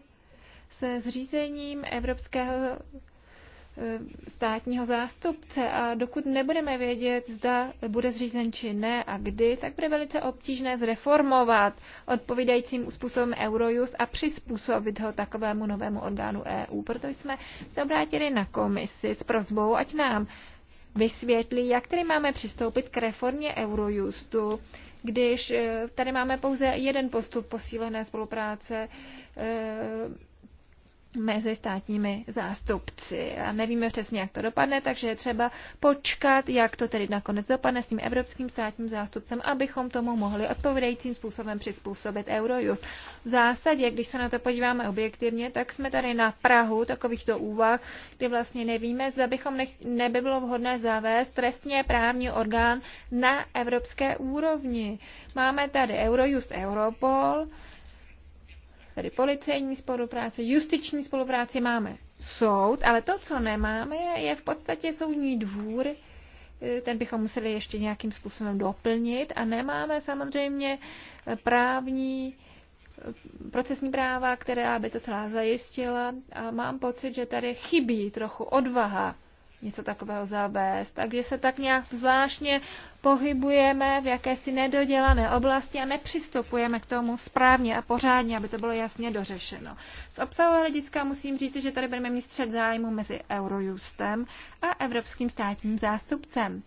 se zřízením Evropského eh, státního zástupce a dokud nebudeme vědět, zda bude zřízen či ne a kdy, tak bude velice obtížné zreformovat odpovídajícím způsobem Eurojust a přizpůsobit ho takovému novému orgánu EU. Proto jsme se obrátili na komisi s prozbou, ať nám vysvětlí, jak tedy máme přistoupit k reformě Eurojustu, když eh, tady máme pouze jeden postup posílené spolupráce eh, mezi státními zástupci. A nevíme přesně, jak to dopadne, takže je třeba počkat, jak to tedy nakonec dopadne s tím evropským státním zástupcem, abychom tomu mohli odpovědajícím způsobem přizpůsobit Eurojust. V zásadě, když se na to podíváme objektivně, tak jsme tady na Prahu takovýchto úvah, kdy vlastně nevíme, zda bychom nech- neby bylo vhodné zavést trestně právní orgán na evropské úrovni. Máme tady Eurojust Europol, tedy policejní spolupráce, justiční spolupráci máme soud, ale to, co nemáme, je v podstatě soudní dvůr, ten bychom museli ještě nějakým způsobem doplnit a nemáme samozřejmě právní procesní práva, která by to celá zajistila a mám pocit, že tady chybí trochu odvaha něco takového zavést. Takže se tak nějak zvláštně pohybujeme v jakési nedodělané oblasti a nepřistupujeme k tomu správně a pořádně, aby to bylo jasně dořešeno. Z obsahu hlediska musím říct, že tady budeme mít střed zájmu mezi Eurojustem a Evropským státním zástupcem.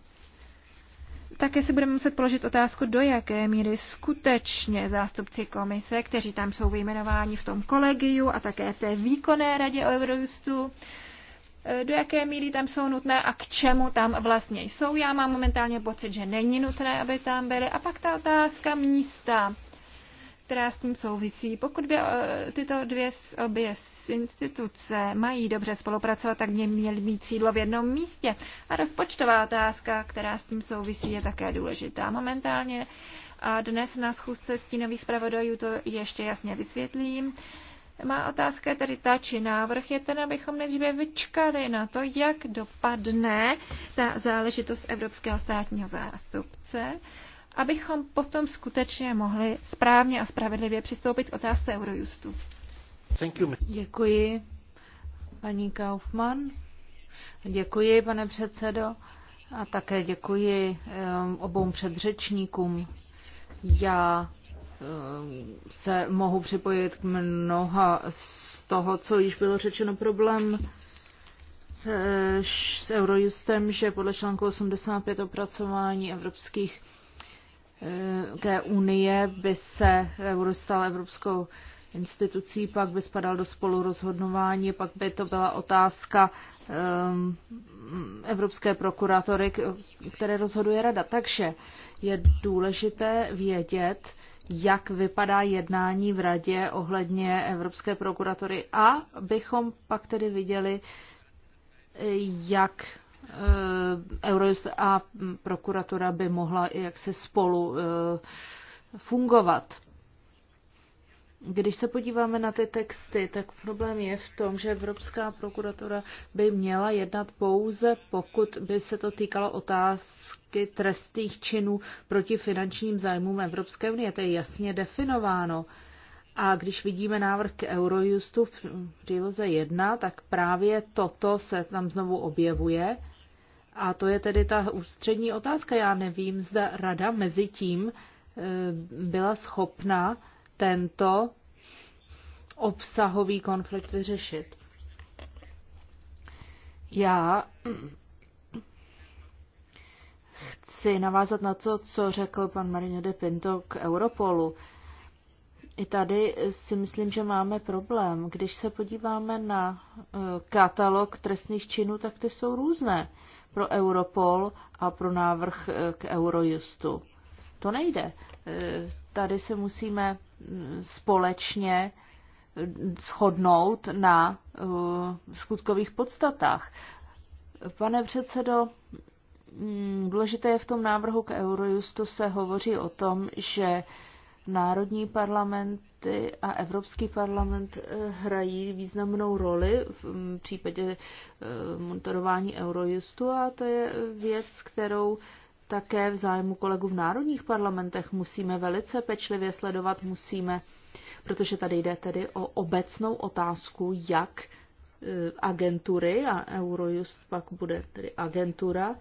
Také si budeme muset položit otázku, do jaké míry skutečně zástupci komise, kteří tam jsou vyjmenováni v tom kolegiu a také té výkonné radě Eurojustu, Eh, do jaké míry tam jsou nutné a k čemu tam vlastně jsou. Já mám momentálně pocit, že není nutné, aby tam byly. A pak ta otázka místa, která s tím souvisí. Pokud by eh, tyto dvě obě instituce mají dobře spolupracovat, tak by měly mít sídlo v jednom místě. A rozpočtová otázka, která s tím souvisí, je také důležitá. Momentálně a dnes na schůzce stínových zpravodajů to ještě jasně vysvětlím. Uh, má otázka tedy ta, či návrh je ten, abychom nejdříve vyčkali na to, jak dopadne ta záležitost Evropského státního zástupce, abychom potom skutečně mohli správně a spravedlivě přistoupit k otázce Eurojustu. Děkuji, paní Kaufmann. Děkuji, pane předsedo. A také děkuji eh, obou předřečníkům. Já se mohu připojit k mnoha z toho, co již bylo řečeno problém eh, s Eurojustem, že podle článku 85 opracování evropských eh, ke unie by se euro stal evropskou institucí, pak by spadal do spolurozhodnování, pak by to byla otázka um, evropské prokuratory, které rozhoduje rada. Takže je důležité vědět, jak vypadá jednání v radě ohledně Evropské prokuratury a bychom pak tedy viděli, jak eh, Eurojust a prokuratura by mohla jak se spolu eh, fungovat. Když se podíváme na ty texty, tak problém je v tom, že Evropská prokuratura by měla jednat pouze, pokud by se to týkalo otázky trestných činů proti finančním zájmům Evropské unie. To je jasně definováno. A když vidíme návrh k Eurojustu v příloze 1, tak právě toto se tam znovu objevuje. A to je tedy ta ústřední otázka. Já nevím, zda rada mezi tím eh, byla schopna tento obsahový konflikt vyřešit. Já chci navázat na to, co řekl pan Marino de Pinto k Europolu. I tady si myslím, že máme problém. Když se podíváme na eh, katalog trestných činů, tak ty jsou různé pro Europol a pro návrh eh, k Eurojustu. To nejde. Eh, tady se musíme mm, společně mm, shodnout na uh, skutkových podstatách. Pane předsedo, mm, důležité je v tom návrhu k Eurojustu se hovoří o tom, že národní parlamenty a Evropský parlament eh, hrají významnou roli v případě eh, monitorování Eurojustu a to je věc, kterou také v zájmu kolegů v národních parlamentech musíme velice pečlivě sledovat, musíme, protože tady jde tedy o obecnou otázku, jak e, agentury a Eurojust pak bude tedy agentura,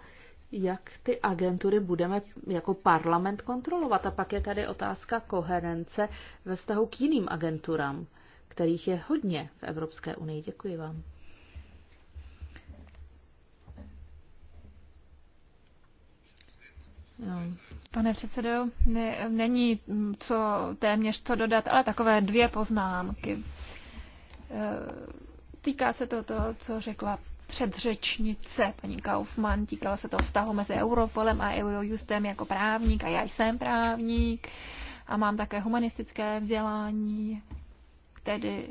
jak ty agentury budeme jako parlament kontrolovat. A pak je tady otázka koherence ve vztahu k jiným agenturám, kterých je hodně v Evropské unii. Děkuji vám. No. Pane předsedo, ne, není co téměř co dodat, ale takové dvě poznámky. E, týká se to toho, co řekla předřečnice, paní Kaufmann, týkalo se to vztahu mezi Europolem a Eurojustem jako právník a já jsem právník a mám také humanistické vzdělání, tedy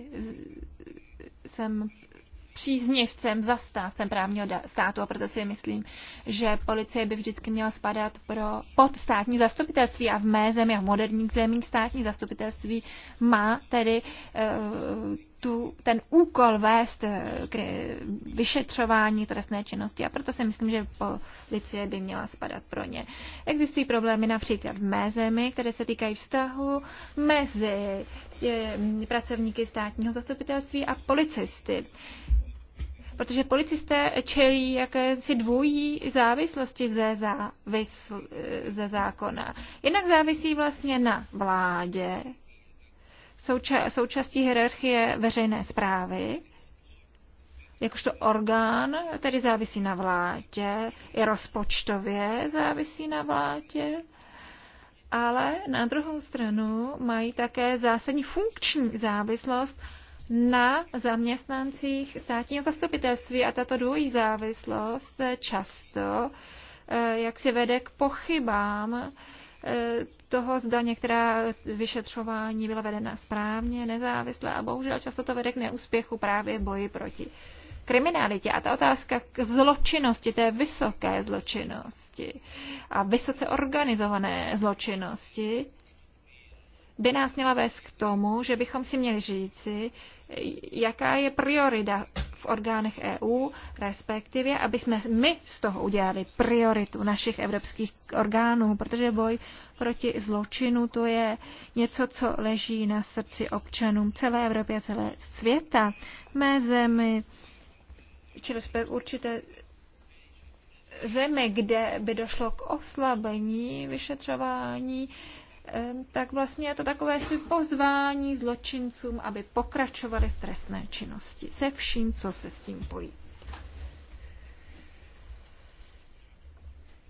jsem příznivcem, zastávcem právního státu a proto si myslím, že policie by vždycky měla spadat pro, pod státní zastupitelství a v mé zemi a v moderních zemích státní zastupitelství má tedy e, tu, ten úkol vést k vyšetřování trestné činnosti a proto si myslím, že policie by měla spadat pro ně. Existují problémy například v mé zemi, které se týkají vztahu mezi eh, pracovníky státního zastupitelství a policisty protože policisté čelí jakési dvojí závislosti ze, závisl, ze zákona. Jednak závisí vlastně na vládě, souča- součástí hierarchie veřejné zprávy, jakožto orgán, tedy závisí na vládě, i rozpočtově závisí na vládě, ale na druhou stranu mají také zásadní funkční závislost na zaměstnancích státního zastupitelství a tato dvojí závislost často eh, jak si vede k pochybám eh, toho, zda některá vyšetřování byla vedena správně, nezávisle a bohužel často to vede k neúspěchu právě boji proti kriminalitě. A ta otázka k zločinnosti, té vysoké zločinnosti a vysoce organizované zločinnosti, by nás měla vést k tomu, že bychom si měli říci, jaká je priorita v orgánech EU, respektive, aby jsme my z toho udělali prioritu našich evropských orgánů, protože boj proti zločinu to je něco, co leží na srdci občanům celé Evropy a celé světa. mé zemi, čili jsme určité zemi, kde by došlo k oslabení vyšetřování, tak vlastně je to takové si pozvání zločincům, aby pokračovali v trestné činnosti se vším, co se s tím pojí.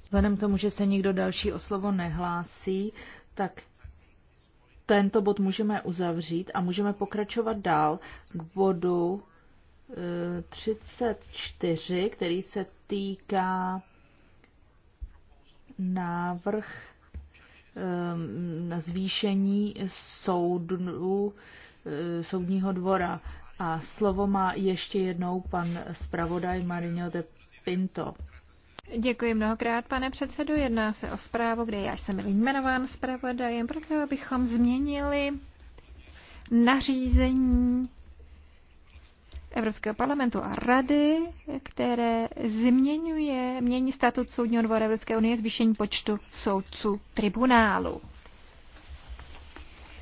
Vzhledem tomu, že se nikdo další o slovo nehlásí, tak tento bod můžeme uzavřít a můžeme pokračovat dál k bodu 34, eh, který se týká návrh Ehm, na zvýšení soudu, eh, soudního dvora. A slovo má ještě jednou pan zpravodaj Marino de Pinto. Děkuji mnohokrát, pane předsedu. Jedná se o zprávu, kde já jsem jmenován zpravodajem, proto abychom změnili nařízení Evropského parlamentu a rady, které změňuje, mění statut Soudního dvora Evropské unie zvýšení počtu soudců tribunálu.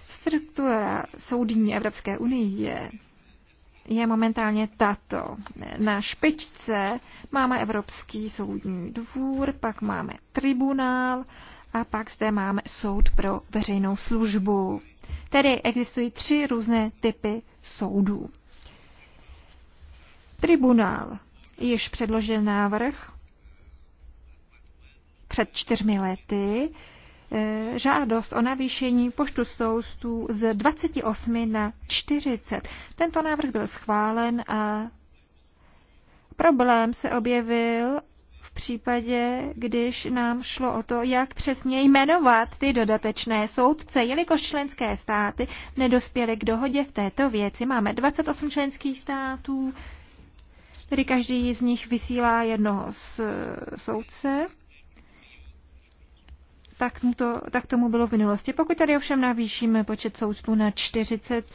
Struktura soudní Evropské unie je momentálně tato. Na špičce máme Evropský soudní dvůr, pak máme tribunál a pak zde máme soud pro veřejnou službu. Tedy existují tři různé typy soudů. Tribunál již předložil návrh před čtyřmi lety eh, žádost o navýšení počtu soustů z 28 na 40. Tento návrh byl schválen a problém se objevil v případě, když nám šlo o to, jak přesně jmenovat ty dodatečné soudce, jelikož členské státy nedospěly k dohodě v této věci. Máme 28 členských států, tedy každý z nich vysílá jednoho z eh, soudce. Tak, to, tak tomu bylo v minulosti. Pokud tady ovšem navýšíme počet soudců na 40,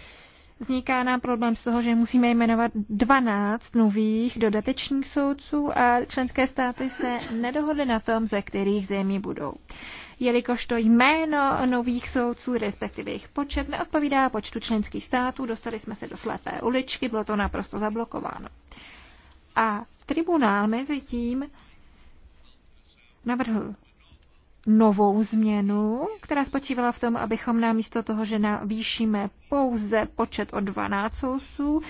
vzniká nám problém z toho, že musíme jmenovat 12 nových dodatečných soudců a členské státy se nedohodly na tom, ze kterých zemí budou. Jelikož to jméno nových soudců, respektive jejich počet, neodpovídá počtu členských států, dostali jsme se do slepé uličky, bylo to naprosto zablokováno. A tribunál mezi tím navrhl novou změnu, která spočívala v tom, abychom nám místo toho, že navýšíme pouze počet o 12 sousů,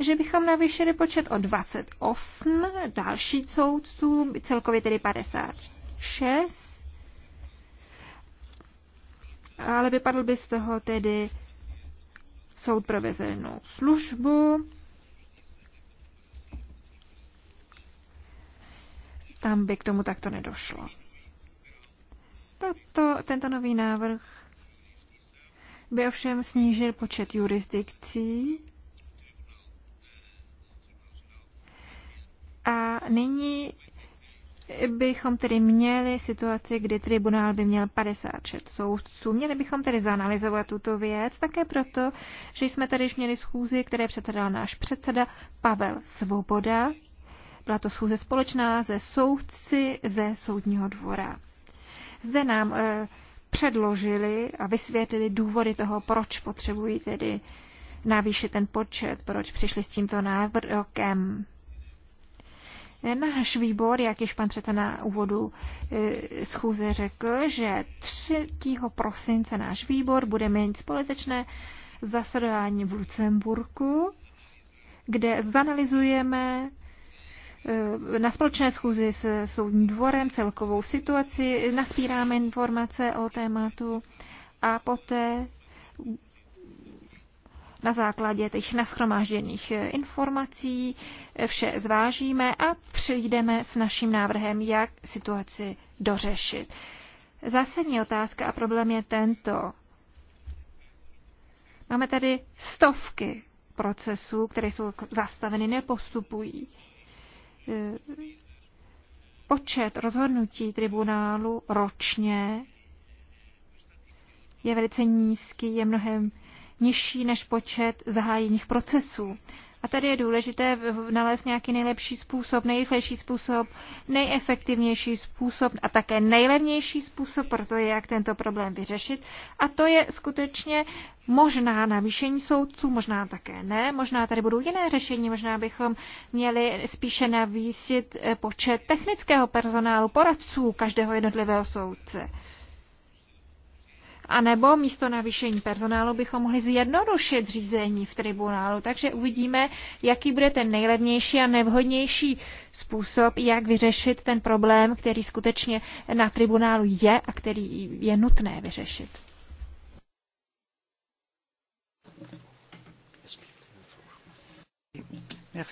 že bychom navýšili počet o 28 další soudců, celkově tedy 56, ale vypadl by z toho tedy soud pro veřejnou službu, tam by k tomu takto nedošlo. Tato, tento nový návrh by ovšem snížil počet jurisdikcí a nyní bychom tedy měli situaci, kdy tribunál by měl 56 soudců. Měli bychom tedy zanalizovat tuto věc, také proto, že jsme tady již měli schůzi, které předsedal náš předseda Pavel Svoboda, byla to schůze společná ze soudci ze soudního dvora. Zde nám e, předložili a vysvětlili důvody toho, proč potřebují tedy navýšit ten počet, proč přišli s tímto návrhem. Eh, náš výbor, jak již pan předseda na úvodu eh, schůze řekl, že 3. prosince náš výbor bude mít společné zasedání v Lucemburku, kde zanalizujeme Eh, na společné schůzi s soudním dvorem celkovou situaci, naspíráme informace o tématu a poté na základě těch naschromážděných eh, informací eh, vše zvážíme a přijdeme s naším návrhem, jak situaci dořešit. Zásadní otázka a problém je tento. Máme tady stovky procesů, které jsou zastaveny, nepostupují. Eh, počet rozhodnutí tribunálu ročně je velice nízký, je mnohem nižší než počet zahájených procesů. A tady je důležité nalézt nějaký nejlepší způsob, nejrychlejší způsob, nejefektivnější způsob a také nejlevnější způsob pro to, jak tento problém vyřešit. A to je skutečně možná navýšení soudců, možná také ne, možná tady budou jiné řešení, možná bychom měli spíše navýšit eh, počet technického personálu, poradců každého jednotlivého soudce. A nebo místo navýšení personálu bychom mohli zjednodušit řízení v tribunálu. Takže uvidíme, jaký bude ten nejlevnější a nevhodnější způsob, jak vyřešit ten problém, který skutečně na tribunálu je a který je nutné vyřešit. Euh,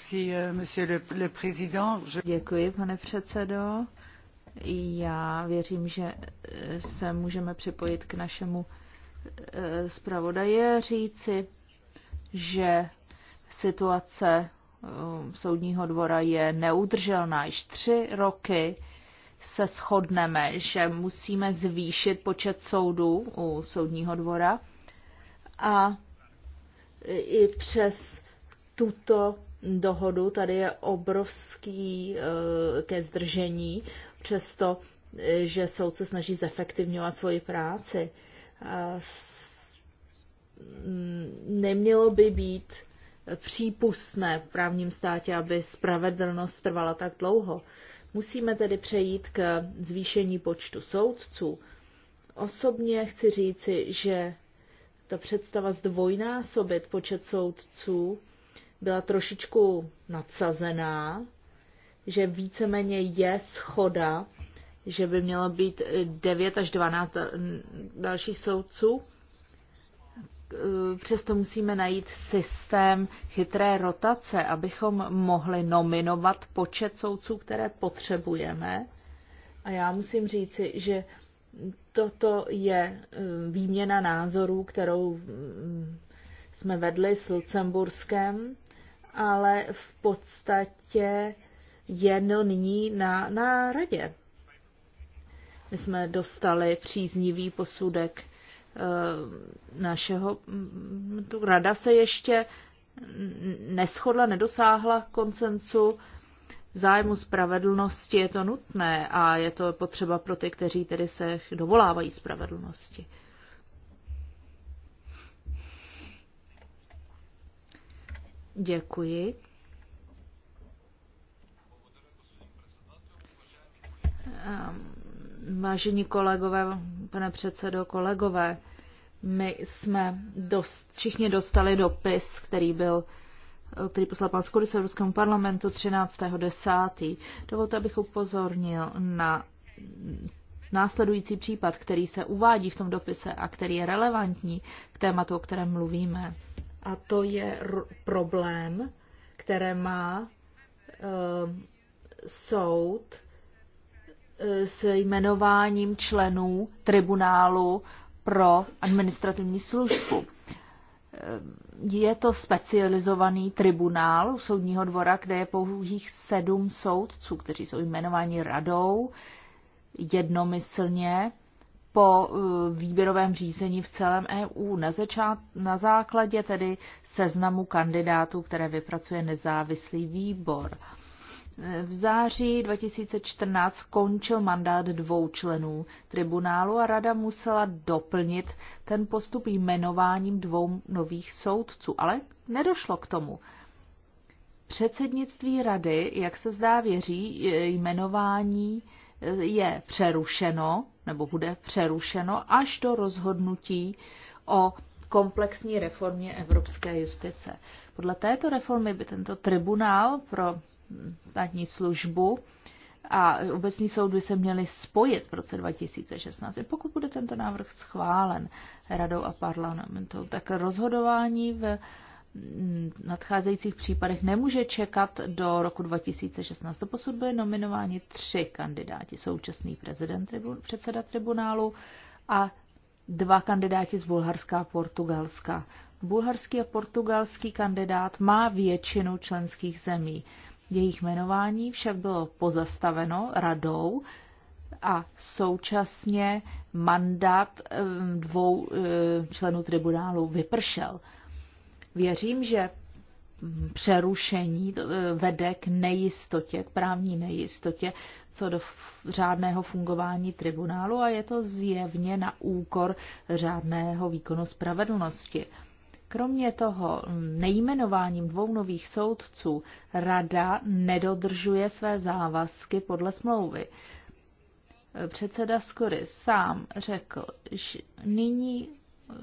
Děkuji, pane předsedo. Já věřím, že eh, se můžeme připojit k našemu eh, zpravodaje říci, že situace eh, soudního dvora je neudrželná. Již tři roky se shodneme, že musíme zvýšit počet soudů u soudního dvora a i přes tuto dohodu. Tady je obrovský eh, ke zdržení, přesto, eh, že soud se snaží zefektivňovat svoji práci. Mm, nemělo by být přípustné v právním státě, aby spravedlnost trvala tak dlouho. Musíme tedy přejít k zvýšení počtu soudců. Osobně chci říci, že ta představa zdvojnásobit počet soudců byla trošičku nadsazená, že víceméně je schoda, že by mělo být 9 eh, až 12 dalších soudců. Eh, přesto musíme najít systém chytré rotace, abychom mohli nominovat počet soudců, které potřebujeme. A já musím říci, že toto je eh, výměna názorů, kterou mm, jsme vedli s Lucemburskem ale v podstatě je no nyní na, na radě. My jsme dostali příznivý posudek eh, našeho, mm, tu rada se ještě neschodla, nedosáhla koncensu zájmu spravedlnosti je to nutné a je to potřeba pro ty, kteří tedy se dovolávají spravedlnosti. Děkuji. Ehm, vážení kolegové, pane předsedo, kolegové, my jsme dost, všichni dostali dopis, který byl který poslal pan Skuris Evropskému parlamentu 13.10. Dovolte, abych upozornil na následující případ, který se uvádí v tom dopise a který je relevantní k tématu, o kterém mluvíme. A to je problém, které má eh, soud eh, s jmenováním členů tribunálu pro administrativní službu. Eh, je to specializovaný tribunál u soudního dvora, kde je pouhých sedm soudců, kteří jsou jmenováni radou jednomyslně po eh, výběrovém řízení v celém EU na, začát, na základě tedy seznamu kandidátů, které vypracuje nezávislý výbor. Eh, v září 2014 skončil mandát dvou členů tribunálu a rada musela doplnit ten postup jmenováním dvou nových soudců, ale nedošlo k tomu. Předsednictví rady, jak se zdá, věří, eh, jmenování je přerušeno nebo bude přerušeno až do rozhodnutí o komplexní reformě evropské justice. Podle této reformy by tento tribunál pro státní službu a obecní soud by se měly spojit v roce 2016. I pokud bude tento návrh schválen radou a parlamentou, tak rozhodování v nadcházejících případech nemůže čekat do roku 2016. Do posud byly nominováni tři kandidáti. Současný prezident, předseda tribunálu a dva kandidáti z Bulharska a Portugalska. Bulharský a portugalský kandidát má většinu členských zemí. Jejich jmenování však bylo pozastaveno radou a současně mandát eh, dvou eh, členů tribunálu vypršel. Věřím, že přerušení eh, vede k nejistotě, k právní nejistotě co do řádného fungování tribunálu a je to zjevně na úkor řádného výkonu spravedlnosti. Kromě toho mm, nejmenováním dvou nových soudců rada nedodržuje své závazky podle smlouvy. Eh, předseda Skory sám řekl, že nyní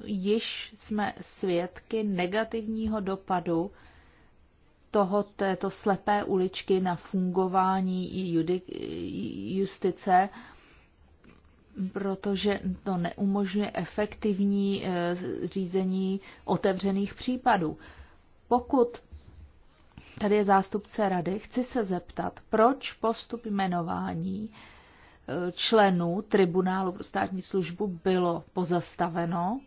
již jsme svědky negativního dopadu toho, této slepé uličky na fungování justice, protože to neumožňuje efektivní eh, řízení otevřených případů. Pokud tady je zástupce rady, chci se zeptat, proč postup jmenování eh, členů tribunálu pro státní službu bylo pozastaveno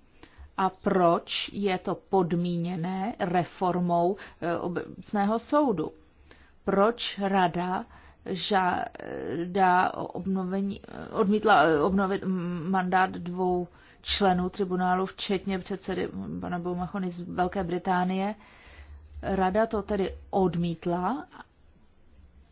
a proč je to podmíněné reformou eh, obecného soudu. Proč rada žádá obnovení, eh, odmítla eh, obnovit mm, mandát dvou členů tribunálu, včetně předsedy pana Boumachony z Velké Británie. Rada to tedy odmítla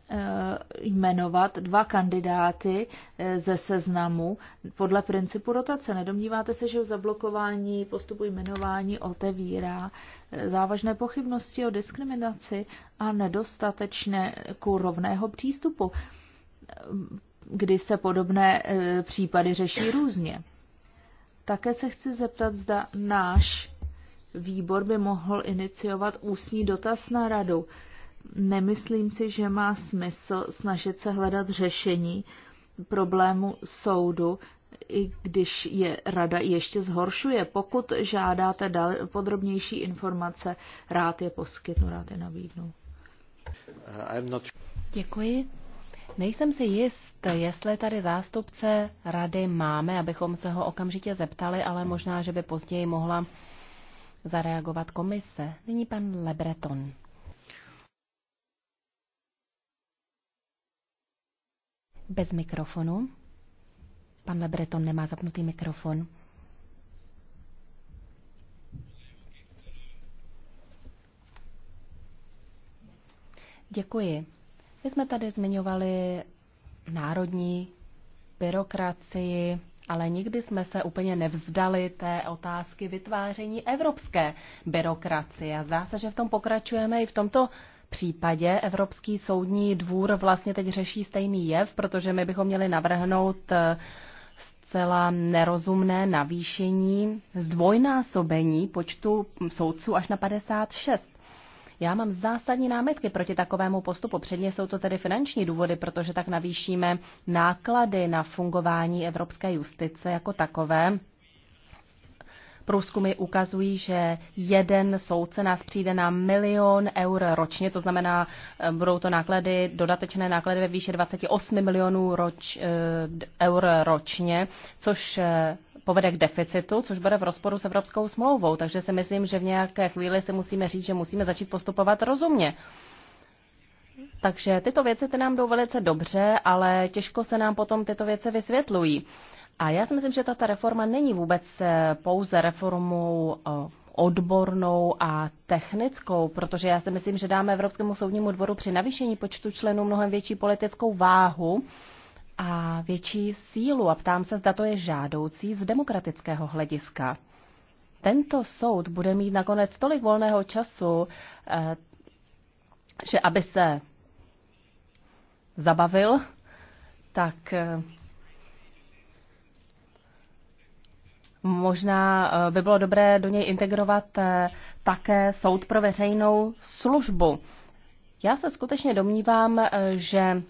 Eh, jmenovat dva kandidáty eh, ze seznamu podle principu rotace. Nedomníváte se, že v zablokování postupu jmenování otevírá eh, závažné pochybnosti o diskriminaci a nedostatečné ku rovného přístupu, kdy se podobné případy řeší různě. Také se chci zeptat, zda náš výbor by mohl iniciovat ústní dotaz na radu nemyslím si, že má smysl snažit se hledat řešení problému soudu, i když je rada ještě zhoršuje. Pokud žádáte dal, podrobnější informace, rád je poskytnu, rád je nabídnu. Uh, not... Děkuji. Nejsem si jist, jestli tady zástupce rady máme, abychom se ho okamžitě zeptali, ale možná, že by později mohla zareagovat komise. Nyní pan Lebreton. Bez mikrofonu. Pan Lebreton nemá zapnutý mikrofon. Děkuji. My jsme tady zmiňovali národní byrokracii, ale nikdy jsme se úplně nevzdali té otázky vytváření evropské byrokracie. A zdá se, že v tom pokračujeme i v tomto případě Evropský soudní dvůr vlastně teď řeší stejný jev, protože my bychom měli navrhnout eh, zcela nerozumné navýšení, zdvojnásobení počtu soudců až na 56. Já mám zásadní námitky proti takovému postupu. Předně jsou to tedy finanční důvody, protože tak navýšíme náklady na fungování evropské justice jako takové Průzkumy ukazují, že jeden soudce nás přijde na milion eur ročně, to znamená, eh, budou to náklady, dodatečné náklady ve výši 28 milionů roč, eh, eur ročně, což eh, povede k deficitu, což bude v rozporu s Evropskou smlouvou. Takže si myslím, že v nějaké chvíli si musíme říct, že musíme začít postupovat rozumně. Takže tyto věci ty nám jdou velice dobře, ale těžko se nám potom tyto věci vysvětlují. A já si myslím, že tato reforma není vůbec eh, pouze reformou eh, odbornou a technickou, protože já si myslím, že dáme Evropskému soudnímu dvoru při navýšení počtu členů mnohem větší politickou váhu a větší sílu. A ptám se, zda to je žádoucí z demokratického hlediska. Tento soud bude mít nakonec tolik volného času, eh, že aby se zabavil, tak Možná eh, by bylo dobré do něj integrovat eh, také soud pro veřejnou službu. Já se skutečně domnívám, eh, že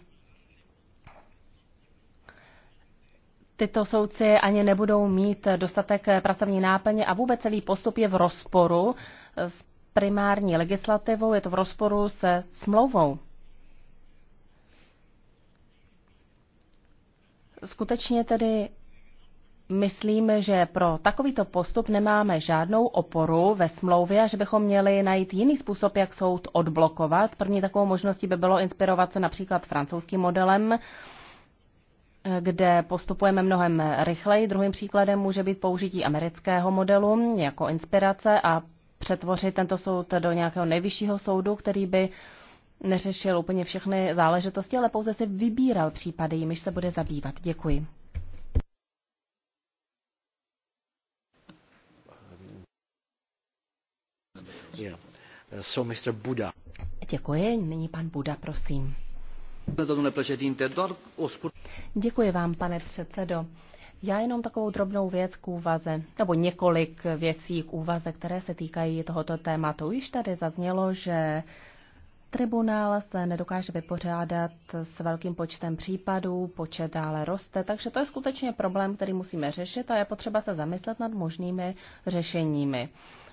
tyto soudci ani nebudou mít dostatek pracovní náplně a vůbec celý postup je v rozporu s primární legislativou, je to v rozporu se smlouvou. Skutečně tedy myslím, že pro takovýto postup nemáme žádnou oporu ve smlouvě a že bychom měli najít jiný způsob, jak soud odblokovat. První takovou možností by bylo inspirovat se například francouzským modelem, kde postupujeme mnohem rychleji. Druhým příkladem může být použití amerického modelu jako inspirace a přetvořit tento soud do nějakého nejvyššího soudu, který by neřešil úplně všechny záležitosti, ale pouze si vybíral případy, jimiž se bude zabývat. Děkuji. Yeah. So, Mr. Děkuji. Nyní pan Buda, prosím. Děkuji vám, pane předsedo. Já jenom takovou drobnou věc k úvaze, nebo několik věcí k úvaze, které se týkají tohoto tématu. Již tady zaznělo, že tribunál se nedokáže vypořádat s velkým počtem případů, počet dále roste, takže to je skutečně problém, který musíme řešit a je potřeba se zamyslet nad možnými řešeními.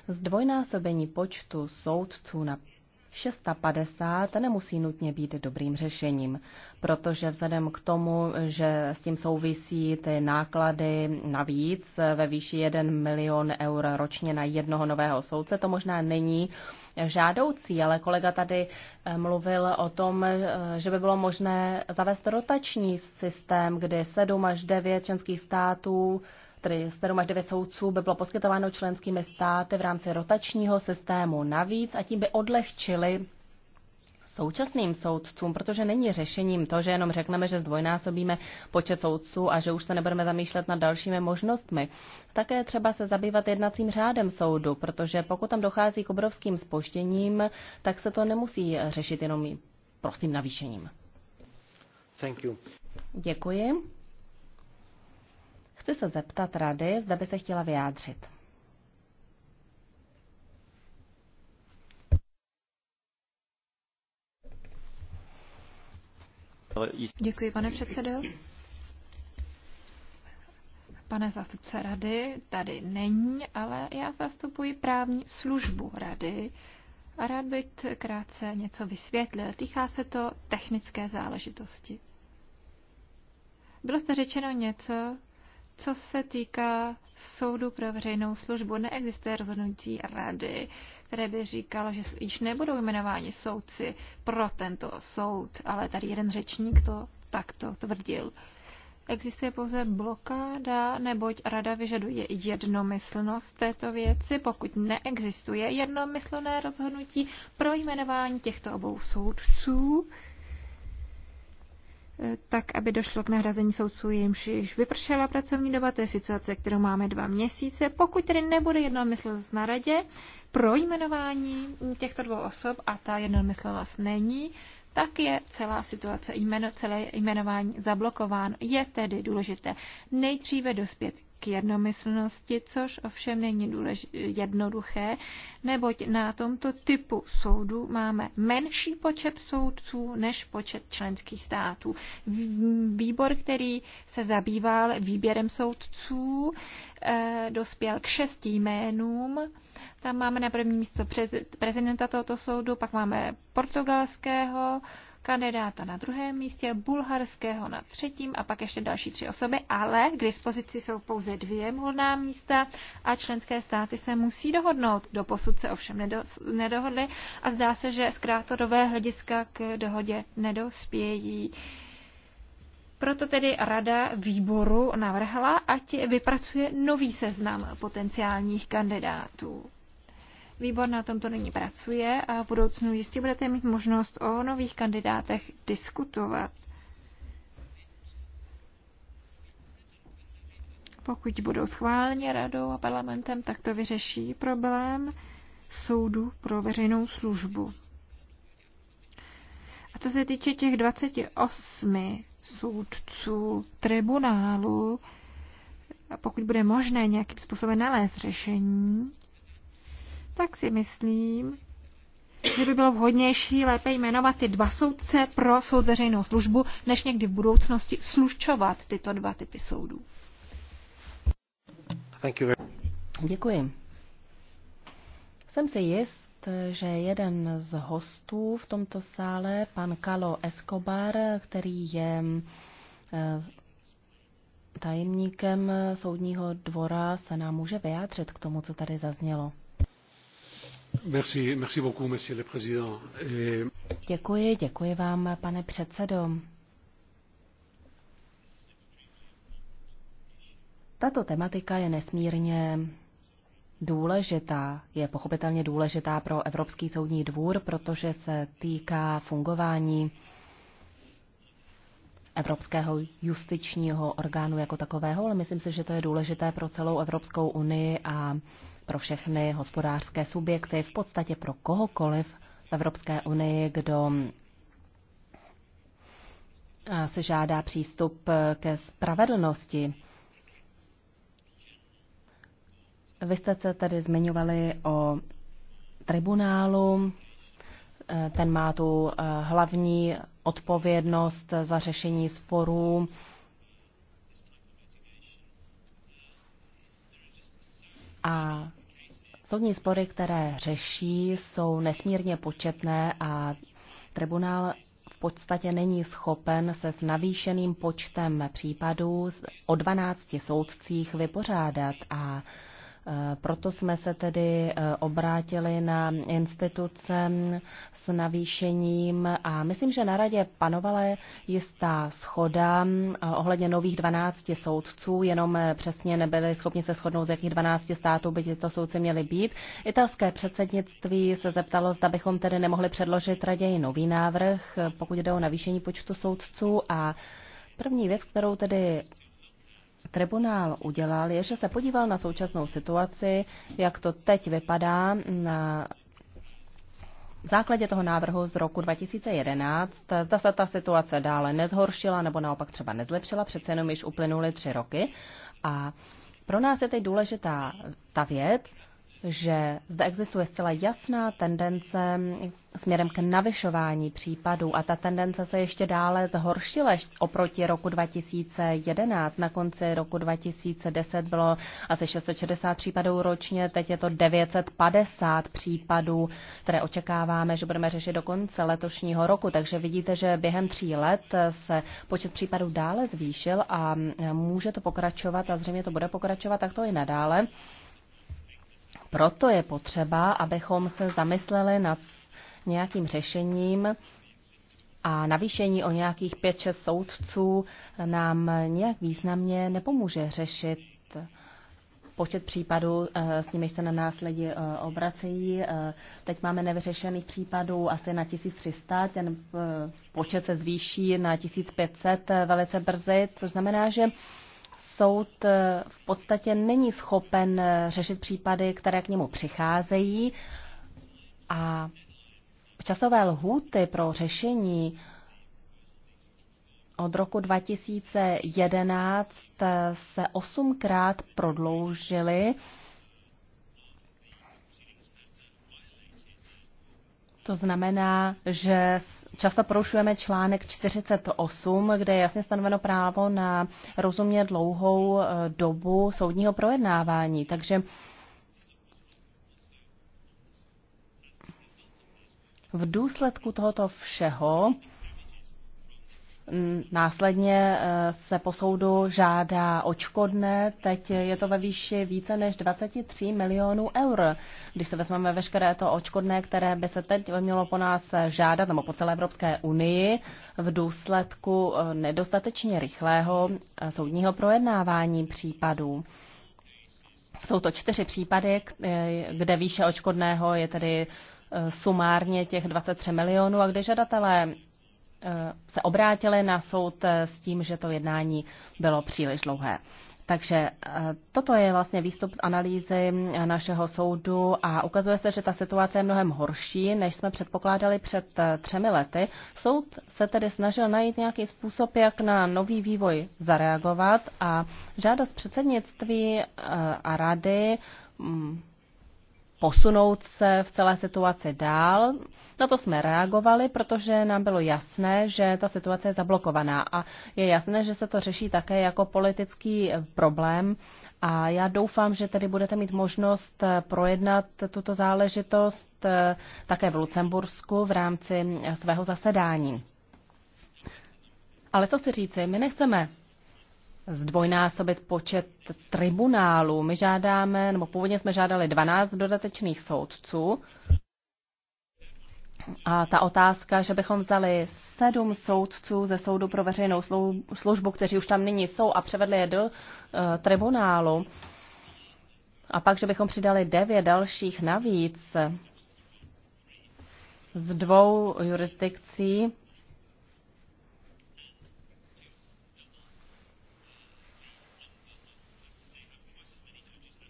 Zdvojnásobení počtu soudců na 650 nemusí nutně být dobrým řešením, protože vzhledem k tomu, že s tím souvisí ty náklady navíc ve výši 1 milion eur ročně na jednoho nového soudce, to možná není žádoucí, ale kolega tady eh, mluvil o tom, eh, že by bylo možné zavést rotační systém, kdy 7 až 9 členských států tedy 7 až 9 soudců by bylo poskytováno členskými státy v rámci rotačního systému navíc a tím by odlehčili současným soudcům, protože není řešením to, že jenom řekneme, že zdvojnásobíme počet soudců a že už se nebudeme zamýšlet nad dalšími možnostmi. Také třeba se zabývat jednacím řádem soudu, protože pokud tam dochází k obrovským spožděním, tak se to nemusí řešit jenom prostým navýšením. Thank you. Děkuji. Chci se zeptat rady, zda by se chtěla vyjádřit. Děkuji, pane předsedo. Pane zástupce rady tady není, ale já zastupuji právní službu rady a rád bych krátce něco vysvětlil. Týká se to technické záležitosti. Bylo jste řečeno něco, co se týká soudu pro veřejnou službu, neexistuje rozhodnutí rady, které by říkalo, že již nebudou jmenováni soudci pro tento soud, ale tady jeden řečník to takto tvrdil. Existuje pouze blokáda, neboť rada vyžaduje jednomyslnost této věci, pokud neexistuje jednomyslné rozhodnutí pro jmenování těchto obou soudců, tak aby došlo k nahrazení soudců, jimž již vypršela pracovní doba, to je situace, kterou máme dva měsíce. Pokud tedy nebude jednomyslnost na radě pro jmenování těchto dvou osob a ta jednomyslnost není, tak je celá situace, jméno, celé jmenování zablokován. Je tedy důležité nejdříve dospět k jednomyslnosti, což ovšem není důlež- jednoduché, neboť na tomto typu soudu máme menší počet soudců než počet členských států. Výbor, který se zabýval výběrem soudců, eh, dospěl k šesti jménům. Tam máme na první místo prezidenta tohoto soudu, pak máme portugalského, kandidáta na druhém místě, bulharského na třetím a pak ještě další tři osoby, ale k dispozici jsou pouze dvě volná místa a členské státy se musí dohodnout. posud se ovšem nedo, nedohodly a zdá se, že z krátkodobé hlediska k dohodě nedospějí. Proto tedy rada výboru navrhla, ať vypracuje nový seznam potenciálních kandidátů. Výbor na tomto nyní pracuje a v budoucnu jistě budete mít možnost o nových kandidátech diskutovat. Pokud budou schváleni radou a parlamentem, tak to vyřeší problém soudu pro veřejnou službu. A co se týče těch 28 soudců tribunálu, pokud bude možné nějakým způsobem nalézt řešení, tak si myslím, že by bylo vhodnější lépe jmenovat ty dva soudce pro soud veřejnou službu, než někdy v budoucnosti slučovat tyto dva typy soudů. Děkuji. Jsem si jist, že jeden z hostů v tomto sále, pan Kalo Escobar, který je eh, tajemníkem soudního dvora, se nám může vyjádřit k tomu, co tady zaznělo. Děkuji, děkuji vám, pane předsedo. Tato tematika je nesmírně důležitá, je pochopitelně důležitá pro Evropský soudní dvůr, protože se týká fungování Evropského justičního orgánu jako takového, ale myslím si, že to je důležité pro celou Evropskou unii a pro všechny hospodářské subjekty, v podstatě pro kohokoliv v Evropské unii, kdo eh, se žádá přístup eh, ke spravedlnosti. Vy jste se tady zmiňovali o tribunálu. Eh, ten má tu hlavní odpovědnost za řešení sporů A soudní spory, které řeší, jsou nesmírně početné a tribunál v podstatě není schopen se s navýšeným počtem případů o 12 soudcích vypořádat a proto jsme se tedy eh, obrátili na instituce s navýšením a myslím, že na radě panovala jistá schoda eh, ohledně nových 12 soudců, jenom eh, přesně nebyli schopni se shodnout, z jakých 12 států by tyto soudci měli být. Italské předsednictví se zeptalo, zda bychom tedy nemohli předložit raději nový návrh, pokud jde o navýšení počtu soudců a První věc, kterou tedy tribunál udělal, je, že se podíval na současnou situaci, jak to teď vypadá na základě toho návrhu z roku 2011, zda se ta situace dále nezhoršila nebo naopak třeba nezlepšila, přece jenom již uplynuly tři roky. A pro nás je teď důležitá ta věc, že zde existuje zcela jasná tendence směrem k navyšování případů a ta tendence se ještě dále zhoršila oproti roku 2011. Na konci roku 2010 bylo asi 660 případů ročně, teď je to 950 případů, které očekáváme, že budeme řešit do konce letošního roku. Takže vidíte, že během tří let se počet případů dále zvýšil a může to pokračovat a zřejmě to bude pokračovat tak to i nadále proto je potřeba, abychom se zamysleli nad nějakým řešením a navýšení o nějakých 5-6 soudců nám nějak významně nepomůže řešit počet případů, eh, s nimiž se na nás lidi eh, obracejí. Eh, teď máme nevyřešených případů asi na 1300, ten počet se zvýší na 1500 velice brzy, což znamená, že soud eh, v podstatě není schopen eh, řešit případy, které k němu přicházejí a časové lhůty pro řešení od roku 2011 eh, se osmkrát prodloužily. To znamená, že často porušujeme článek 48, kde je jasně stanoveno právo na rozumně dlouhou eh, dobu soudního projednávání. Takže v důsledku tohoto všeho Mm, následně eh, se po soudu žádá očkodné, teď je to ve výši více než 23 milionů eur. Když se vezmeme veškeré to očkodné, které by se teď mělo po nás žádat, nebo po celé Evropské unii, v důsledku eh, nedostatečně rychlého eh, soudního projednávání případů. Jsou to čtyři případy, kde výše očkodného je tedy sumárně těch 23 milionů a kde žadatelé se obrátili na soud eh, s tím, že to jednání bylo příliš dlouhé. Takže eh, toto je vlastně výstup z analýzy eh, našeho soudu a ukazuje se, že ta situace je mnohem horší, než jsme předpokládali před třemi lety. Soud se tedy snažil najít nějaký způsob, jak na nový vývoj zareagovat a žádost předsednictví a rady mm, posunout se v celé situaci dál. Na to jsme reagovali, protože nám bylo jasné, že ta situace je zablokovaná a je jasné, že se to řeší také jako politický problém a já doufám, že tedy budete mít možnost projednat tuto záležitost eh, také v Lucembursku v rámci svého zasedání. Ale co chci říci, my nechceme zdvojnásobit počet tribunálů. My žádáme, nebo původně jsme žádali 12 dodatečných soudců. A ta otázka, že bychom vzali sedm soudců ze soudu pro veřejnou službu, kteří už tam nyní jsou, a převedli je do uh, tribunálu, a pak, že bychom přidali devět dalších navíc z dvou jurisdikcí,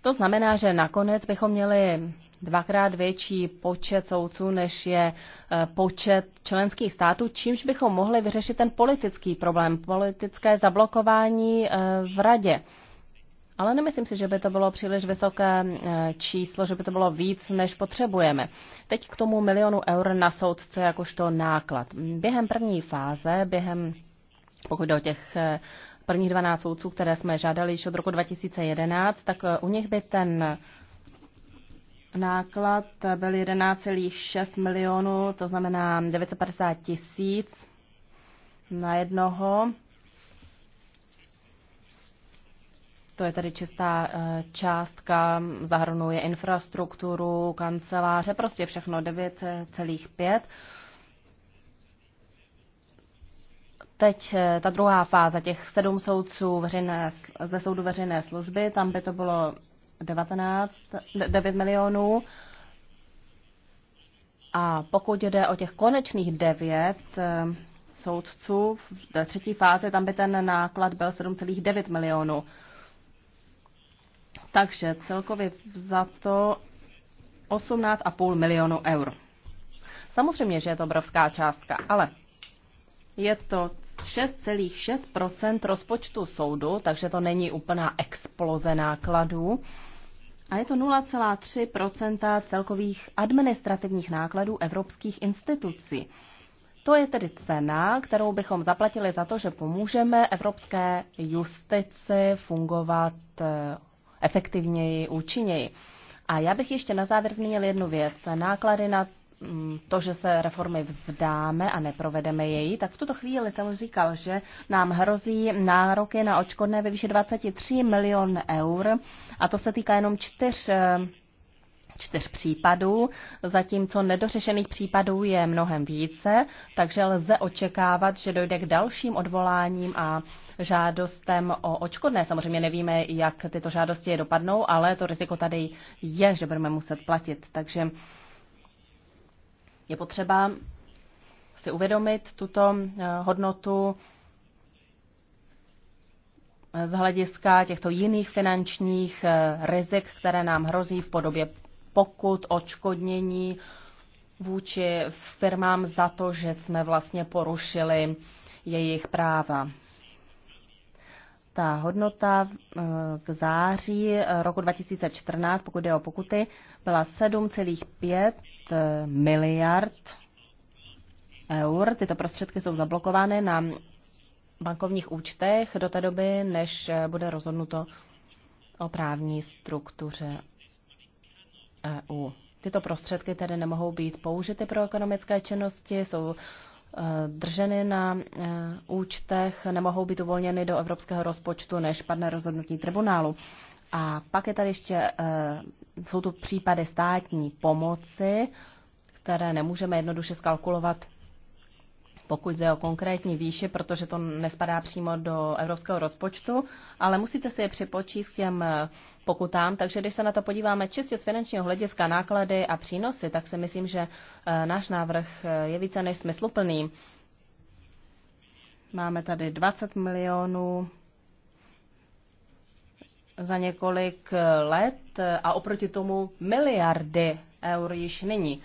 To znamená, že nakonec bychom měli dvakrát větší počet soudců, než je e, počet členských států, čímž bychom mohli vyřešit ten politický problém, politické zablokování e, v radě. Ale nemyslím si, že by to bylo příliš vysoké e, číslo, že by to bylo víc, než potřebujeme. Teď k tomu milionu eur na soudce jakožto náklad. Během první fáze, během pokud jde o těch prvních 12 soudců, které jsme žádali již od roku 2011, tak eh, u nich by ten náklad byl 11,6 milionů, to znamená 950 tisíc na jednoho. To je tady čistá eh, částka, zahrnuje infrastrukturu, kanceláře, prostě všechno 9,5. teď eh, ta druhá fáze, těch sedm soudců veřejné, ze soudu veřejné služby, tam by to bylo 19, 9 milionů. A pokud jde o těch konečných devět eh, soudců v třetí fázi, tam by ten náklad byl 7,9 milionů. Takže celkově za to 18,5 milionů eur. Samozřejmě, že je to obrovská částka, ale je to 6,6 rozpočtu soudu, takže to není úplná exploze nákladů. A je to 0,3 celkových administrativních nákladů evropských institucí. To je tedy cena, kterou bychom zaplatili za to, že pomůžeme evropské justici fungovat eh, efektivněji, účinněji. A já bych ještě na závěr zmínil jednu věc. Náklady na Mm, to, že se reformy vzdáme a neprovedeme její, tak v tuto chvíli jsem už říkal, že nám hrozí nároky na očkodné ve výši 23 milion eur a to se týká jenom čtyř eh, čtyř případů, zatímco nedořešených případů je mnohem více, takže lze očekávat, že dojde k dalším odvoláním a žádostem o očkodné. Samozřejmě nevíme, jak tyto žádosti je dopadnou, ale to riziko tady je, že budeme muset platit. Takže je potřeba si uvědomit tuto eh, hodnotu eh, z hlediska těchto jiných finančních eh, rizik, které nám hrozí v podobě pokut, očkodnění vůči firmám za to, že jsme vlastně porušili jejich práva ta hodnota eh, k září eh, roku 2014, pokud jde o pokuty, byla 7,5 eh, miliard eur. Tyto prostředky jsou zablokovány na bankovních účtech do té doby, než bude rozhodnuto o právní struktuře EU. Tyto prostředky tedy nemohou být použity pro ekonomické činnosti, jsou drženy na eh, účtech, nemohou být uvolněny do evropského rozpočtu, než padne rozhodnutí tribunálu. A pak je tady ještě, eh, jsou tu případy státní pomoci, které nemůžeme jednoduše skalkulovat pokud jde o konkrétní výši, protože to nespadá přímo do evropského rozpočtu, ale musíte si je připočíst k těm eh, pokutám. Takže když se na to podíváme čistě z finančního hlediska náklady a přínosy, tak si myslím, že eh, náš návrh eh, je více než smysluplný. Máme tady 20 milionů za několik let a oproti tomu miliardy eur již nyní.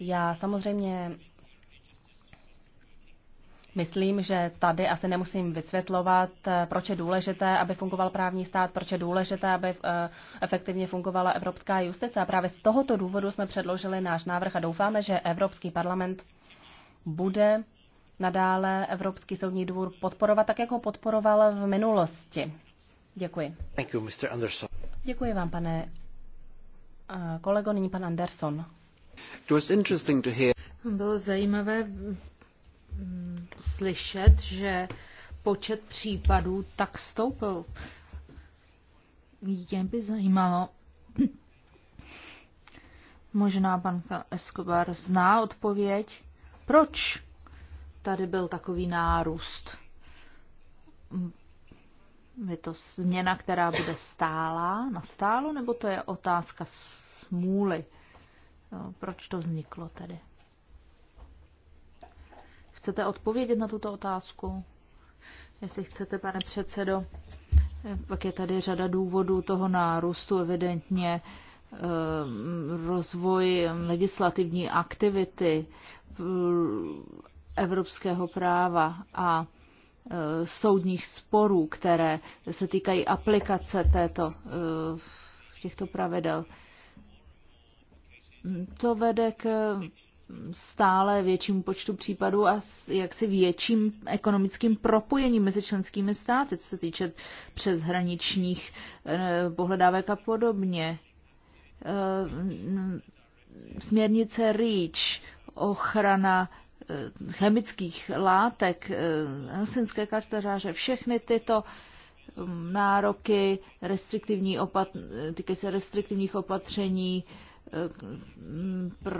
Já samozřejmě Myslím, že tady asi nemusím vysvětlovat, eh, proč je důležité, aby fungoval právní stát, proč je důležité, aby eh, efektivně fungovala evropská justice. A právě z tohoto důvodu jsme předložili náš návrh a doufáme, že Evropský parlament bude nadále Evropský soudní dvůr podporovat, tak jako podporoval v minulosti. Děkuji. Thank you, Mr. Anderson. Děkuji vám, pane eh, kolego, nyní pan Anderson. It was interesting to hear. Bylo zajímavé slyšet, že počet případů tak stoupil. Mě by zajímalo, možná pan Escobar zná odpověď, proč tady byl takový nárůst. Je to změna, která bude stála, nastálo, nebo to je otázka smůly? Proč to vzniklo tedy? Chcete odpovědět na tuto otázku? Jestli chcete, pane předsedo. Pak je tady řada důvodů toho nárůstu, evidentně eh, rozvoj legislativní aktivity eh, evropského práva a eh, soudních sporů, které se týkají aplikace této, těchto pravidel. To vede k stále větším počtu případů a jaksi větším ekonomickým propojením mezi členskými státy, co se týče přeshraničních eh, pohledávek a podobně. Eh, směrnice REACH, ochrana eh, chemických látek, helsinské kartaře, všechny tyto mm, nároky, restriktivní opat- týkají se restriktivních opatření, Eh, pr,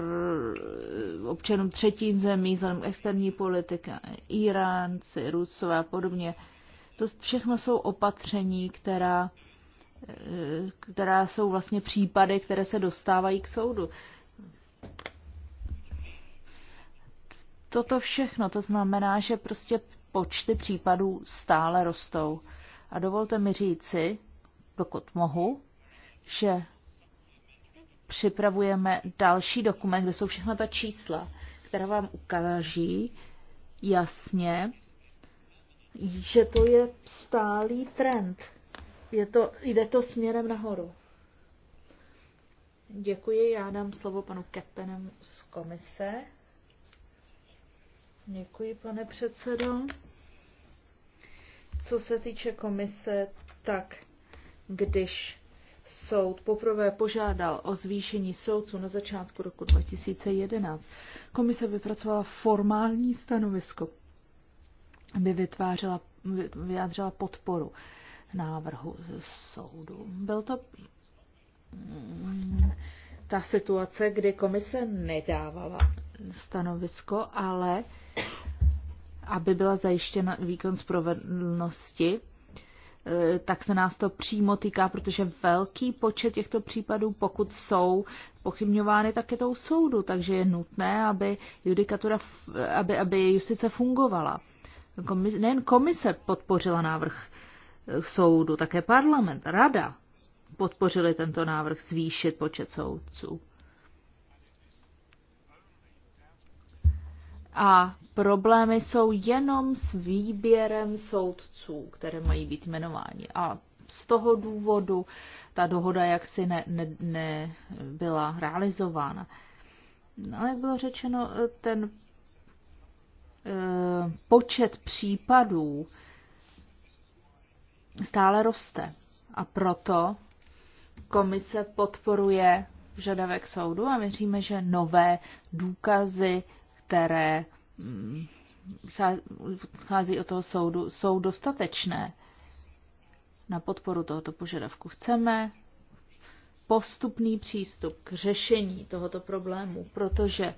občanům třetím zemí, vzhledem externí politika, Iránci, Rusové a podobně. To všechno jsou opatření, která, eh, která jsou vlastně případy, které se dostávají k soudu. Toto všechno, to znamená, že prostě počty případů stále rostou. A dovolte mi říci, dokud mohu, že připravujeme další dokument, kde jsou všechna ta čísla, která vám ukáží jasně, že to je stálý trend. Je to, jde to směrem nahoru. Děkuji, já dám slovo panu Kepenem z komise. Děkuji, pane předsedo. Co se týče komise, tak když soud poprvé požádal o zvýšení soudců na začátku roku 2011. Komise vypracovala formální stanovisko, aby vytvářela, vyjádřila podporu návrhu soudu. Byl to mm, ta situace, kdy komise nedávala stanovisko, ale aby byla zajištěna výkon spravedlnosti, Eh, tak se nás to přímo týká, protože velký počet těchto případů, pokud jsou pochybňovány, tak je to u soudu, takže je nutné, aby judikatura, aby, aby justice fungovala. Komise, nejen komise podpořila návrh eh, soudu, také parlament, rada podpořili tento návrh zvýšit počet soudců. A Problémy jsou jenom s výběrem soudců, které mají být jmenováni. A z toho důvodu ta dohoda jaksi nebyla ne, ne, realizována. No, jak bylo řečeno, ten e, počet případů stále roste. A proto komise podporuje žadavek soudu a věříme, že nové důkazy, které chází od toho soudu, jsou dostatečné na podporu tohoto požadavku. Chceme postupný přístup k řešení tohoto problému, protože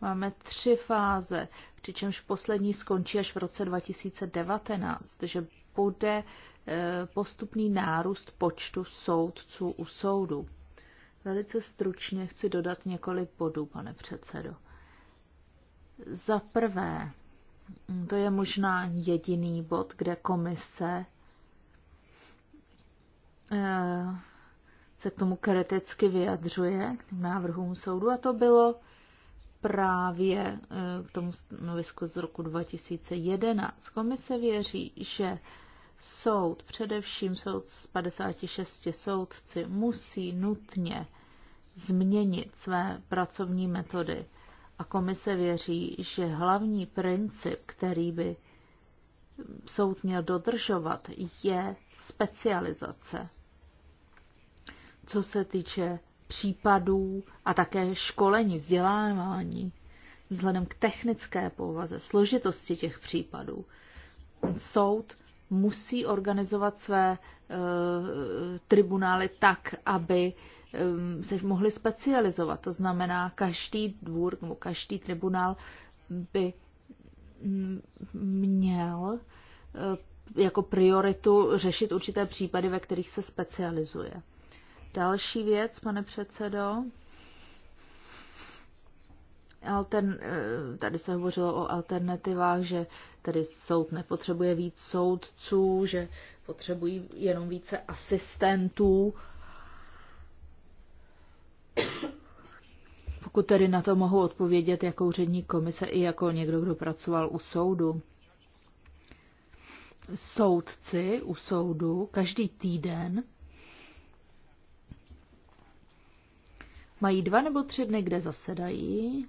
máme tři fáze, přičemž poslední skončí až v roce 2019, že bude e, postupný nárůst počtu soudců u soudu. Velice stručně chci dodat několik bodů, pane předsedo. Za prvé, to je možná jediný bod, kde komise eh, se k tomu kriticky vyjadřuje, k těm návrhům soudu, a to bylo právě eh, k tomu stanovisku z roku 2011. Komise věří, že soud, především soud z 56 soudci, musí nutně změnit své pracovní metody a komise věří, že hlavní princip, který by soud měl dodržovat, je specializace. Co se týče případů a také školení, vzdělávání, vzhledem k technické povaze, složitosti těch případů, soud musí organizovat své e, tribunály tak, aby e, Um, se mohli specializovat. To znamená, každý dvůr nebo každý tribunál by mm, měl uh, jako prioritu řešit určité případy, ve kterých se specializuje. Další věc, pane předsedo. Altern, eh, tady se hovořilo o alternativách, že tady soud nepotřebuje víc soudců, že potřebují jenom více asistentů. Pokud tedy na to mohu odpovědět jako úřední komise i jako někdo, kdo pracoval u soudu. Soudci u soudu každý týden mají dva nebo tři dny, kde zasedají,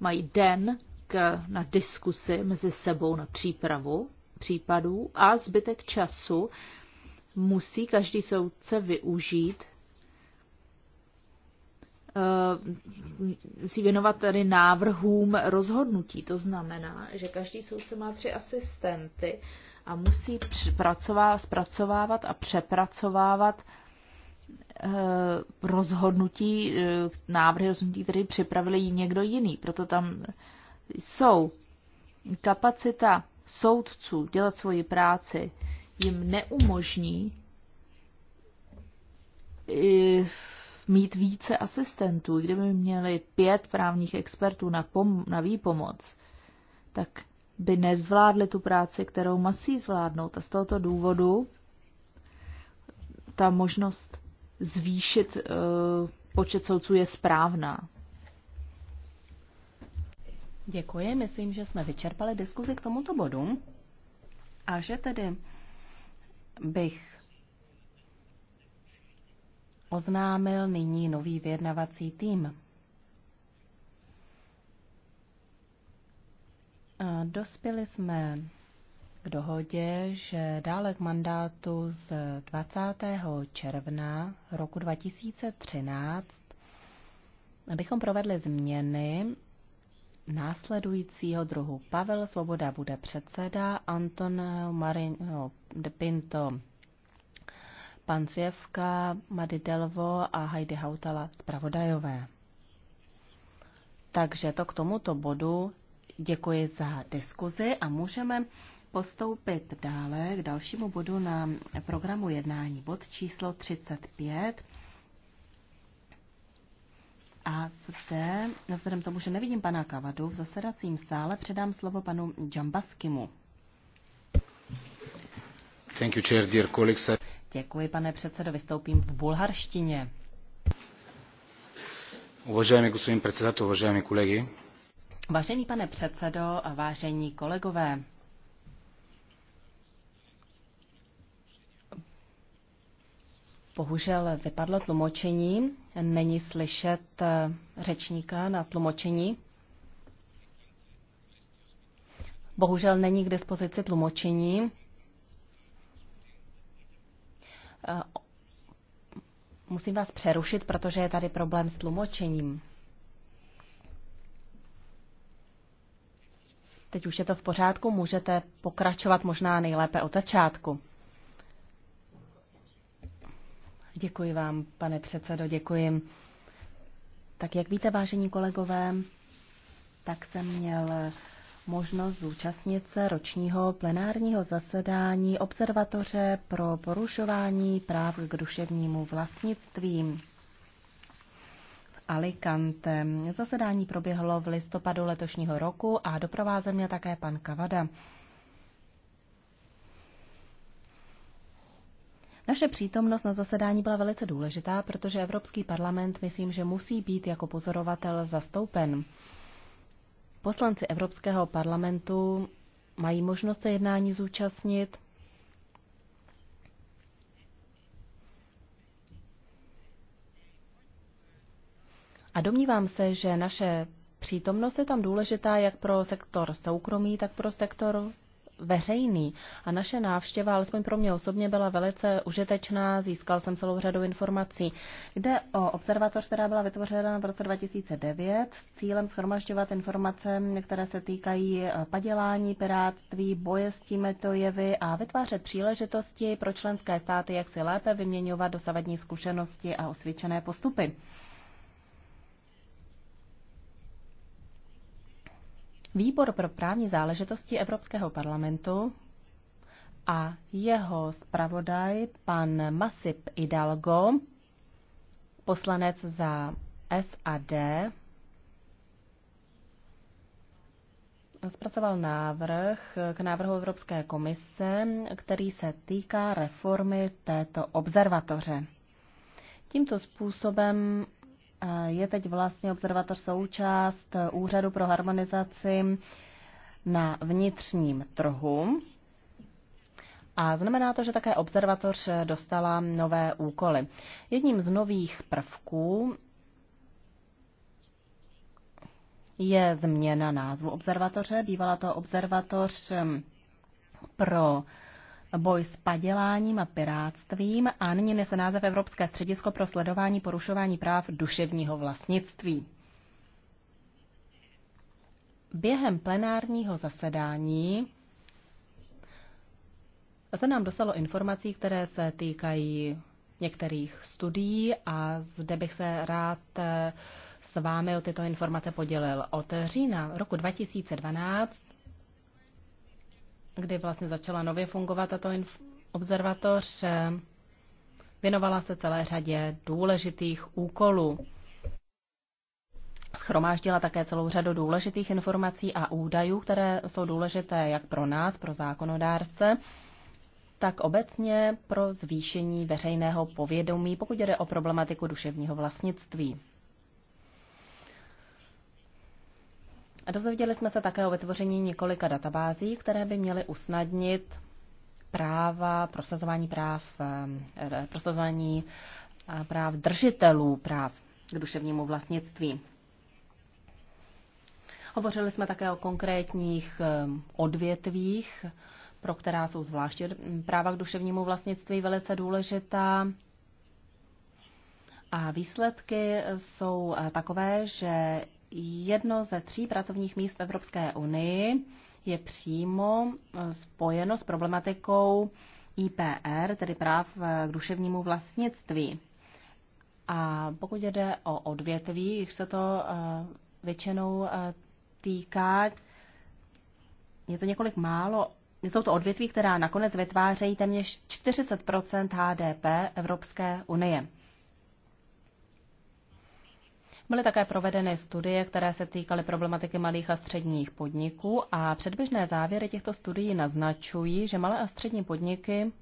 mají den k, na diskusi mezi sebou na přípravu případů a zbytek času musí každý soudce využít musí eh, věnovat tady návrhům rozhodnutí. To znamená, že každý soudce má tři asistenty a musí zpracovávat a přepracovávat eh, rozhodnutí, eh, návrhy rozhodnutí, které připravili někdo jiný. Proto tam jsou kapacita soudců dělat svoji práci jim neumožní mít více asistentů. Kdyby měli pět právních expertů na, pom- na výpomoc, tak by nezvládli tu práci, kterou musí zvládnout. A z tohoto důvodu ta možnost zvýšit uh, počet soudců je správná. Děkuji, myslím, že jsme vyčerpali diskuzi k tomuto bodu a že tedy bych oznámil nyní nový vyjednavací tým. Dospěli jsme k dohodě, že dále k mandátu z 20. června roku 2013 abychom provedli změny následujícího druhu. Pavel Svoboda bude předseda, Anton Marino no, de Pinto Pancievka, Zjevka, Delvo a Heidi Hautala zpravodajové. Takže to k tomuto bodu děkuji za diskuzi a můžeme postoupit dále k dalšímu bodu na programu jednání. Bod číslo 35. A zde, no, vzhledem tomu, že nevidím pana Kavadu v zasedacím sále, předám slovo panu Džambaskimu. Thank you, chair, dear colleagues. Děkuji, pane předsedo. Vystoupím v bulharštině. Uvažujeme, předseda, председател, uvažujeme kolegy. Vážený pane předsedo a vážení kolegové, Bohužel vypadlo tlumočení, není slyšet eh, řečníka na tlumočení. Bohužel není k dispozici tlumočení. Eh, musím vás přerušit, protože je tady problém s tlumočením. Teď už je to v pořádku, můžete pokračovat možná nejlépe od začátku. Děkuji vám, pane předsedo, děkuji. Tak jak víte, vážení kolegové, tak jsem měl možnost zúčastnit se ročního plenárního zasedání Observatoře pro porušování práv k duševnímu vlastnictví. Alicante. Zasedání proběhlo v listopadu letošního roku a doprovázel mě také pan Kavada. Naše přítomnost na zasedání byla velice důležitá, protože Evropský parlament myslím, že musí být jako pozorovatel zastoupen. Poslanci Evropského parlamentu mají možnost se jednání zúčastnit. A domnívám se, že naše přítomnost je tam důležitá jak pro sektor soukromý, tak pro sektor veřejný. A naše návštěva, alespoň pro mě osobně, byla velice užitečná, získal jsem celou řadu informací. Jde o observatoř, která byla vytvořena v roce 2009 s cílem schromažďovat informace, které se týkají eh, padělání, pirátství, boje s tímito jevy a vytvářet příležitosti pro členské státy, jak si lépe vyměňovat dosavadní zkušenosti a osvědčené postupy. Výbor pro právní záležitosti Evropského parlamentu a jeho zpravodaj pan Masip Hidalgo, poslanec za SAD, zpracoval návrh k návrhu Evropské komise, který se týká reformy této observatoře. Tímto způsobem je teď vlastně observatoř součást eh, Úřadu pro harmonizaci na vnitřním trhu. A znamená to, že také observatoř eh, dostala nové úkoly. Jedním z nových prvků je změna názvu observatoře. Bývala to observatoř eh, pro boj s paděláním a piráctvím a nyní nese název Evropské středisko pro sledování porušování práv duševního vlastnictví. Během plenárního zasedání se nám dostalo informací, které se týkají některých studií a zde bych se rád eh, s vámi o tyto informace podělil. Od října roku 2012 kdy vlastně začala nově fungovat tato observatoř, eh, věnovala se celé řadě důležitých úkolů. Schromáždila také celou řadu důležitých informací a údajů, které jsou důležité jak pro nás, pro zákonodárce, tak obecně pro zvýšení veřejného povědomí, pokud jde o problematiku duševního vlastnictví. Dozvěděli jsme se také o vytvoření několika databází, které by měly usnadnit práva, prosazování práv, eh, eh, prosazování eh, práv držitelů práv k duševnímu vlastnictví. Hovořili jsme také o konkrétních odvětvích, pro která jsou zvláště hm, práva k duševnímu vlastnictví velice důležitá. A výsledky jsou takové, že jedno ze tří pracovních míst v Evropské unii je přímo e, spojeno s problematikou IPR, tedy práv e, k duševnímu vlastnictví. A pokud jde o odvětví, jich se to e, většinou týká, je to několik málo, jsou to odvětví, která nakonec vytvářejí téměř 40 HDP Evropské unie. Byly také provedeny studie, které se týkaly problematiky malých a středních podniků a předběžné závěry těchto studií naznačují, že malé a střední podniky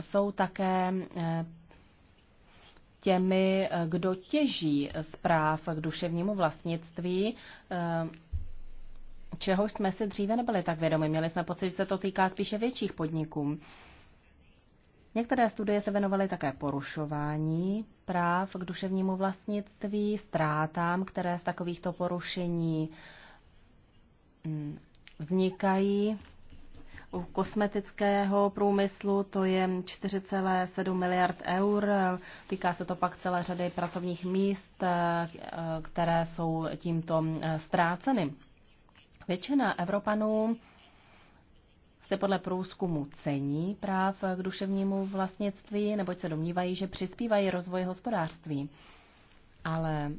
jsou také eh, těmi, eh, kdo těží zpráv k duševnímu vlastnictví, eh, čehož jsme si dříve nebyli tak vědomi. Měli jsme pocit, že se to týká spíše větších podniků. Některé studie se věnovaly také porušování práv k duševnímu vlastnictví, ztrátám, které z takovýchto porušení mm, vznikají. U kosmetického průmyslu to je 4,7 miliard eur. Týká se to pak celé řady pracovních míst, eh, které jsou tímto eh, ztráceny. Většina Evropanů se podle průzkumu cení práv k duševnímu vlastnictví, neboť se domnívají, že přispívají rozvoji hospodářství. Ale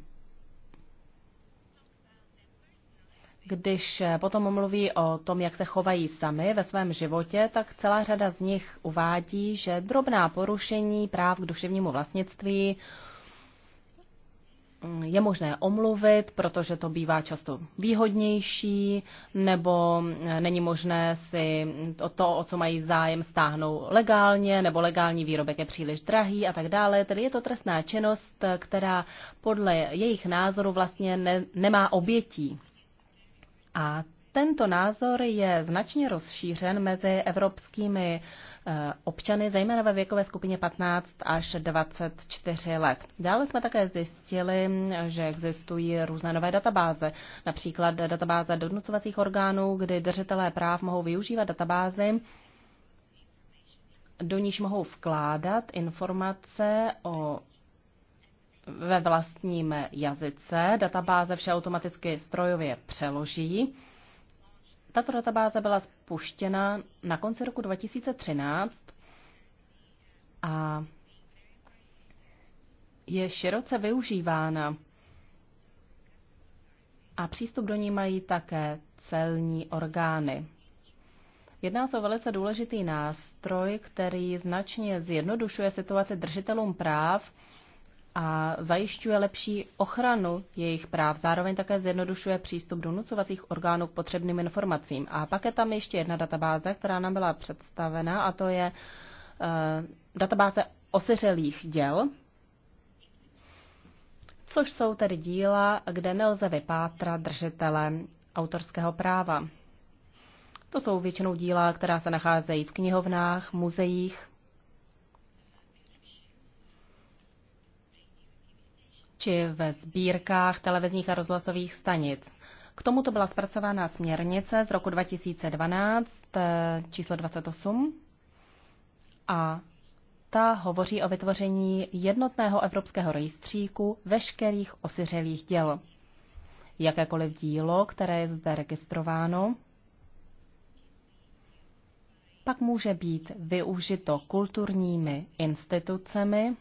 Když potom mluví o tom, jak se chovají sami ve svém životě, tak celá řada z nich uvádí, že drobná porušení práv k duševnímu vlastnictví je možné omluvit, protože to bývá často výhodnější, nebo eh, není možné si to, o co mají zájem, stáhnout legálně, nebo legální výrobek je příliš drahý a tak dále. Tedy je to trestná činnost, eh, která podle jejich názoru vlastně ne, nemá obětí. A tento názor je značně rozšířen mezi evropskými uh, Eh, občany, zejména ve věkové skupině 15 až 24 let. Dále jsme také zjistili, že existují různé nové databáze, například databáze donucovacích orgánů, kdy držitelé práv mohou využívat databázy, do níž mohou vkládat informace o ve vlastním jazyce. Databáze vše automaticky strojově přeloží tato databáze byla spuštěna na konci roku 2013 a je široce využívána a přístup do ní mají také celní orgány. Jedná se o velice důležitý nástroj, který značně zjednodušuje situaci držitelům práv a zajišťuje lepší ochranu jejich práv. Zároveň také zjednodušuje přístup donucovacích orgánů k potřebným informacím. A pak je tam ještě jedna databáze, která nám byla představena, a to je uh, databáze osiřelých děl, což jsou tedy díla, kde nelze vypátrat držitele autorského práva. To jsou většinou díla, která se nacházejí v knihovnách, muzeích či ve sbírkách televizních a rozhlasových stanic. K tomuto byla zpracována směrnice z roku 2012 eh, číslo 28 a ta hovoří o vytvoření jednotného evropského rejstříku veškerých osiřelých děl. Jakékoliv dílo, které je zde registrováno, pak může být využito kulturními institucemi,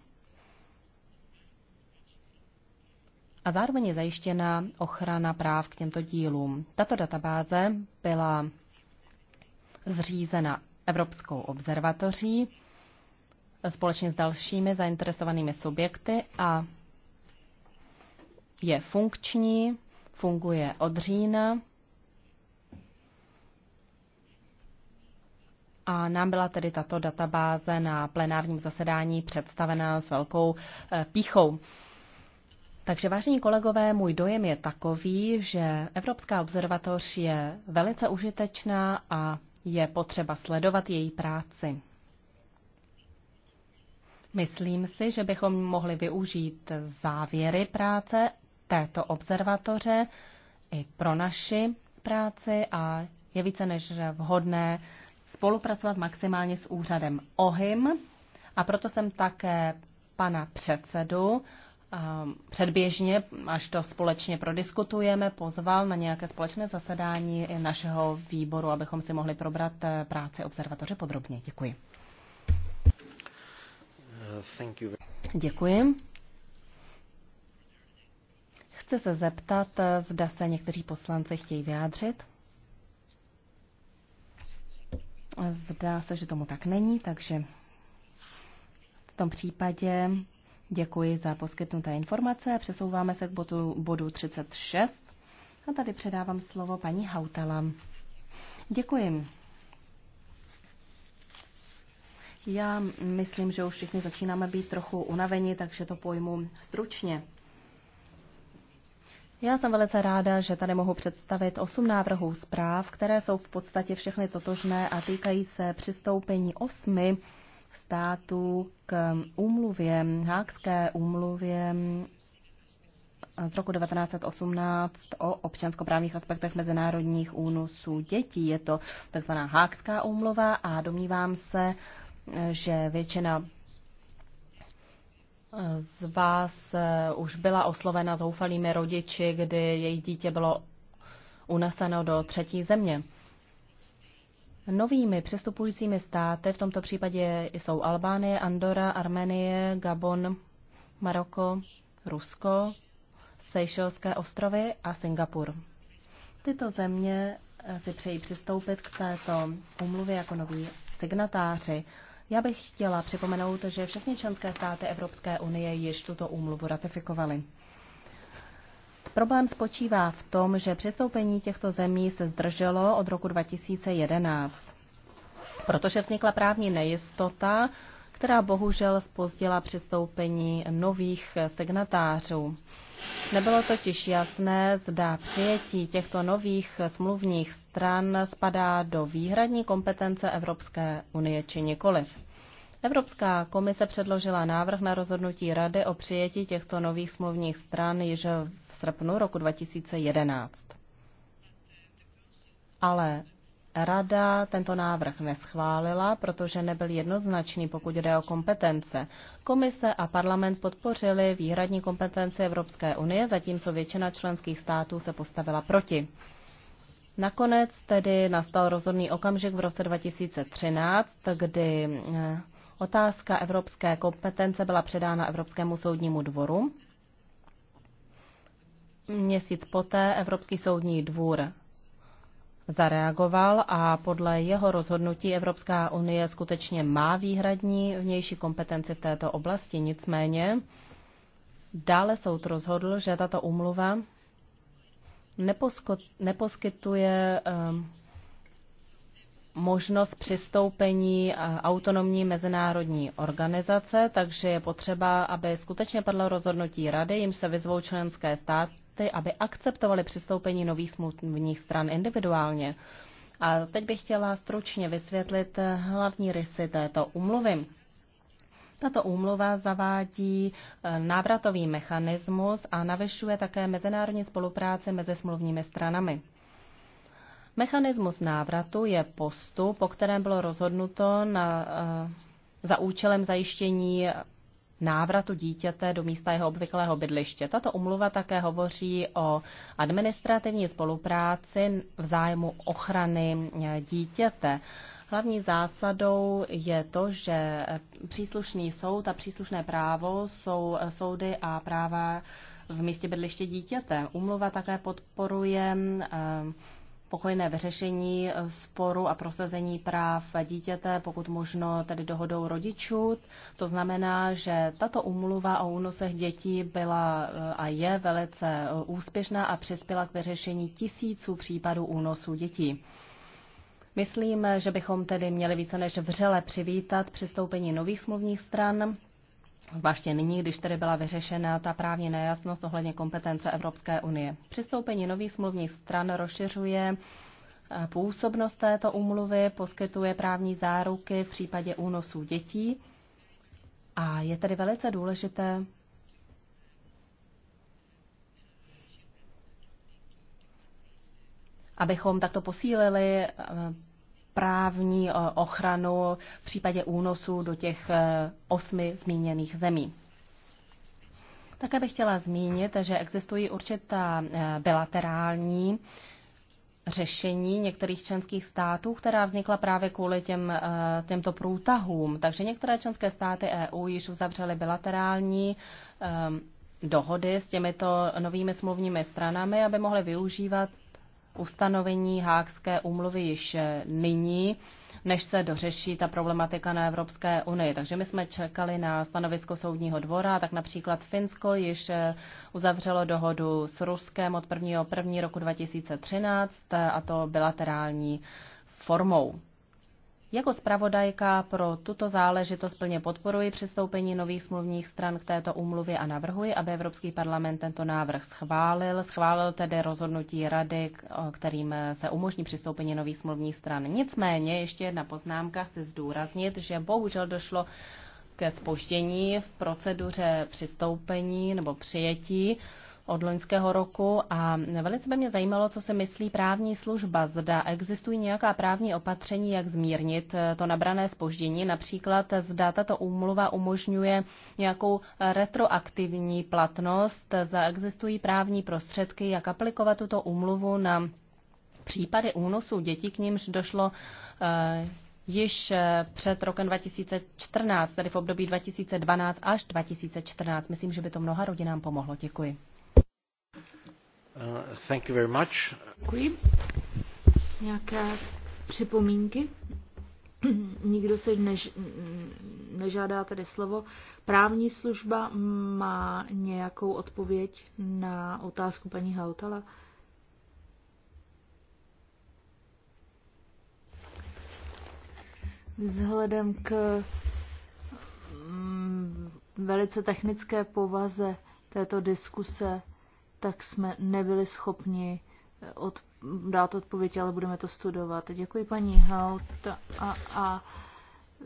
a zároveň je zajištěna ochrana práv k těmto dílům. Tato databáze byla zřízena Evropskou observatoří společně s dalšími zainteresovanými subjekty a je funkční, funguje od října a nám byla tedy tato databáze na plenárním zasedání představena s velkou eh, píchou. Takže vážení kolegové, můj dojem je takový, že Evropská observatoř je velice užitečná a je potřeba sledovat její práci. Myslím si, že bychom mohli využít závěry práce této observatoře i pro naši práci a je více než vhodné spolupracovat maximálně s úřadem OHIM. A proto jsem také pana předsedu předběžně, až to společně prodiskutujeme, pozval na nějaké společné zasedání našeho výboru, abychom si mohli probrat eh, práci observatoře podrobně. Děkuji. Děkuji. Chci se zeptat, eh, zda se někteří poslanci chtějí vyjádřit. Zdá se, že tomu tak není, takže v tom případě Děkuji za poskytnuté informace. Přesouváme se k bodu, bodu 36. A tady předávám slovo paní Hautala. Děkuji. Já myslím, že už všichni začínáme být trochu unaveni, takže to pojmu stručně. Já jsem velice ráda, že tady mohu představit osm návrhů zpráv, které jsou v podstatě všechny totožné a týkají se přistoupení osmi států k úmluvě, hákské úmluvě z roku 1918 o občanskoprávních aspektech mezinárodních únosů dětí. Je to tzv. hákská úmluva a domnívám se, že většina z vás eh, už byla oslovena zoufalými rodiči, kdy jejich dítě bylo uneseno do třetí země. Novými přestupujícími státy, v tomto případě jsou Albánie, Andora, Armenie, Gabon, Maroko, Rusko, Seychelské ostrovy a Singapur. Tyto země eh, si přejí přistoupit k této umluvě jako noví signatáři. Já bych chtěla připomenout, že všechny členské státy Evropské unie již tuto úmluvu ratifikovaly. Problém spočívá v tom, že přistoupení těchto zemí se zdrželo od roku 2011, protože vznikla právní nejistota, která bohužel spozdila přistoupení nových signatářů. Nebylo totiž jasné, zda přijetí těchto nových smluvních stran spadá do výhradní kompetence Evropské unie či nikoliv. Evropská komise předložila návrh na rozhodnutí Rady o přijetí těchto nových smluvních stran již srpnu roku 2011. Ale Rada tento návrh neschválila, protože nebyl jednoznačný, pokud jde o kompetence. Komise a parlament podpořili výhradní kompetence Evropské unie, zatímco většina členských států se postavila proti. Nakonec tedy nastal rozhodný okamžik v roce 2013, kdy eh, otázka evropské kompetence byla předána Evropskému soudnímu dvoru měsíc poté Evropský soudní dvůr zareagoval a podle jeho rozhodnutí Evropská unie skutečně má výhradní vnější kompetenci v této oblasti. Nicméně dále soud rozhodl, že tato úmluva neposkytuje ehm, možnost přistoupení e, autonomní mezinárodní organizace, takže je potřeba, aby skutečně padlo rozhodnutí rady, jim se vyzvou členské státy státy, aby akceptovali přistoupení nových smluvních stran individuálně. A teď bych chtěla stručně vysvětlit hlavní rysy této úmluvy. Tato úmluva zavádí eh, návratový mechanismus a navyšuje také mezinárodní spolupráci mezi smluvními stranami. Mechanismus návratu je postup, po kterém bylo rozhodnuto na, eh, za účelem zajištění návratu dítěte do místa jeho obvyklého bydliště. Tato umluva také hovoří o administrativní spolupráci v zájmu ochrany eh, dítěte. Hlavní zásadou je to, že příslušný soud a příslušné právo jsou eh, soudy a práva v místě bydliště dítěte. Umluva také podporuje eh, pokojné vyřešení eh, sporu a prosazení práv dítěte, pokud možno tedy dohodou rodičů. To znamená, že tato umluva o únosech dětí byla eh, a je velice eh, úspěšná a přispěla k vyřešení tisíců případů únosů dětí. Myslím, že bychom tedy měli více než vřele přivítat přistoupení nových smluvních stran Zvláště nyní, když tedy byla vyřešena ta právní nejasnost ohledně kompetence Evropské unie. Přistoupení nových smluvních stran rozšiřuje eh, působnost této úmluvy, poskytuje právní záruky v případě únosů dětí a je tedy velice důležité abychom takto posílili eh, právní eh, ochranu v případě únosu do těch eh, osmi zmíněných zemí. Také bych chtěla zmínit, že existují určitá eh, bilaterální řešení některých členských států, která vznikla právě kvůli těm, těmto průtahům. Takže některé členské státy EU již uzavřely bilaterální dohody s těmito novými smluvními stranami, aby mohly využívat ustanovení Hákské úmluvy již eh, nyní, než se dořeší ta problematika na Evropské unii. Takže my jsme čekali na stanovisko soudního dvora, tak například Finsko již eh, uzavřelo dohodu s Ruskem od 1. 1. roku 2013 eh, a to bilaterální formou. Jako zpravodajka pro tuto záležitost plně podporuji přistoupení nových smluvních stran k této úmluvě a navrhuji, aby Evropský parlament tento návrh schválil. Schválil tedy rozhodnutí rady, kterým se umožní přistoupení nových smluvních stran. Nicméně, ještě jedna poznámka, chci zdůraznit, že bohužel došlo ke spoždění v proceduře přistoupení nebo přijetí od loňského roku a velice by mě zajímalo, co si myslí právní služba. Zda existují nějaká právní opatření, jak zmírnit eh, to nabrané spoždění, například zda tato úmluva umožňuje nějakou retroaktivní platnost, zda existují právní prostředky, jak aplikovat tuto úmluvu na případy únosů dětí, k nímž došlo eh, již eh, před rokem 2014, tedy v období 2012 až 2014. Myslím, že by to mnoha rodinám pomohlo. Děkuji. Uh, thank you very much. Děkuji. Nějaké připomínky? Nikdo se než, nežádá tedy slovo. Právní služba má nějakou odpověď na otázku paní Hautala? Vzhledem k mm, velice technické povaze této diskuse tak jsme nebyli schopni eh, od, dát odpověď, ale budeme to studovat. Děkuji paní Haut a, a eh,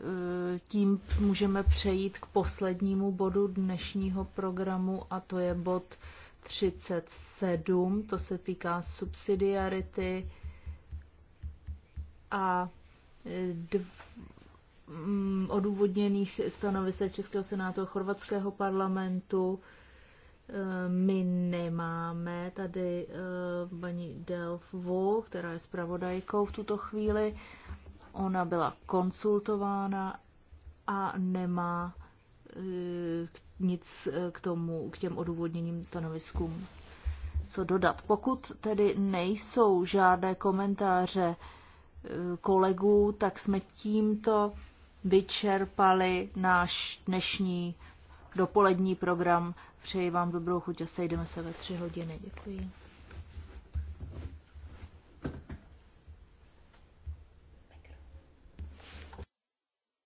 tím můžeme přejít k poslednímu bodu dnešního programu a to je bod 37, to se týká subsidiarity a eh, mm, odůvodněných stanovisek Českého senátu a Chorvatského parlamentu Eh, my nemáme tady eh, paní Delfu, která je zpravodajkou v tuto chvíli. Ona byla konsultována a nemá eh, nic k tomu, k těm odůvodněním stanoviskům co dodat. Pokud tedy nejsou žádné komentáře kolegů, tak jsme tímto vyčerpali náš dnešní dopolední program. Přeji vám dobrou chuť a sejdeme se ve tři hodiny. Děkuji.